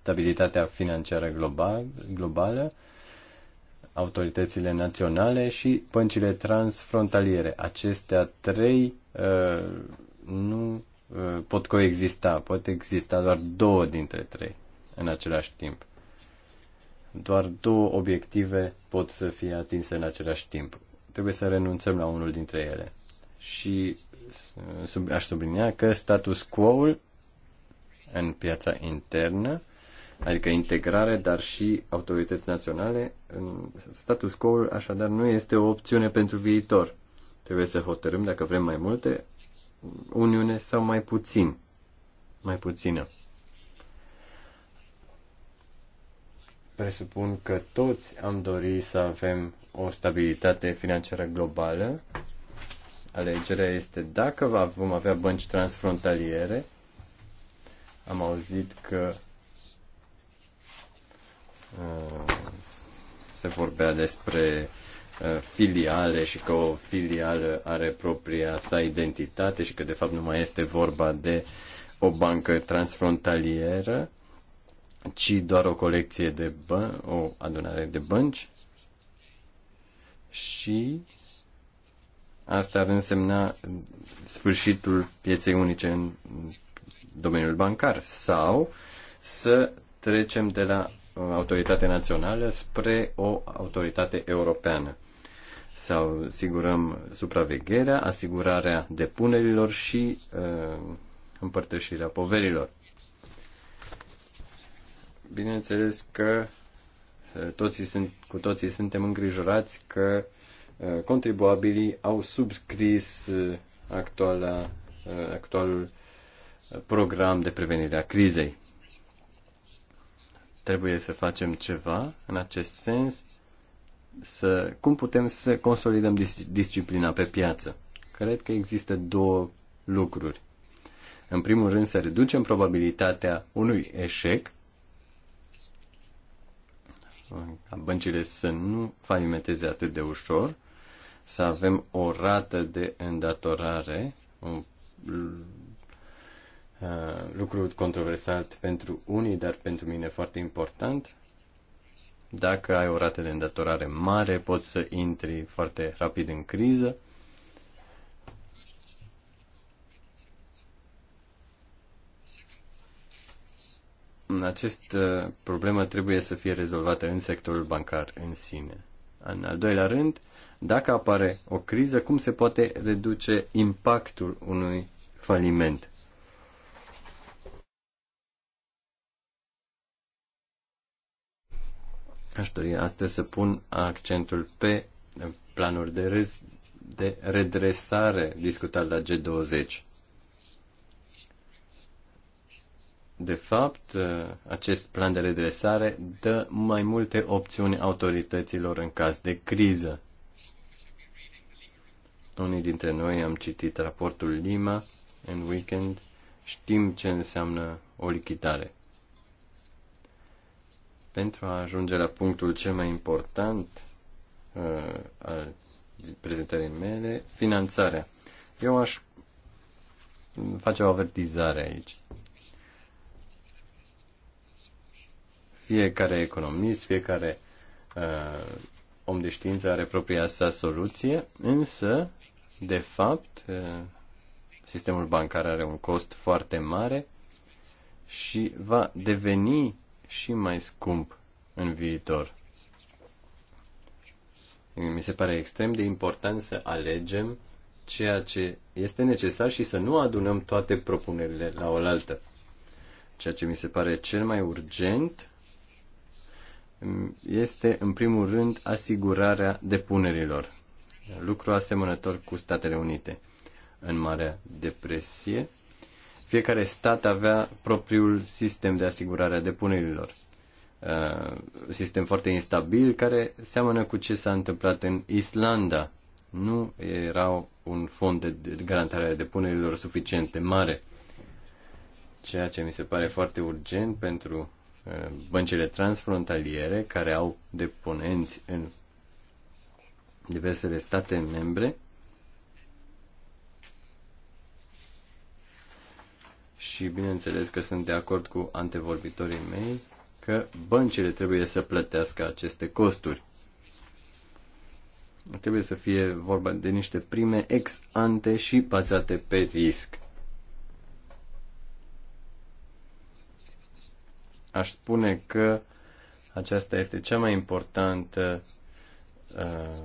stabilitatea financiară global, globală, autoritățile naționale și băncile transfrontaliere. Acestea trei uh, nu uh, pot coexista, pot exista doar două dintre trei în același timp. Doar două obiective pot să fie atinse în același timp. Trebuie să renunțăm la unul dintre ele. Și sub, aș sublinia că status quo-ul în piața internă, adică integrare, dar și autorități naționale, status quo-ul așadar nu este o opțiune pentru viitor. Trebuie să hotărâm dacă vrem mai multe uniune sau mai puțin, mai puțină. Presupun că toți am dori să avem o stabilitate financiară globală Alegerea este dacă va, vom avea bănci transfrontaliere. Am auzit că uh, se vorbea despre uh, filiale și că o filială are propria sa identitate și că de fapt nu mai este vorba de o bancă transfrontalieră, ci doar o colecție de bă- o adunare de bănci și Asta ar însemna sfârșitul pieței unice în domeniul bancar sau să trecem de la uh, autoritate națională spre o autoritate europeană. Sau asigurăm supravegherea, asigurarea depunerilor și uh, împărtășirea poverilor. Bineînțeles că uh, toții sunt, cu toții suntem îngrijorați că uh, Eh, contribuabilii au subscris eh, actuala, eh, actualul program de prevenire a crizei. Trebuie să facem ceva în acest sens, să, cum putem să consolidăm dis, disciplina pe piață. Cred că există două lucruri. În primul rând să reducem probabilitatea unui eșec ca băncile să nu falimenteze atât de ușor să avem o rată de îndatorare, un uh, lucru controversat pentru unii, dar pentru mine foarte important. Dacă ai o rată de îndatorare mare, poți să intri foarte rapid în criză. Această uh, problemă trebuie să fie rezolvată în sectorul bancar în sine. În al doilea rând, uh, dacă apare o criză, cum se poate reduce impactul unui faliment? Aș dori astăzi să pun accentul pe planuri de, rez- de redresare discutat la G20. De fapt, acest plan de redresare dă mai multe opțiuni autorităților în caz de criză. Unii dintre noi am citit raportul Lima în weekend, știm ce înseamnă o lichidare. Pentru a ajunge la punctul cel mai important uh, al prezentării mele, finanțarea. Eu aș face o avertizare aici. Fiecare economist, fiecare uh, om de știință are propria sa soluție, însă de fapt, sistemul bancar are un cost foarte mare și va deveni și mai scump în viitor. Mi se pare extrem de important să alegem ceea ce este necesar și să nu adunăm toate propunerile la oaltă. Ceea ce mi se pare cel mai urgent mm, este, în primul rând, asigurarea depunerilor lucru asemănător cu Statele Unite. În Marea Depresie, fiecare stat avea propriul sistem de asigurare a depunerilor. Uh, sistem foarte instabil care seamănă cu ce s-a întâmplat în Islanda. Nu era un fond de garantare a depunerilor suficient de mare. Ceea ce mi se pare foarte urgent pentru uh, băncile transfrontaliere care au deponenți în diversele state membre și bineînțeles că sunt de acord cu antevorbitorii mei că băncile trebuie să plătească aceste costuri. Trebuie să fie vorba de niște prime ex ante și bazate pe risc. Aș spune că aceasta este cea mai importantă uh,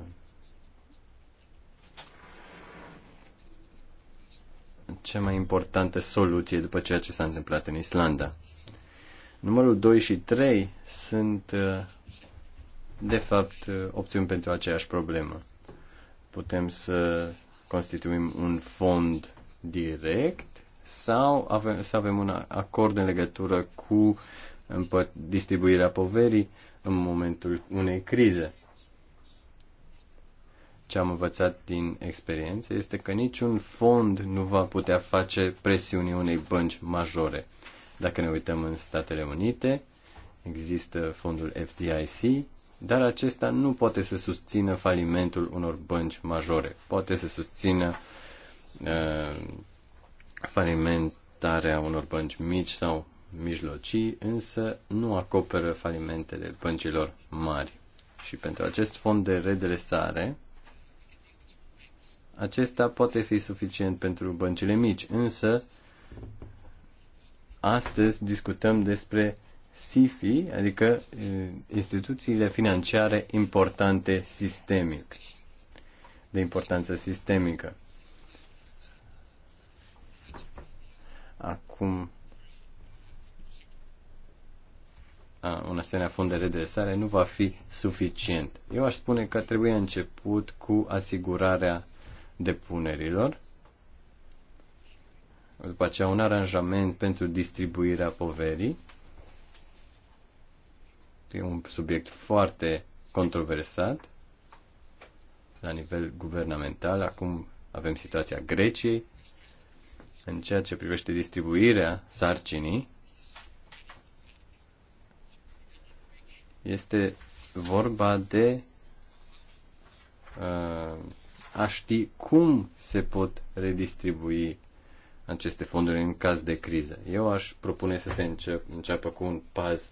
cea mai importantă soluție după ceea ce s-a întâmplat în Islanda. Numărul 2 și 3 sunt, uh, de fapt, uh, opțiuni pentru aceeași problemă. Putem să constituim un fond direct sau avem, să avem un acord în legătură cu distribuirea poverii în momentul unei crize. Ce am învățat din experiență este că niciun fond nu va putea face presiunii unei bănci majore. Dacă ne uităm în Statele Unite, există fondul FDIC, dar acesta nu poate să susțină falimentul unor bănci majore. Poate să susțină uh, falimentarea unor bănci mici sau mijlocii, însă nu acoperă falimentele băncilor mari. Și pentru acest fond de redresare, acesta poate fi suficient pentru băncile mici, însă astăzi discutăm despre SIFI, adică instituțiile financiare importante sistemic, de importanță sistemică. Acum, a, un asemenea fond de redresare nu va fi suficient. Eu aș spune că trebuie început cu asigurarea depunerilor. După aceea un aranjament pentru distribuirea poverii. E un subiect foarte controversat la nivel guvernamental. Acum avem situația Greciei în ceea ce privește distribuirea sarcinii. Este vorba de uh, a ști cum se pot redistribui aceste fonduri în caz de criză. Eu aș propune să se încep, înceapă cu un pas,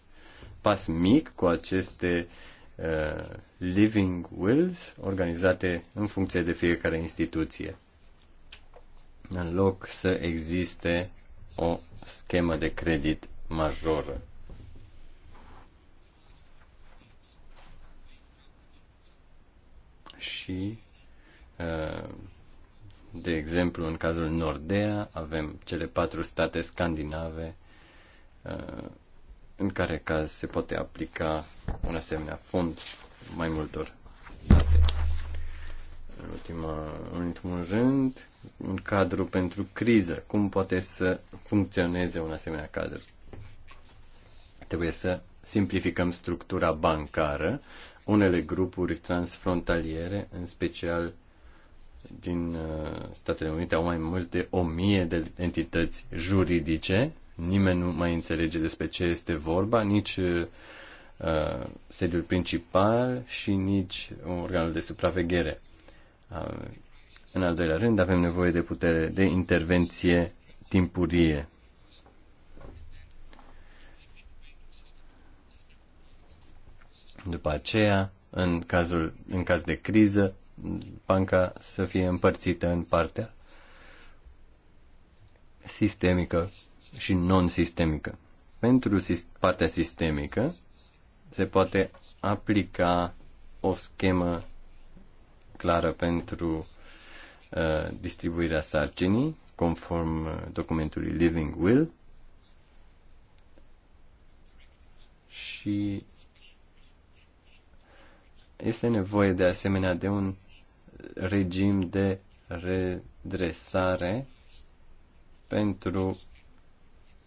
pas mic, cu aceste uh, living wills organizate în funcție de fiecare instituție. În loc să existe o schemă de credit majoră. Și Uh, de exemplu, în cazul Nordea avem cele patru state scandinave uh, în care caz se poate aplica un asemenea fond mai multor state. În, ultima, în ultimul rând, un cadru pentru criză. Cum poate să funcționeze un asemenea cadru? Trebuie să simplificăm structura bancară. Unele grupuri transfrontaliere, în special din uh, Statele Unite au mai mult de o mie de entități juridice. Nimeni nu mai înțelege despre ce este vorba, nici uh, sediul principal și nici organul de supraveghere. Uh, în al doilea rând, avem nevoie de putere de intervenție timpurie. După aceea, în, cazul, în caz de criză, banca să fie împărțită în partea sistemică și non-sistemică. Pentru partea sistemică se poate aplica o schemă clară pentru uh, distribuirea sarcinii, conform uh, documentului Living Will, și este nevoie de asemenea de un regim de redresare pentru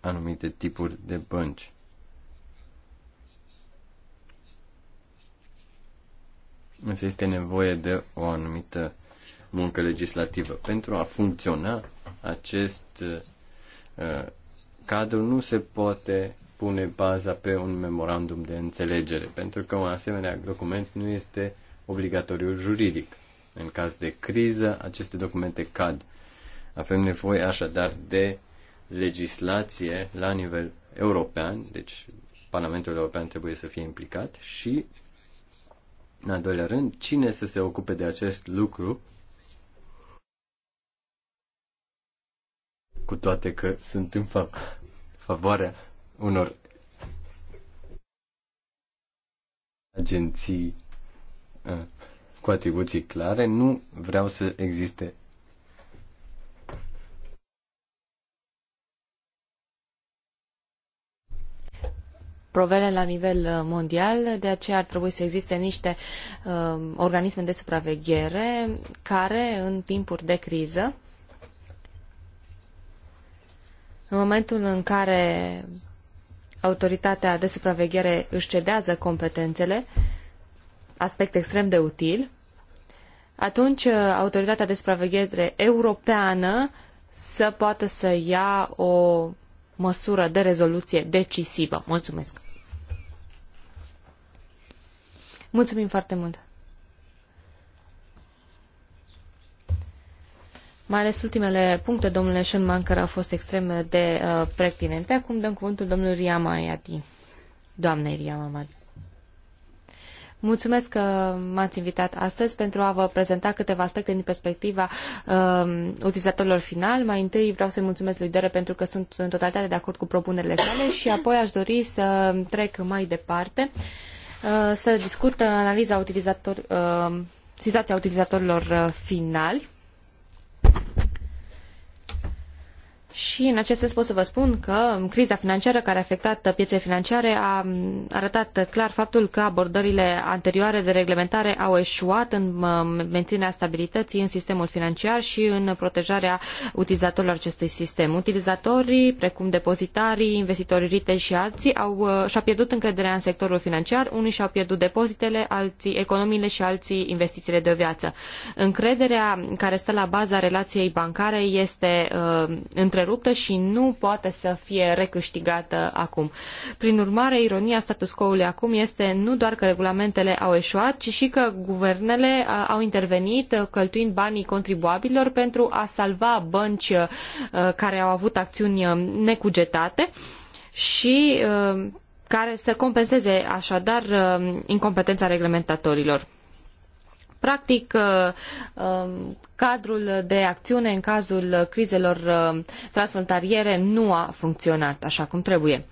anumite tipuri de bănci. Însă este nevoie de o anumită muncă legislativă. Pentru a funcționa acest uh, cadru nu se poate pune baza pe un memorandum de înțelegere, pentru că un asemenea document nu este obligatoriu juridic. În caz de criză, aceste documente cad. Avem nevoie așadar de legislație la nivel european, deci Parlamentul European trebuie să fie implicat și, în al doilea rând, cine să se ocupe de acest lucru, cu toate că sunt în fa- favoarea unor agenții. Uh cu atribuții clare. Nu vreau să existe provele la nivel uh, mondial, de aceea ar trebui să existe niște uh, organisme de supraveghere care, în timpuri de criză, în momentul în care autoritatea de supraveghere își cedează competențele, aspect extrem de util, atunci uh, autoritatea de supraveghere europeană să poată să ia o măsură de rezoluție decisivă. Mulțumesc! Mulțumim foarte mult! Mai ales ultimele puncte, domnule Șenman, care au fost extrem de uh, pertinente. Acum dăm cuvântul domnului Ria Iati. Doamne Ria Iati. Mulțumesc că m-ați invitat astăzi pentru a vă prezenta câteva aspecte din perspectiva uh, utilizatorilor final. Mai întâi vreau să-i mulțumesc lui Dere pentru că sunt în totalitate de acord cu propunerile sale și apoi aș dori să trec mai departe uh, să discut analiza utilizator, uh, situația utilizatorilor uh, finali Și în acest sens pot să vă spun că criza financiară care a afectat piețele financiare a arătat clar faptul că abordările anterioare de reglementare au eșuat în menținerea stabilității în sistemul financiar și în protejarea utilizatorilor acestui sistem. Utilizatorii, precum depozitarii, investitorii retail și alții, au, uh, și-au pierdut încrederea în sectorul financiar, unii și-au pierdut depozitele, alții economiile și alții investițiile de o viață. Încrederea care stă la baza relației bancare este uh, între întreruptă și nu poate să fie recâștigată acum. Prin urmare, ironia status quo-ului acum este nu doar că regulamentele au eșuat, ci și că guvernele au intervenit cheltuind banii contribuabililor pentru a salva bănci care au avut acțiuni necugetate și care să compenseze așadar incompetența reglementatorilor. Practic, cadrul de acțiune în cazul crizelor uh, transfrontaliere nu a funcționat așa cum trebuie.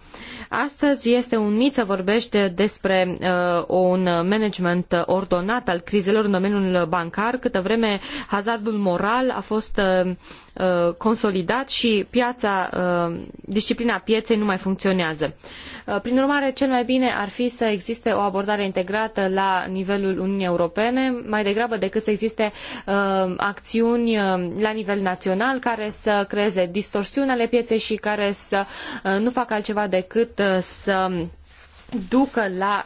Astăzi este un mit să vorbești despre uh, un management ordonat al crizelor în domeniul bancar, câtă vreme hazardul moral a fost uh, consolidat și piața, disciplina pieței nu mai funcționează. Prin urmare, cel mai bine ar fi să existe o abordare integrată la nivelul Uniunii Europene, mai degrabă decât să existe acțiuni uh, la nivel național care să creeze distorsiuni ale pieței și care să uh, nu facă altceva decât uh, să ducă la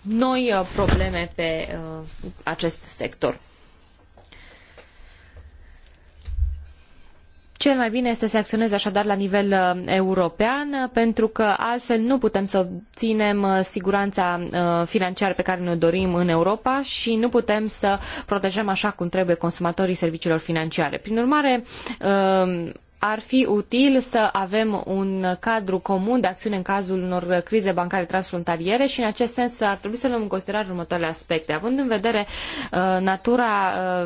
noi probleme pe acest sector. Cel mai bine este să acționeze așadar la nivel uh, european, uh, pentru că altfel nu putem să obținem uh, siguranța financiară pe care ne-o dorim în Europa și nu putem să protejăm așa cum trebuie consumatorii serviciilor financiare. Prin urmare, ar fi util să avem un cadru comun de acțiune în cazul unor crize bancare transfrontaliere și în acest sens ar trebui să luăm în considerare următoarele aspecte. Având în vedere uh, natura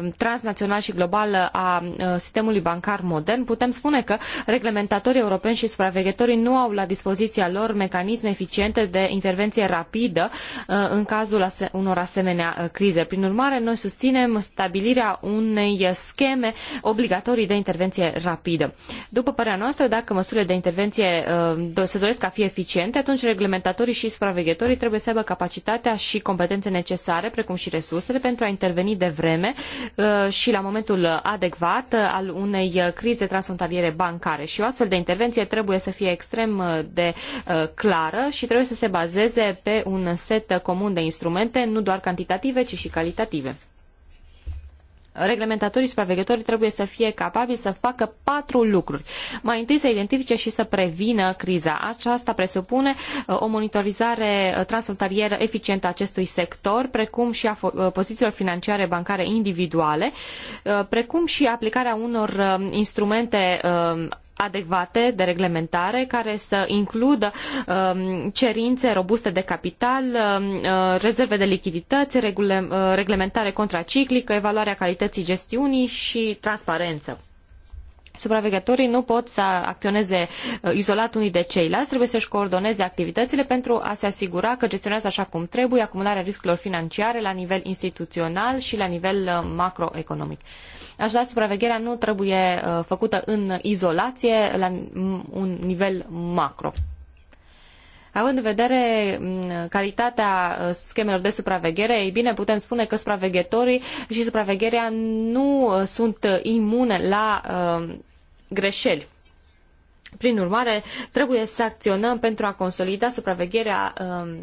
uh, transnațională și globală a uh, sistemului bancar modern, putem spune că reglementatorii europeni și supraveghetorii nu au la dispoziția lor mecanisme eficiente de intervenție rapidă în cazul unor asemenea crize. Prin urmare, noi susținem stabilirea unei scheme obligatorii de intervenție rapidă. După părerea noastră, dacă măsurile de intervenție uh, se doresc a fi eficiente, atunci reglementatorii și supraveghetorii trebuie să aibă capacitatea și competențe necesare, precum și resursele, pentru a interveni de vreme uh, și la momentul adecvat uh, al unei crize transfrontaliere bancare. Și o astfel de intervenție trebuie să fie extrem de clară și trebuie să se bazeze pe un set comun de instrumente, nu doar cantitative, ci și calitative reglementatorii, supraveghetorii trebuie să fie capabili să facă patru lucruri. Mai întâi să identifice și să prevină criza. Aceasta presupune uh, o monitorizare uh, transfrontalieră eficientă a acestui sector, precum și a uh, pozițiilor financiare bancare individuale, precum și aplicarea unor instrumente adecvate de reglementare care să includă um, cerințe robuste de capital, um, uh, rezerve de lichidități, uh, reglementare contraciclică, evaluarea calității gestiunii și transparență supraveghetorii nu pot să acționeze uh, izolat unii de ceilalți, trebuie să-și coordoneze activitățile pentru a se asigura că gestionează așa cum trebuie acumularea riscurilor financiare la nivel instituțional și la nivel uh, macroeconomic. Așadar, supravegherea nu trebuie uh, făcută în izolație la un nivel macro. Având în vedere calitatea uh, schemelor de supraveghere, ei bine, putem spune că supraveghetorii și supravegherea nu uh, sunt uh, imune la greșeli. Prin urmare, trebuie să acționăm pentru a consolida supravegherea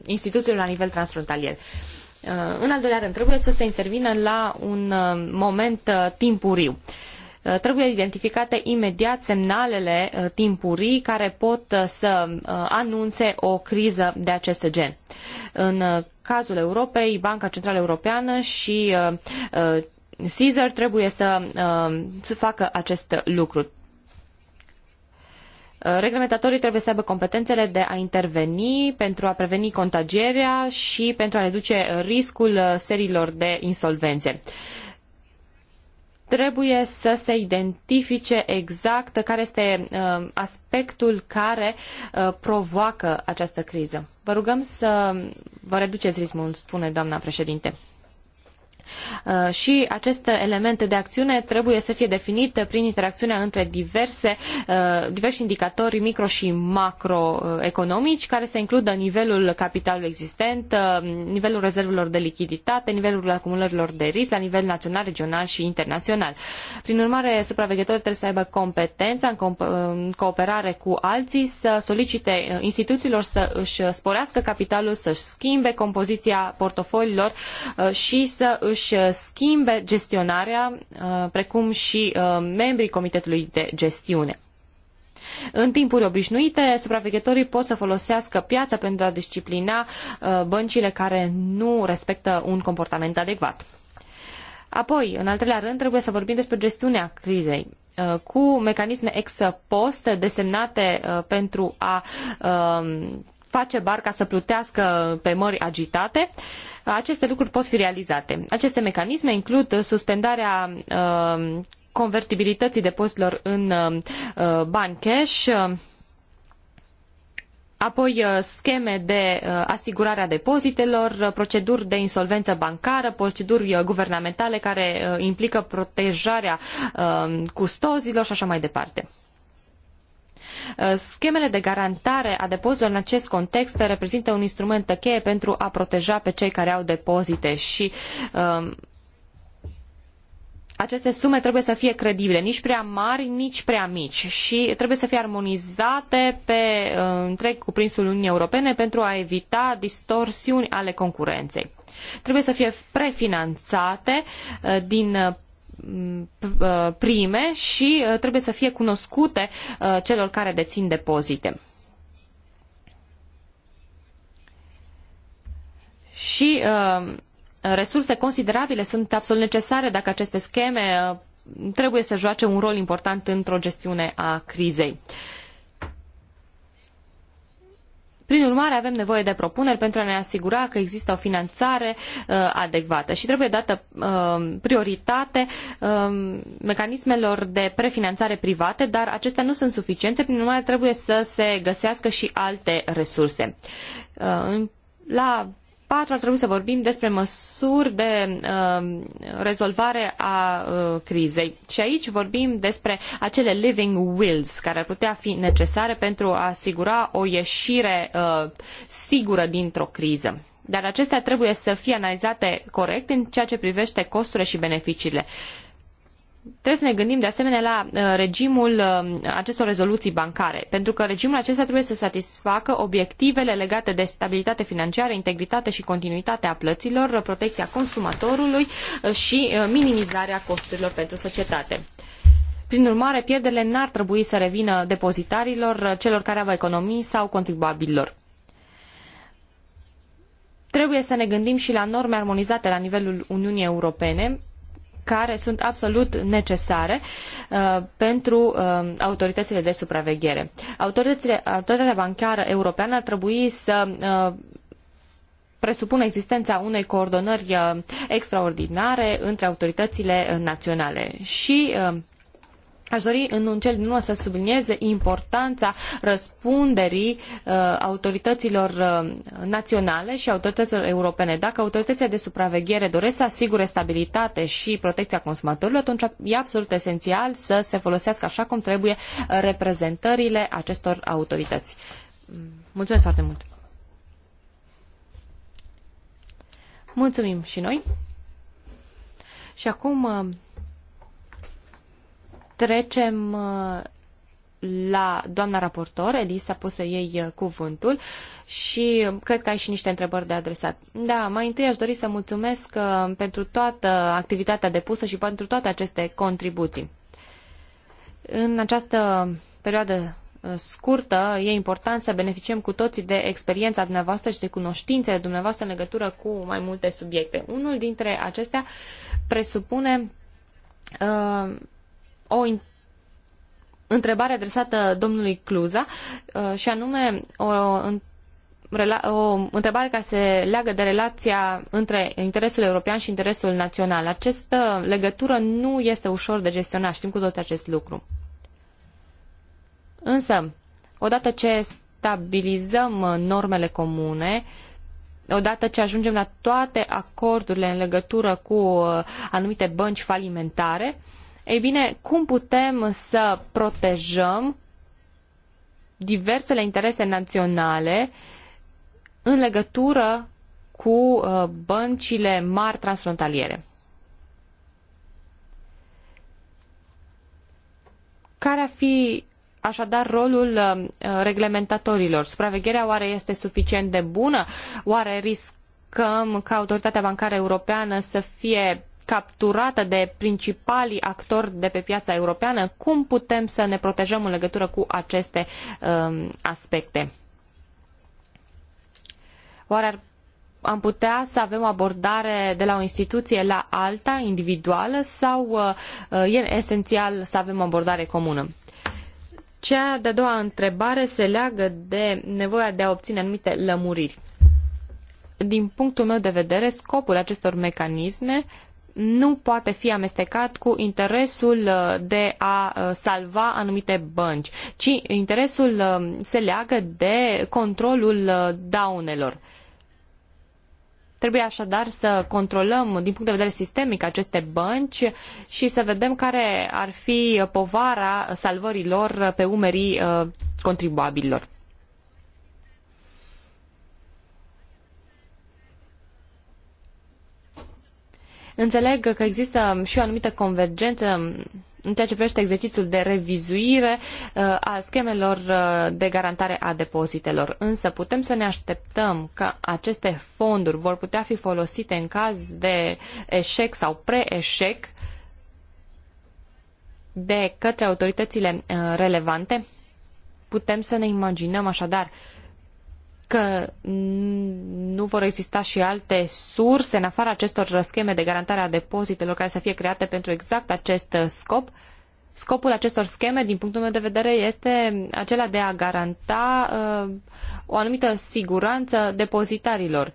instituțiilor la nivel transfrontalier. în al doilea rând, trebuie să se intervină la un moment timpuriu. Uh, trebuie identificate imediat semnalele uh, timpurii care pot uh, să anunțe o criză de acest gen. În cazul Europei, Banca Centrală Europeană și Caesar trebuie să, să facă acest lucru. Reglementatorii trebuie să aibă competențele de a interveni pentru a preveni contagierea și pentru a reduce riscul serilor de insolvențe trebuie să se identifice exact care este uh, aspectul care uh, provoacă această criză. Vă rugăm să vă reduceți ritmul, spune doamna președinte. Uh, și aceste elemente de acțiune trebuie să fie definite prin interacțiunea între diverse, uh, diversi indicatori micro și macroeconomici care să includă nivelul capitalului existent, uh, nivelul rezervelor de lichiditate, nivelul acumulărilor de risc la nivel național, regional și internațional. Prin urmare, supraveghetorul trebuie să aibă competența în, în cooperare cu alții să solicite instituțiilor să își sporească capitalul, să-și schimbe compoziția portofoliilor și să își să-și uh, schimbe gestionarea, uh, precum și uh, membrii Comitetului de Gestiune. În timpuri obișnuite, supraveghetorii pot să folosească piața pentru a disciplina băncile care nu respectă un comportament adecvat. Apoi, în al treilea rând, trebuie să vorbim despre gestiunea crizei cu mecanisme ex post desemnate pentru a face barca să plutească pe mări agitate, aceste lucruri pot fi realizate. Aceste mecanisme includ suspendarea uh, convertibilității depozitelor în uh, uh, bani cash, apoi scheme de asigurare a depozitelor, proceduri de insolvență bancară, proceduri guvernamentale care implică protejarea custozilor și așa mai departe. Uh, schemele de garantare a depozitelor în acest context reprezintă un instrument cheie pentru a proteja pe cei care au depozite și um, aceste sume trebuie să fie credibile, nici prea mari, nici prea mici și trebuie să fie armonizate pe uh, întreg cuprinsul Uniunii Europene pentru a evita distorsiuni ale concurenței. Trebuie să fie prefinanțate uh, din Uh, prime și uh, trebuie să fie cunoscute uh, celor care dețin depozite. Și resurse considerabile sunt absolut necesare dacă aceste scheme trebuie să joace un rol important într-o gestiune a crizei. Uh, prin urmare, avem nevoie de propuneri pentru a ne asigura că există o finanțare uh, adecvată și trebuie dată uh, prioritate uh, mecanismelor de prefinanțare private, dar acestea nu sunt suficiente, prin urmare trebuie să se găsească și alte resurse. La 4 ar trebui să vorbim despre măsuri de uh, rezolvare a uh, crizei. Și aici vorbim despre acele living wills care ar putea fi necesare pentru a asigura o ieșire uh, sigură dintr-o criză. Dar acestea trebuie să fie analizate corect în ceea ce privește costurile și beneficiile. Uh, trebuie să ne gândim de asemenea la uh, regimul uh, acestor rezoluții bancare, pentru că regimul acesta trebuie să satisfacă obiectivele legate de stabilitate financiară, integritate și continuitatea plăților, uh, protecția consumatorului și minimizarea costurilor pentru societate. Prin urmare, pierderile n-ar trebui să revină depozitarilor, celor care au economii sau contribuabililor. Trebuie să ne gândim și la norme armonizate la nivelul Uniunii Europene, care sunt absolut necesare uh, pentru uh, autoritățile de supraveghere. Autoritățile, autoritatea bancară europeană ar trebui să uh, presupună existența unei coordonări extraordinare între autoritățile naționale și Aș dori în cel din urmă să sublinieze importanța răspunderii uh, autorităților uh, naționale și autorităților europene. Dacă autoritățile de supraveghere doresc să asigure stabilitate și protecția consumatorilor, atunci e absolut esențial să se folosească așa cum trebuie reprezentările acestor autorități. Mulțumesc foarte mult! Mulțumim și noi! Și acum... Uh, Trecem uh, la doamna raportor, Elisa, poți să iei uh, cuvântul și um, cred că ai și niște întrebări de adresat. Da, mai întâi aș dori să mulțumesc uh, pentru toată activitatea depusă și pentru toate aceste contribuții. În această perioadă scurtă, e important să beneficiem cu toții de experiența dumneavoastră și de cunoștințele dumneavoastră în legătură cu mai multe subiecte. Unul dintre acestea presupune uh, o întrebare adresată domnului Cluza uh, și anume o, o întrebare care se leagă de relația între interesul european și interesul național. Această legătură nu este ușor de gestionat, știm cu tot acest lucru. Însă, odată ce stabilizăm normele comune, odată ce ajungem la toate acordurile în legătură cu uh, anumite bănci falimentare, uh, ei bine, cum putem să protejăm diversele interese naționale în legătură cu uh, băncile mari transfrontaliere? Care ar fi Așadar, rolul uh, reglementatorilor, supravegherea oare este suficient de bună? Oare riscăm ca autoritatea bancară europeană să fie capturată de principalii actori de pe piața europeană, cum putem să ne protejăm în legătură cu aceste um, aspecte? Oare ar am putea să avem o abordare de la o instituție la alta, individuală, sau uh, uh, e esențial să avem o abordare comună? Cea de-a doua întrebare se leagă de nevoia de a obține anumite lămuriri. Din punctul meu de vedere, scopul acestor mecanisme nu poate fi amestecat cu interesul uh, de a uh, salva anumite bănci, ci interesul uh, se leagă de controlul daunelor. Trebuie așadar să controlăm din punct de vedere sistemic aceste bănci și să vedem care ar fi povara salvării lor pe umerii contribuabililor. Înțeleg că există și o anumită convergență în ceea ce privește exercițiul de revizuire uh, a schemelor uh, de garantare a depozitelor. Însă putem să ne așteptăm că aceste fonduri vor putea fi folosite în caz de eșec sau preeșec de către autoritățile uh, relevante? Putem să ne imaginăm așadar că nu vor exista și alte surse în afara acestor scheme de garantare a depozitelor care să fie create pentru exact acest scop? Scopul acestor scheme, din punctul meu de vedere, este acela de a garanta uh, o anumită siguranță depozitarilor.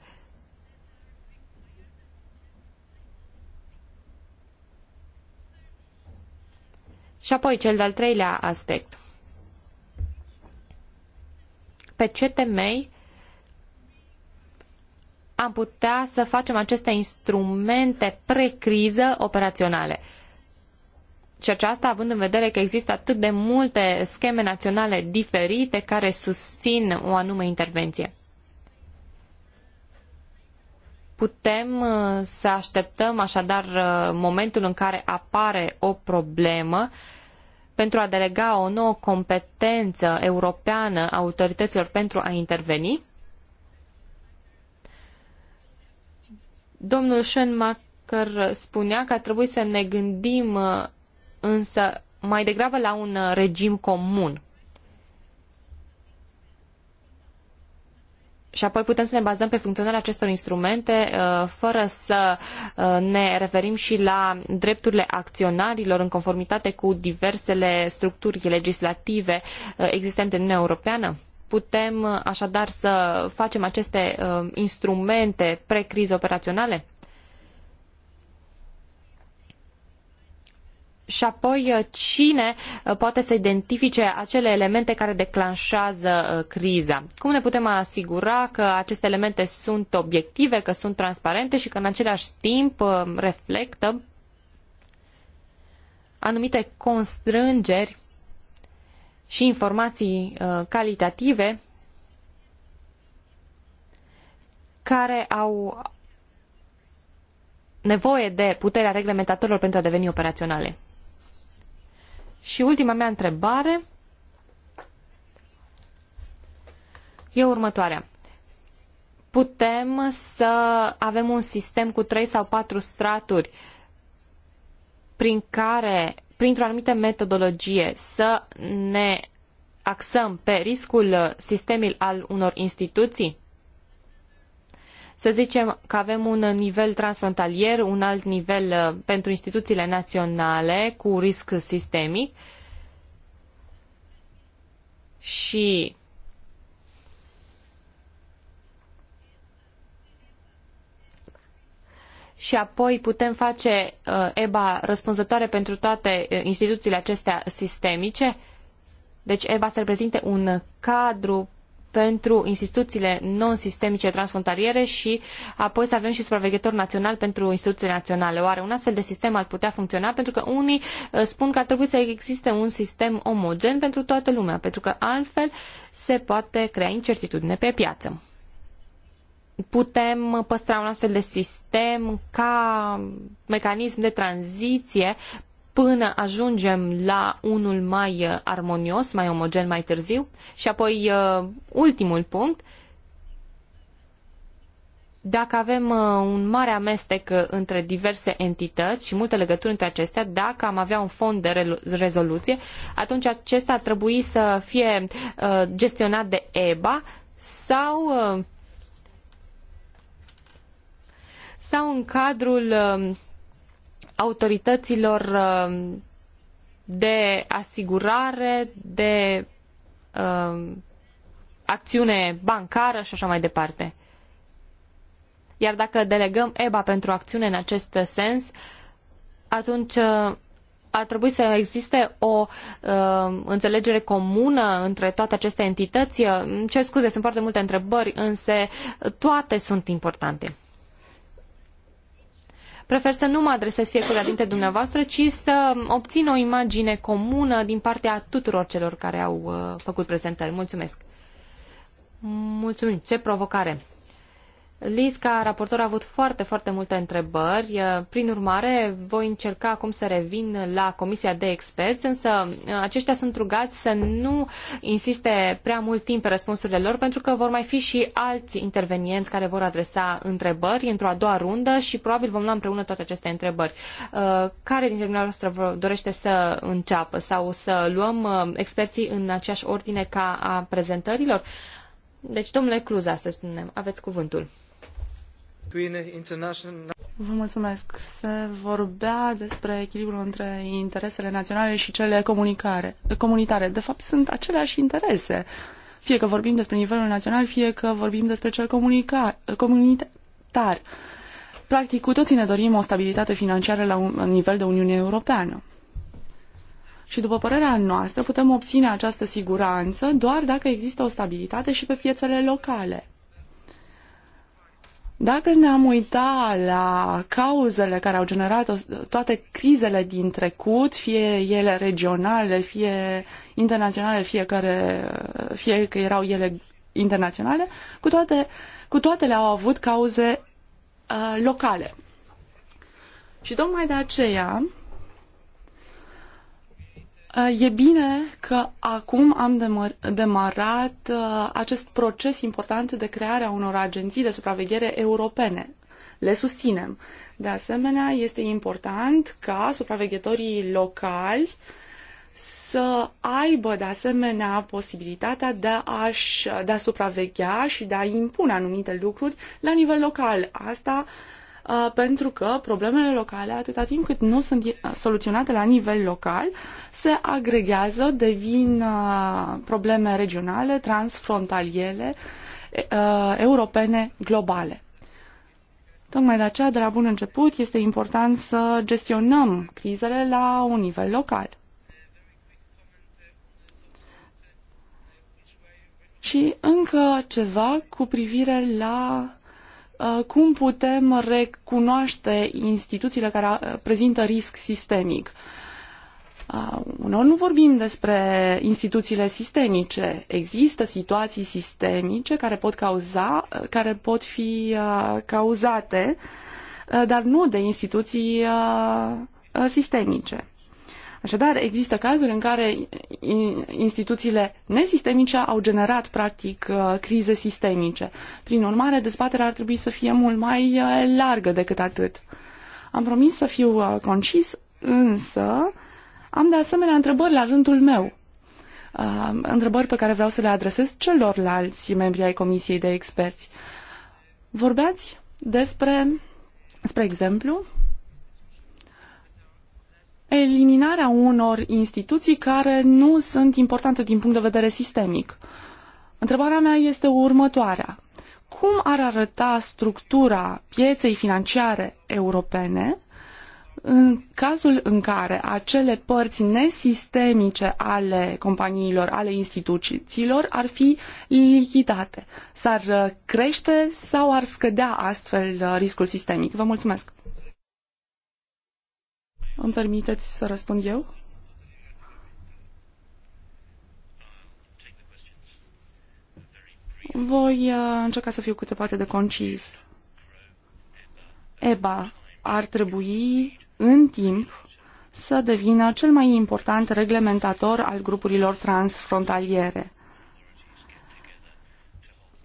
Și apoi cel de-al treilea aspect. Pe ce temei am putea să facem aceste instrumente precriză operaționale. Și aceasta având în vedere că există atât de multe scheme naționale diferite care susțin o anume intervenție. Putem uh, să așteptăm așadar uh, momentul în care apare o problemă pentru a delega o nouă competență europeană autorităților pentru a interveni? Domnul Schoenmacher spunea că ar trebui să ne gândim uh, însă mai degrabă la un uh, regim comun. Și apoi putem să ne bazăm pe funcționarea acestor instrumente uh, fără să ne referim și la drepturile acționarilor în conformitate cu diversele structuri legislative existente în Uniunea Europeană? Putem uh, așadar să facem aceste uh, instrumente pre-criză operaționale? Și apoi uh, cine uh, poate să identifice acele elemente care declanșează criza? Cum ne putem asigura că aceste elemente sunt obiective, că sunt transparente și că în același timp reflectă anumite constrângeri și informații uh, calitative care au nevoie de puterea reglementatorilor pentru a deveni operaționale. Și ultima mea întrebare e următoarea. Putem să avem un sistem cu trei sau patru straturi prin care printr-o anumită metodologie să ne axăm pe riscul uh, sistemic al unor instituții? Să zicem că avem un nivel transfrontalier, un alt nivel uh, pentru instituțiile naționale cu risc sistemic și și apoi putem face uh, EBA răspunzătoare pentru toate uh, instituțiile acestea sistemice? Deci EBA să reprezinte un cadru pentru instituțiile non-sistemice transfrontaliere și apoi să avem și supraveghetor național pentru instituțiile naționale. Oare un astfel de sistem ar putea funcționa? Pentru că unii uh, spun că ar trebui să existe un sistem omogen pentru toată lumea, pentru că altfel se poate crea incertitudine pe piață putem păstra un astfel de sistem ca mecanism de tranziție până ajungem la unul mai armonios, mai omogen mai târziu. Și apoi, uh, ultimul punct, dacă avem uh, un mare amestec între diverse entități și multe legături între acestea, dacă am avea un fond de rezoluție, atunci acesta ar trebui să fie uh, gestionat de EBA sau sau în cadrul um, autorităților um, de asigurare, de um, acțiune bancară și așa mai departe. Iar dacă delegăm EBA pentru acțiune în acest sens, atunci uh, ar trebui să existe o uh, înțelegere comună între toate aceste entități. Cer scuze, sunt foarte multe întrebări, însă toate sunt importante prefer să nu mă adresez fiecăruia dintre dumneavoastră, ci să obțin o imagine comună din partea tuturor celor care au uh, făcut prezentări. Mulțumesc! Mulțumim! Ce provocare! Liz, ca raportor, a avut foarte, foarte multe întrebări. Eh, prin urmare, voi încerca acum să revin la Comisia de Experți, însă eh, aceștia sunt rugați să nu insiste prea mult timp pe răspunsurile lor, pentru că vor mai fi și alți intervenienți care vor adresa întrebări într-o a doua rundă și probabil vom lua împreună toate aceste întrebări. Eh, care dintre dumneavoastră dorește să înceapă sau să luăm experții în aceeași ordine ca a prezentărilor? Deci, domnule Cluza, să spunem, aveți cuvântul. Vă mulțumesc. Se vorbea despre echilibrul între interesele naționale și cele comunicare, comunitare. De fapt, sunt aceleași interese. Fie că vorbim despre nivelul național, fie că vorbim despre cel comunitar. Practic, cu toții ne dorim o stabilitate financiară la un nivel de Uniune Europeană. Și după părerea noastră, putem obține această siguranță doar dacă există o stabilitate și pe piețele locale. Dacă ne-am uitat la cauzele care au generat toate crizele din trecut, fie ele regionale, fie internaționale, fie, care, fie că erau ele internaționale, cu toate, cu toate le-au avut cauze uh, locale. Și tocmai de aceea, Uh, e bine că acum am demar demarat uh, acest proces important de creare a unor agenții de supraveghere europene. Le susținem. De asemenea, este important ca supraveghetorii locali să aibă de asemenea posibilitatea de a, de a supraveghea și de a impune anumite lucruri la nivel local. Asta uh, Uh, pentru că problemele locale, atâta timp cât nu sunt soluționate la nivel local, se agregează, devin uh, probleme regionale, transfrontaliere, uh, europene, globale. Tocmai de aceea, de la bun început, este important să gestionăm crizele la un nivel local. Și încă ceva cu privire la Uh, cum putem recunoaște instituțiile care uh, prezintă risc sistemic. Uh, uneori nu vorbim despre instituțiile sistemice. Există situații sistemice care pot cauza, care pot fi cauzate, dar nu de instituții sistemice. Așadar, există cazuri în care instituțiile nesistemice au generat, practic, uh, crize sistemice. Prin urmare, dezbaterea ar trebui să fie mult mai uh, largă decât atât. Am promis să fiu uh, concis, însă am de asemenea întrebări la rândul meu. Întrebări pe care vreau să le adresez celorlalți membri ai Comisiei de Experți. Vorbeați despre, spre exemplu, eliminarea unor instituții care nu sunt importante din punct de vedere sistemic. Întrebarea mea este următoarea. Cum ar arăta structura pieței financiare europene în cazul în care acele părți nesistemice ale companiilor, ale instituțiilor ar fi lichidate? S-ar crește sau ar scădea astfel uh, riscul sistemic? Vă mulțumesc! Îmi permiteți să răspund eu? Voi uh, încerca să fiu cât se poate de concis. EBA ar trebui în timp să devină cel mai important reglementator al grupurilor transfrontaliere.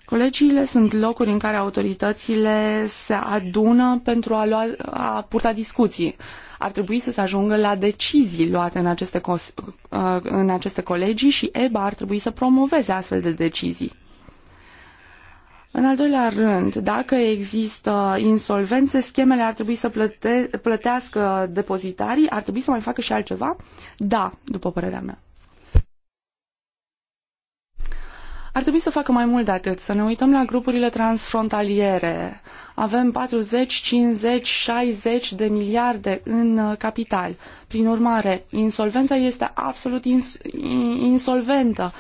Colegiile sunt locuri în care autoritățile se adună pentru a, lua, a purta discuții. Ar trebui să se ajungă la decizii luate în aceste, uh, în aceste colegii și EBA ar trebui să promoveze astfel de decizii. În al doilea rând, dacă există insolvențe, schemele ar trebui să plăte, plătească depozitarii, ar trebui să mai facă și altceva? Da, după părerea mea. Ar trebui să facă mai mult de atât, să ne uităm la grupurile transfrontaliere. Avem 40, 50, 60 de miliarde în uh, capital. Prin urmare, insolvența este absolut ins- insolventă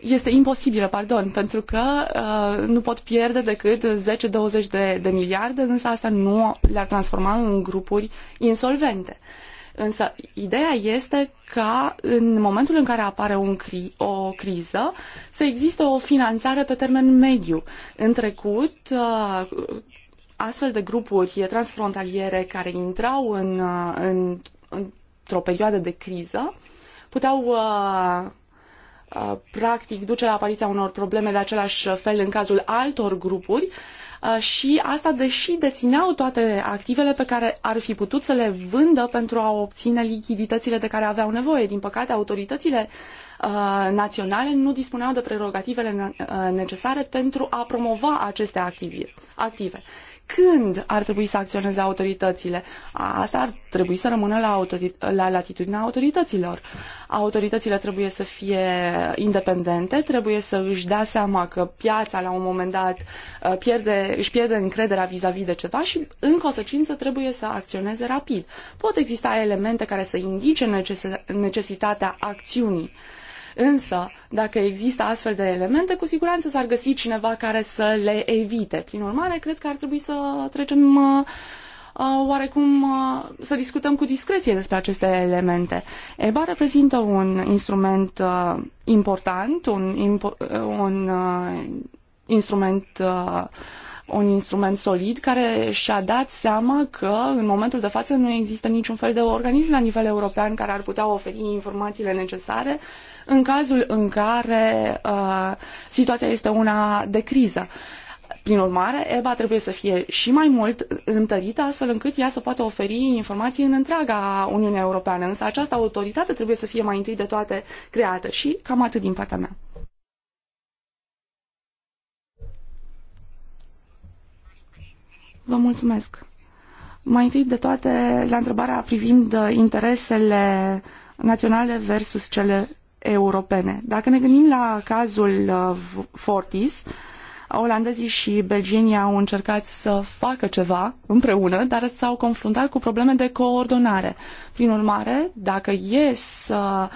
este imposibilă, pardon, pentru că uh, nu pot pierde decât 10-20 de, de miliarde, însă asta nu le-ar transforma în grupuri insolvente. Uh, Însă, ideea este ca în momentul în care apare un cri- o criză să existe o finanțare pe termen mediu. În trecut, uh, astfel de grupuri transfrontaliere care intrau în, uh, în, într-o perioadă de criză puteau uh, practic duce la apariția unor probleme de același fel în cazul altor grupuri și asta deși dețineau toate activele pe care ar fi putut să le vândă pentru a obține lichiditățile de care aveau nevoie. Din păcate, autoritățile naționale nu dispuneau de prerogativele necesare pentru a promova aceste active când ar trebui să acționeze autoritățile. Asta ar trebui să rămână la, la latitudinea autorităților. Autoritățile trebuie să fie independente, trebuie să își dea seama că piața la un moment dat uh, pierde, își pierde încrederea vis-a-vis -vis de ceva și în consecință trebuie să acționeze rapid. Pot exista elemente care să indice necesitatea acțiunii Însă, dacă există astfel de elemente, cu siguranță s-ar găsi cineva care să le evite. Prin urmare, cred că ar trebui să trecem uh, uh, oarecum uh, să discutăm cu discreție despre aceste elemente. EBA reprezintă un instrument important, un, un instrument un instrument solid care și-a dat seama că în momentul de față nu există niciun fel de organism la nivel european care ar putea oferi informațiile necesare în cazul în care uh, situația este una de criză. Prin urmare, EBA trebuie să fie și mai mult întărită astfel încât ea să poată oferi informații în întreaga Uniune Europeană, însă această autoritate trebuie să fie mai întâi de toate creată și cam atât din partea mea. Vă mulțumesc. Mai întâi de toate, la întrebarea privind uh, interesele naționale versus cele europene. Dacă ne gândim la cazul uh, Fortis, olandezii și belgienii au încercat să facă ceva împreună, dar s-au confruntat cu probleme de coordonare. Prin urmare, dacă e să,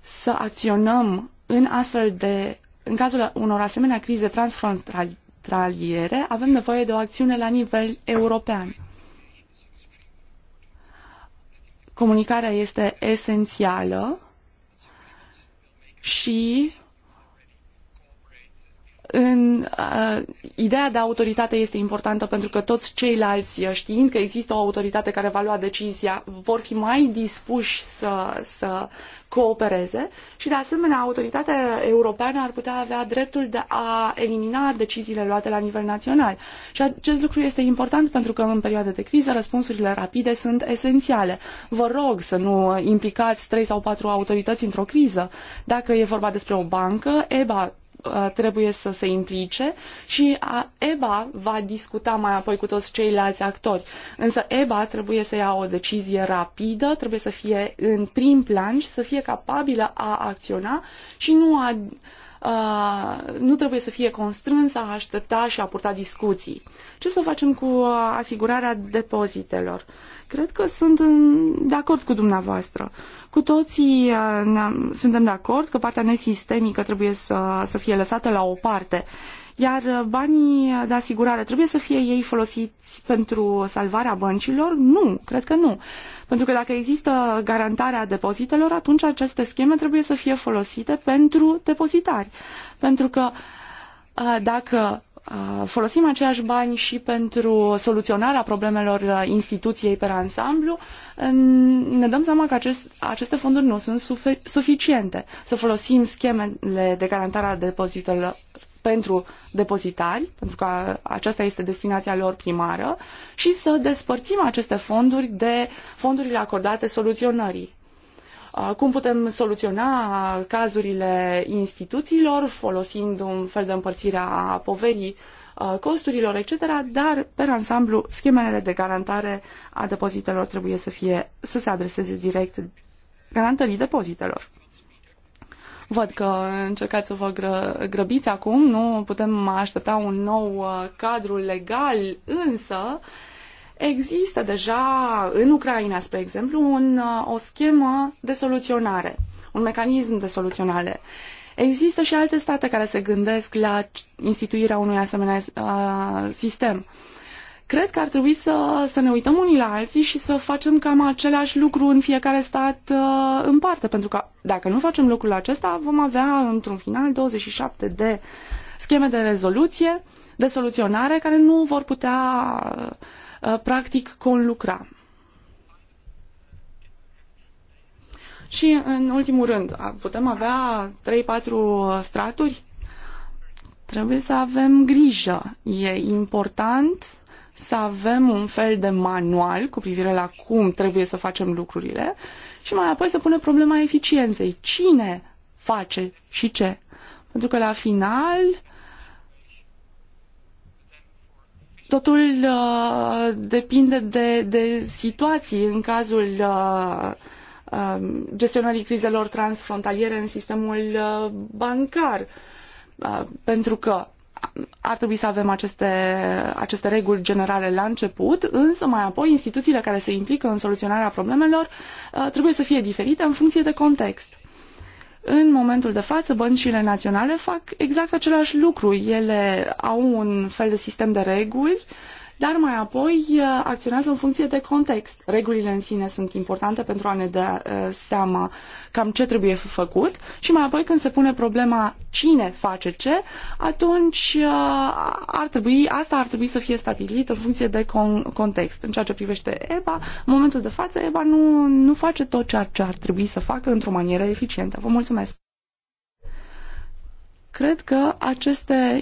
să acționăm în astfel de în cazul unor asemenea crize transfrontaliere, transfrontaliere, avem nevoie de o acțiune la nivel european. Comunicarea este esențială și în, uh, ideea de autoritate este importantă pentru că toți ceilalți, uh, știind că există o autoritate care va lua decizia, vor fi mai dispuși să, să coopereze și, de asemenea, autoritatea europeană ar putea avea dreptul de a elimina deciziile luate la nivel național. Și acest lucru este important pentru că, în perioade de criză, răspunsurile rapide sunt esențiale. Vă rog să nu implicați trei sau patru autorități într-o criză. Dacă e vorba despre o bancă, EBA Uh, trebuie să se implice și EBA va discuta mai apoi cu toți ceilalți actori. Însă EBA trebuie să ia o decizie rapidă, trebuie să fie în prim plan și să fie capabilă a acționa și nu a Uh, nu trebuie să fie constrâns a aștepta și a purta discuții. Ce să facem cu uh, asigurarea depozitelor? Cred că sunt în, de acord cu dumneavoastră. Cu toții uh, suntem de acord că partea nesistemică trebuie să, să fie lăsată la o parte iar uh, banii de asigurare trebuie să fie ei folosiți pentru salvarea băncilor? Nu, cred că nu. Pentru că dacă există garantarea depozitelor, atunci aceste scheme trebuie să fie folosite pentru depozitari. Pentru că uh, dacă folosim aceiași bani și pentru soluționarea problemelor instituției pe ansamblu, ne dăm seama că acest, aceste fonduri nu sunt suficiente. Să folosim schemele de garantare a depozitelor pentru depozitari, pentru că aceasta este destinația lor primară, și să despărțim aceste fonduri de fondurile acordate soluționării cum putem soluționa cazurile instituțiilor folosind un fel de împărțire a poverii costurilor, etc., dar, pe ansamblu, schemele de garantare a depozitelor trebuie să, fie, să se adreseze direct garantării depozitelor. Văd că încercați să vă gră, grăbiți acum, nu putem aștepta un nou uh, cadru legal, însă uh, Există deja în Ucraina, spre exemplu, un, uh, o schemă de soluționare, un mecanism de soluționare. Există și alte state care se gândesc la instituirea unui asemenea uh, sistem. Cred că ar trebui să, să ne uităm unii la alții și să facem cam același lucru în fiecare stat uh, în parte, pentru că dacă nu facem lucrul acesta, vom avea într-un final 27 de scheme de rezoluție, de soluționare, care nu vor putea uh, Uh, practic conlucra. Și, în ultimul rând, putem avea 3-4 straturi? Trebuie să avem grijă. E important să avem un fel de manual cu privire la cum trebuie să facem lucrurile și mai apoi să punem problema eficienței. Cine face și ce? Pentru că la final Totul uh, depinde de, de situații în cazul uh, uh, gestionării crizelor transfrontaliere în sistemul uh, bancar, uh, pentru că ar trebui să avem aceste, aceste reguli generale la început, însă mai apoi instituțiile care se implică în soluționarea problemelor uh, trebuie să fie diferite în funcție de context. În momentul de față, băncile naționale fac exact același lucru. Ele au un fel de sistem de reguli uh, dar mai apoi uh, acționează în funcție de context. Regulile în sine sunt importante pentru a ne da uh, seama cam ce trebuie făcut și mai apoi când se pune problema cine face ce, atunci uh, ar trebui, asta ar trebui să fie stabilit în funcție de con- context. În ceea ce privește EBA, în momentul de față EBA nu, nu face tot ceea ce ar trebui să facă într-o manieră eficientă. Vă mulțumesc! Cred că aceste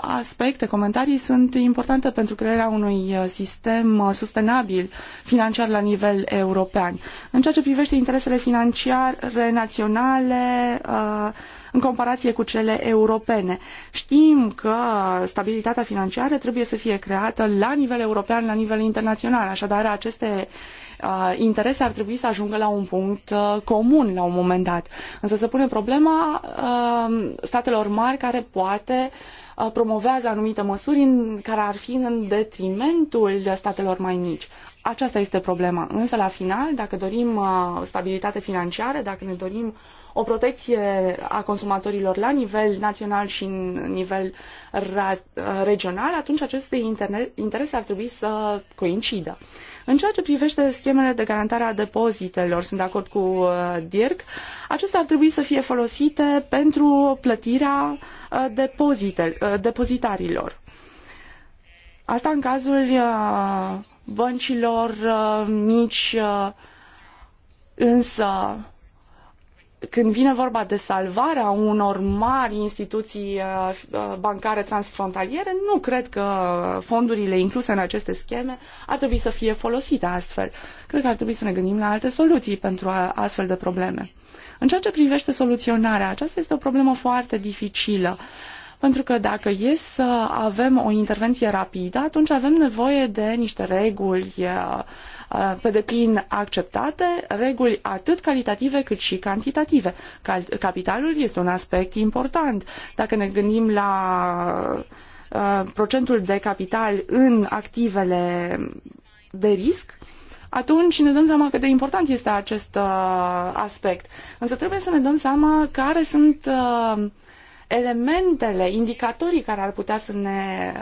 aspecte, comentarii sunt importante pentru crearea unui uh, sistem uh, sustenabil financiar la nivel european. În ceea ce privește interesele financiare naționale, uh, în comparație cu cele europene. Știm că stabilitatea financiară trebuie să fie creată la nivel european, la nivel internațional, așadar aceste Uh, interese ar trebui să ajungă la un punct uh, comun la un moment dat. Însă se pune problema uh, statelor mari care poate promovează anumite măsuri în care ar fi în detrimentul statelor mai mici. Aceasta este problema. Însă, la final, dacă dorim stabilitate financiară, dacă ne dorim o protecție a consumatorilor la nivel național și în nivel regional, atunci aceste interese ar trebui să coincidă. În ceea ce privește schemele de garantare a depozitelor, sunt de acord cu uh, Dirk, acestea ar trebui să fie folosite pentru plătirea uh, uh, depozitarilor. Asta în cazul băncilor mici, însă când vine vorba de salvarea unor mari instituții uh, uh, bancare transfrontaliere, nu cred că fondurile incluse în aceste scheme ar trebui să fie folosite astfel. Cred că ar trebui să ne gândim la alte soluții pentru astfel de probleme. În ceea ce privește soluționarea, aceasta este o problemă foarte dificilă. Pentru că dacă e să avem o intervenție rapidă, atunci avem nevoie de niște reguli uh, pe deplin acceptate, reguli atât calitative cât și cantitative. Capitalul este un aspect important. Dacă ne gândim la uh, procentul de capital în activele de risc, atunci ne dăm seama cât de important este acest uh, aspect. Însă trebuie să ne dăm seama care sunt uh, elementele, indicatorii care ar putea să ne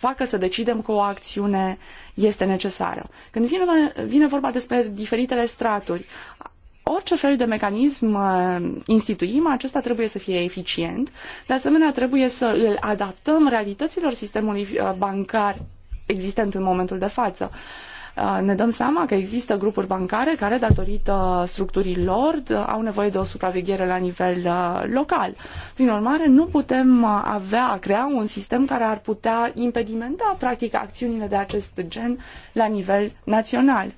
facă să decidem că o acțiune este necesară. Când vine, vine vorba despre diferitele straturi, orice fel de mecanism uh, instituim, acesta trebuie să fie eficient. De asemenea, trebuie să îl adaptăm realităților sistemului uh, bancar existent în momentul de față. Uh, ne dăm seama că există grupuri bancare care, datorită structurii lor, au nevoie de o supraveghere la nivel uh, local. Prin urmare, nu putem uh, avea, crea un sistem care ar putea impedimenta, practic, acțiunile de acest gen la nivel național.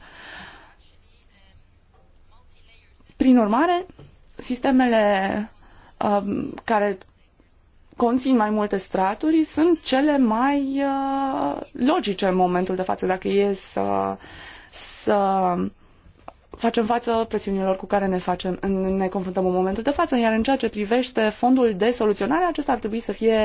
Prin urmare, sistemele care conțin mai multe straturi sunt cele mai uh, logice în momentul de față, dacă e să, să facem față presiunilor cu care ne, facem, ne confruntăm în momentul de față, iar în ceea ce privește fondul de soluționare, acesta ar trebui să fie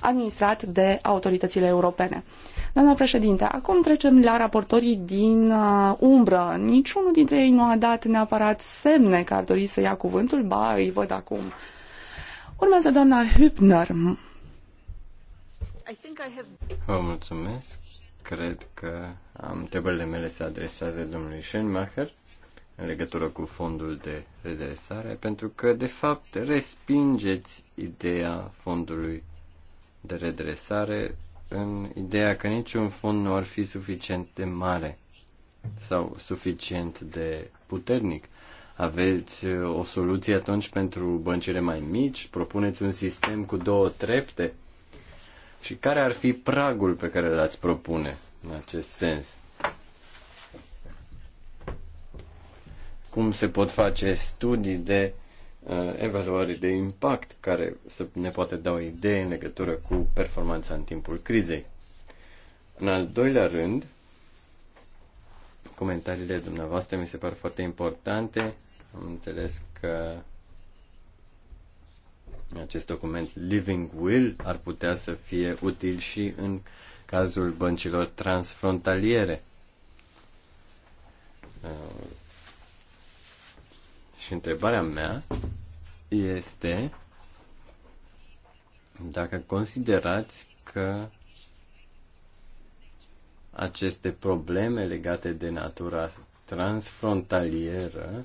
administrat de autoritățile europene. Doamna președinte, acum trecem la raportorii din uh, umbră. Niciunul dintre ei nu a dat neapărat semne că ar dori să ia cuvântul, ba îi văd acum Urmează doamna Hübner. Vă mulțumesc. Cred că am, întrebările mele se adresează domnului Schenmacher în legătură cu fondul de redresare, pentru că, de fapt, respingeți ideea fondului de redresare în ideea că niciun fond nu ar fi suficient de mare sau suficient de puternic aveți uh, o soluție atunci pentru băncile mai mici? Propuneți un sistem cu două trepte? Și care ar fi pragul pe care l-ați propune în acest sens? Cum se pot face studii de uh, evaluare de impact care să ne poate da o idee în legătură cu performanța în timpul crizei? În al doilea rând, comentariile dumneavoastră mi se par foarte importante am înțeles că acest document Living Will ar putea să fie util și în cazul băncilor transfrontaliere. Uh, și întrebarea mea este dacă considerați că aceste probleme legate de natura transfrontalieră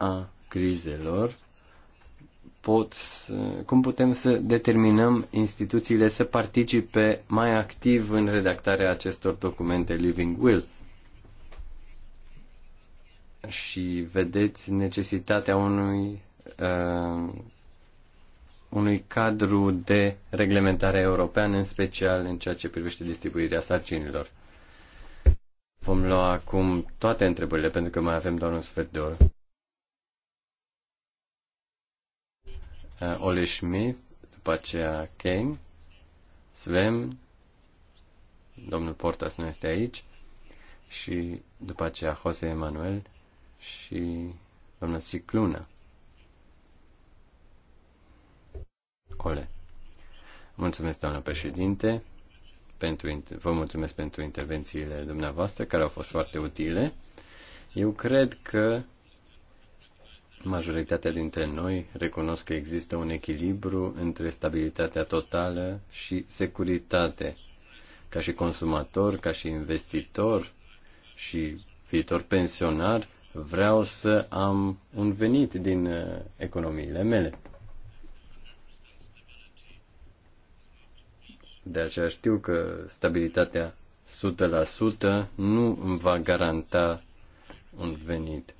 a crizelor, pot să, cum putem să determinăm instituțiile să participe mai activ în redactarea acestor documente Living Will. Și vedeți necesitatea unui, uh, unui cadru de reglementare european, în special în ceea ce privește distribuirea sarcinilor. Vom lua acum toate întrebările, pentru că mai avem doar un sfert de oră. Uh, Ole Schmidt, după aceea Kane, Sven, domnul Portas nu este aici, și după aceea Jose Emanuel și doamna Cicluna. Ole. Mulțumesc, doamna președinte, pentru, vă mulțumesc pentru intervențiile dumneavoastră, care au fost foarte utile. Eu cred că Majoritatea dintre noi recunosc că există un echilibru între stabilitatea totală și securitate. Ca și consumator, ca și investitor și viitor pensionar, vreau să am un venit din uh, economiile mele. De aceea știu că stabilitatea 100% nu îmi va garanta un venit.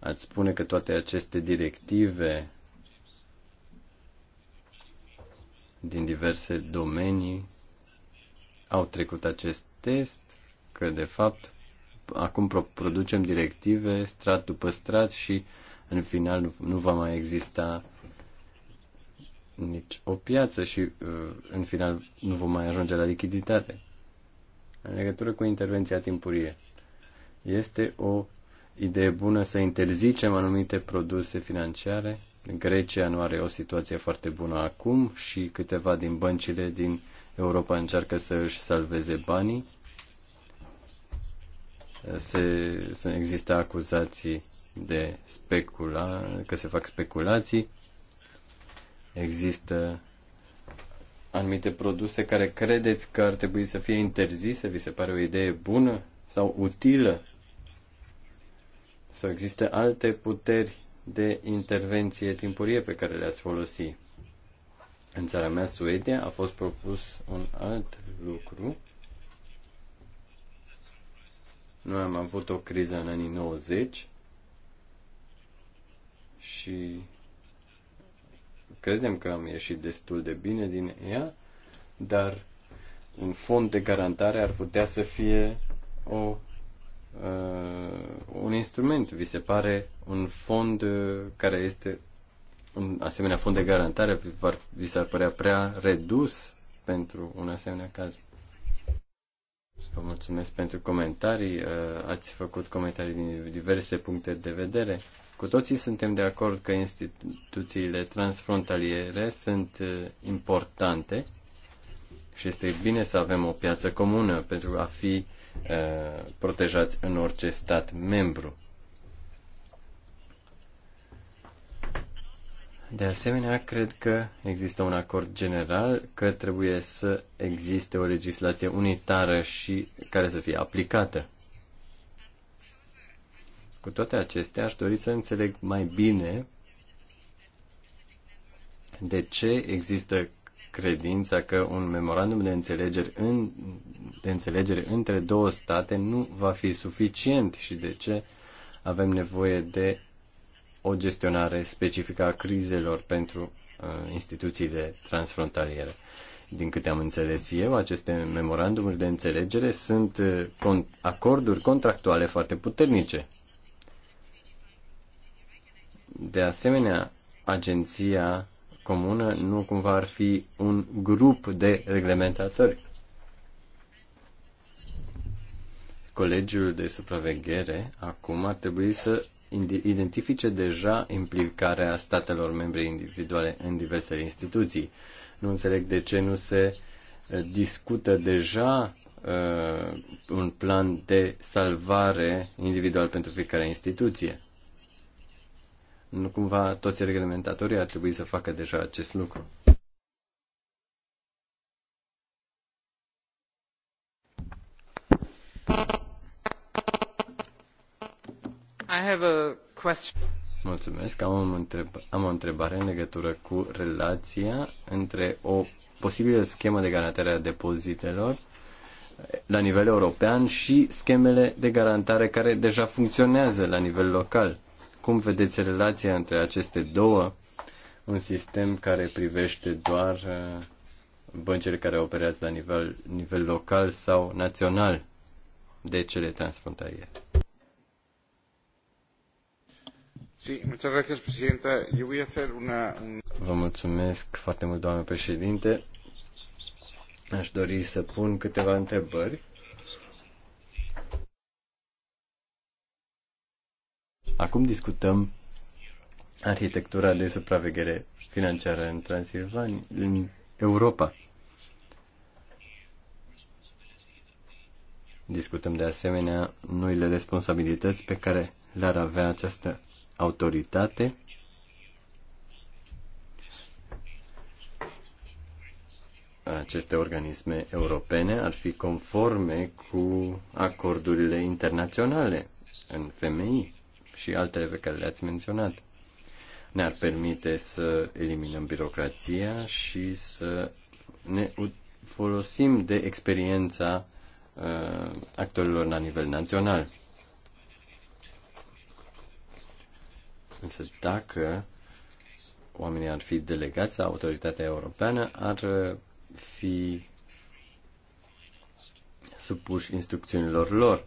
Ați spune că toate aceste directive din diverse domenii au trecut acest test, că de fapt acum producem directive strat după strat și în final nu va mai exista nici o piață și uh, în final nu vom mai ajunge la lichiditate. În legătură cu intervenția timpurie, este o idee bună să interzicem anumite produse financiare. Grecia nu are o situație foarte bună acum și câteva din băncile din Europa încearcă să își salveze banii. Se, se există acuzații de specula, că se fac speculații. Există anumite produse care credeți că ar trebui să fie interzise? Vi se pare o idee bună sau utilă sau există alte puteri de intervenție timpurie pe care le-ați folosi. În țara mea, Suedia, a fost propus un alt lucru. Noi am avut o criză în anii 90 și credem că am ieșit destul de bine din ea, dar un fond de garantare ar putea să fie o uh, un instrument, vi se pare un fond uh, care este un asemenea fond de garantare vi s-ar părea prea redus pentru un asemenea caz. Vă mulțumesc pentru comentarii. Uh, ați făcut comentarii din diverse puncte de vedere. Cu toții suntem de acord că instituțiile transfrontaliere sunt uh, importante și este bine să avem o piață comună pentru a fi uh, Uh, protejați în orice stat membru. De asemenea, cred că există un acord general că trebuie să existe o legislație unitară și care să fie aplicată. Cu toate acestea, aș dori să înțeleg mai bine de ce există credința că un memorandum de înțelegere, în, de înțelegere între două state nu va fi suficient și de ce avem nevoie de o gestionare specifică a crizelor pentru uh, instituțiile transfrontaliere. Din câte am înțeles eu, aceste memorandumuri de înțelegere sunt uh, con- acorduri contractuale foarte puternice. De asemenea, agenția comună nu cumva ar fi un grup de reglementatori. Colegiul de supraveghere acum ar trebui să identifice deja implicarea statelor membre individuale în diverse instituții. Nu înțeleg de ce nu se eh, discută deja uh, un plan de salvare individual pentru fiecare instituție. Nu cumva toți reglementatorii ar trebui să facă deja acest lucru. I have a question. Mulțumesc. Am o, întreb- am o întrebare în legătură cu relația între o posibilă schemă de garantare a depozitelor la nivel european și schemele de garantare care deja funcționează la nivel local. Cum vedeți relația între aceste două? Un sistem care privește doar uh, băncile care operează la nivel, nivel local sau național de cele transfrontaliere. Vă mulțumesc foarte mult, doamnă președinte. Aș dori să pun câteva întrebări Acum discutăm arhitectura de supraveghere financiară în Transilvania, în Europa. Discutăm de asemenea noile responsabilități pe care le-ar avea această autoritate aceste organisme europene ar fi conforme cu acordurile internaționale în femei și altele pe care le-ați menționat. Ne-ar permite să eliminăm birocrația și să ne folosim de experiența uh, actorilor la nivel național. Însă dacă oamenii ar fi delegați la autoritatea europeană, ar uh, fi supuși instrucțiunilor lor.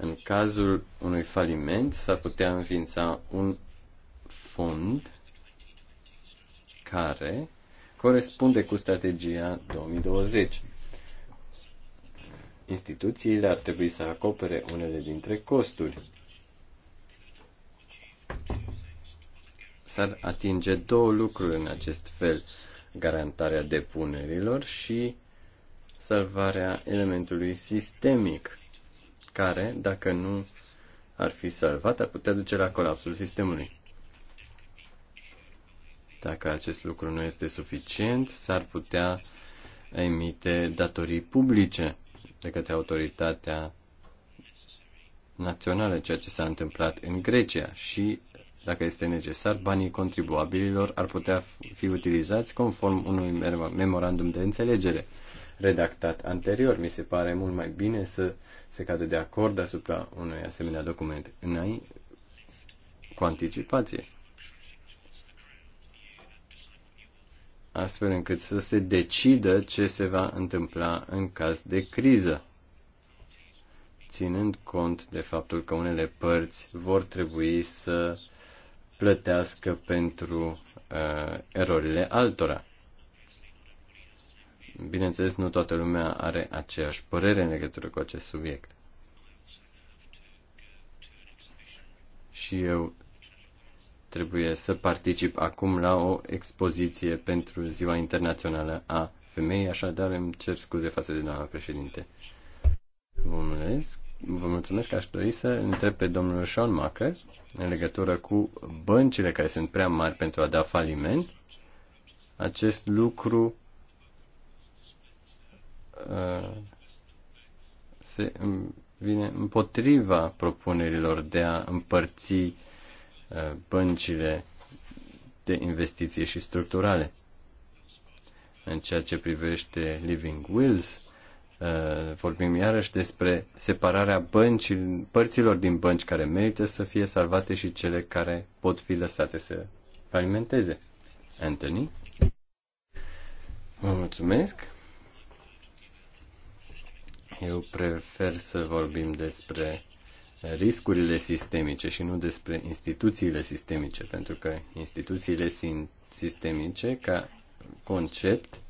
În cazul unui faliment s-ar putea înființa un fond care corespunde cu strategia 2020. Instituțiile ar trebui să acopere unele dintre costuri. S-ar atinge două lucruri în acest fel, garantarea depunerilor și salvarea elementului sistemic care, dacă nu ar fi salvat, ar putea duce la colapsul sistemului. Dacă acest lucru nu este suficient, s-ar putea emite datorii publice de către autoritatea națională, ceea ce s-a întâmplat în Grecia și, dacă este necesar, banii contribuabililor ar putea fi utilizați conform unui memorandum de înțelegere redactat anterior. Mi se pare mult mai bine să se cadă de acord asupra unui asemenea document înainte cu anticipație. Astfel încât să se decidă ce se va întâmpla în caz de criză ținând cont de faptul că unele părți vor trebui să plătească pentru uh, erorile altora. Bineînțeles, nu toată lumea are aceeași părere în legătură cu acest subiect. Și eu trebuie să particip acum la o expoziție pentru Ziua Internațională a Femeii, așadar îmi cer scuze față de doamna președinte. Vă mulțumesc, vă mulțumesc aș dori să întreb pe domnul Sean Macker în legătură cu băncile care sunt prea mari pentru a da faliment. Acest lucru Uh, se vine împotriva propunerilor de a împărți uh, băncile de investiție și structurale. În ceea ce privește Living Wills, uh, vorbim iarăși despre separarea bănci, părților din bănci care merită să fie salvate și cele care pot fi lăsate să falimenteze. Anthony? Vă mulțumesc. Eu prefer să vorbim despre riscurile sistemice și nu despre instituțiile sistemice, pentru că instituțiile sistemice, ca concept,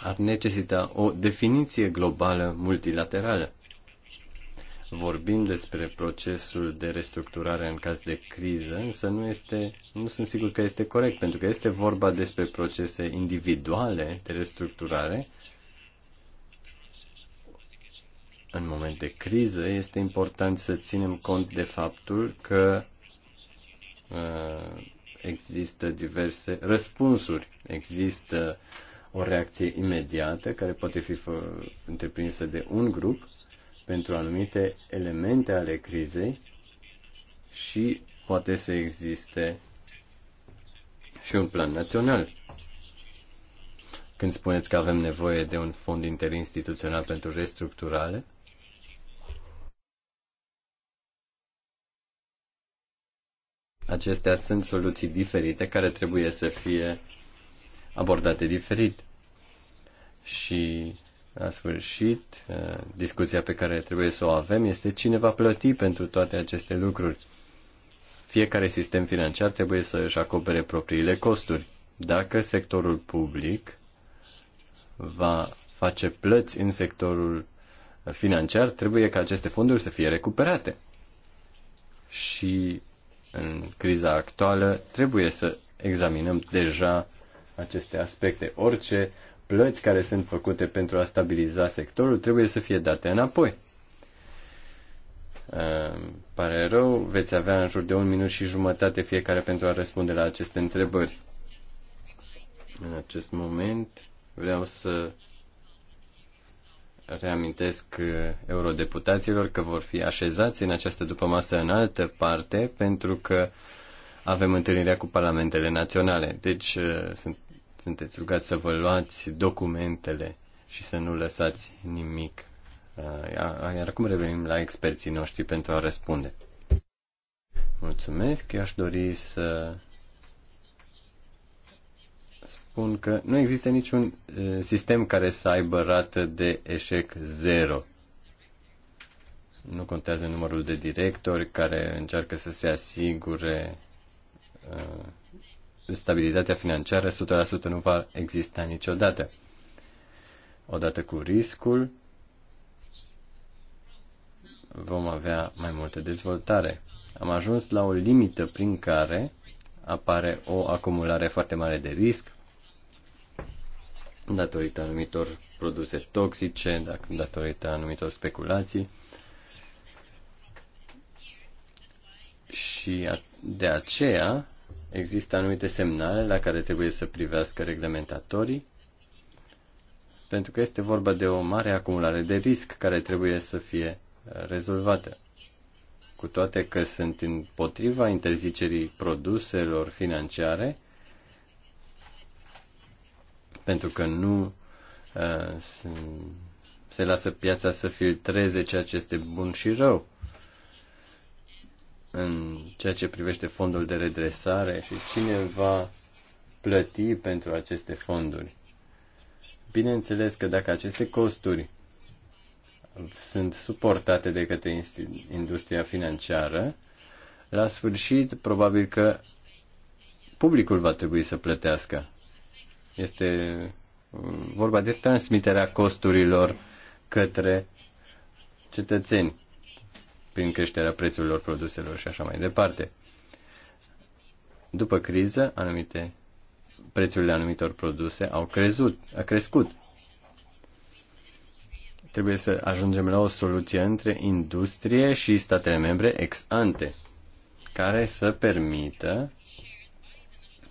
ar necesita o definiție globală multilaterală. Vorbim despre procesul de restructurare în caz de criză, însă nu, este, nu sunt sigur că este corect, pentru că este vorba despre procese individuale de restructurare în moment de criză, este important să ținem cont de faptul că uh, există diverse răspunsuri. Există o reacție imediată care poate fi întreprinsă de un grup pentru anumite elemente ale crizei și poate să existe și un plan național. Când spuneți că avem nevoie de un fond interinstituțional pentru restructurare, Acestea sunt soluții diferite care trebuie să fie abordate diferit. Și la sfârșit, uh, discuția pe care trebuie să o avem este cine va plăti pentru toate aceste lucruri. Fiecare sistem financiar trebuie să își acopere propriile costuri. Dacă sectorul public va face plăți în sectorul financiar, trebuie ca aceste fonduri să fie recuperate. Și în criza actuală, trebuie să examinăm deja aceste aspecte. Orice plăți care sunt făcute pentru a stabiliza sectorul trebuie să fie date înapoi. Ehm, pare rău, veți avea în jur de un minut și jumătate fiecare pentru a răspunde la aceste întrebări. În acest moment vreau să reamintesc uh, eurodeputaților că vor fi așezați în această dupămasă în altă parte pentru că avem întâlnirea cu parlamentele naționale. Deci uh, sunt, sunteți rugați să vă luați documentele și să nu lăsați nimic. Uh, iar acum revenim la experții noștri pentru a răspunde. Mulțumesc. Eu aș dori să spun că nu există niciun sistem care să aibă rată de eșec zero. Nu contează numărul de directori care încearcă să se asigure stabilitatea financiară, 100% nu va exista niciodată. Odată cu riscul, vom avea mai multă dezvoltare. Am ajuns la o limită prin care apare o acumulare foarte mare de risc, datorită anumitor produse toxice, datorită anumitor speculații. Și de aceea există anumite semnale la care trebuie să privească reglementatorii, pentru că este vorba de o mare acumulare de risc care trebuie să fie uh, rezolvată. Cu toate că sunt împotriva interzicerii produselor financiare, pentru că nu uh, se lasă piața să filtreze ceea ce este bun și rău în ceea ce privește fondul de redresare și cine va plăti pentru aceste fonduri. Bineînțeles că dacă aceste costuri sunt suportate de către industria financiară, la sfârșit probabil că publicul va trebui să plătească. Este uh, vorba de transmiterea costurilor către cetățeni prin creșterea prețurilor produselor și așa mai departe. După criză, anumite prețurile anumitor produse au crezut, a crescut. Trebuie să ajungem la o soluție între industrie și statele membre ex ante, care să permită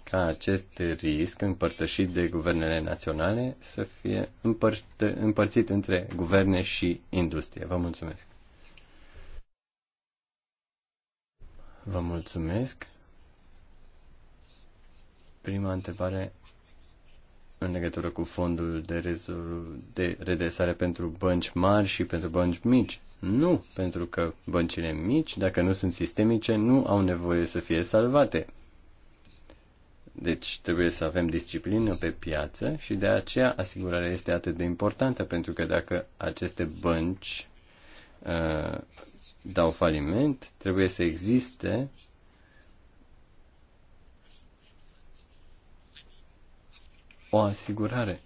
ca acest risc împărtășit de guvernele naționale să fie împărt- împărțit între guverne și industrie. Vă mulțumesc. Vă mulțumesc. Prima întrebare în legătură cu fondul de, rezol- de redresare pentru bănci mari și pentru bănci mici. Nu, pentru că băncile mici, dacă nu sunt sistemice, nu au nevoie să fie salvate. Deci trebuie să avem disciplină pe piață și de aceea asigurarea este atât de importantă, pentru că dacă aceste bănci uh, dau faliment, trebuie să existe o asigurare.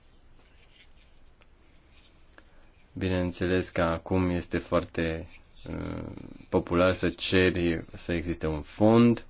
Bineînțeles că acum este foarte uh, popular să ceri să existe un fond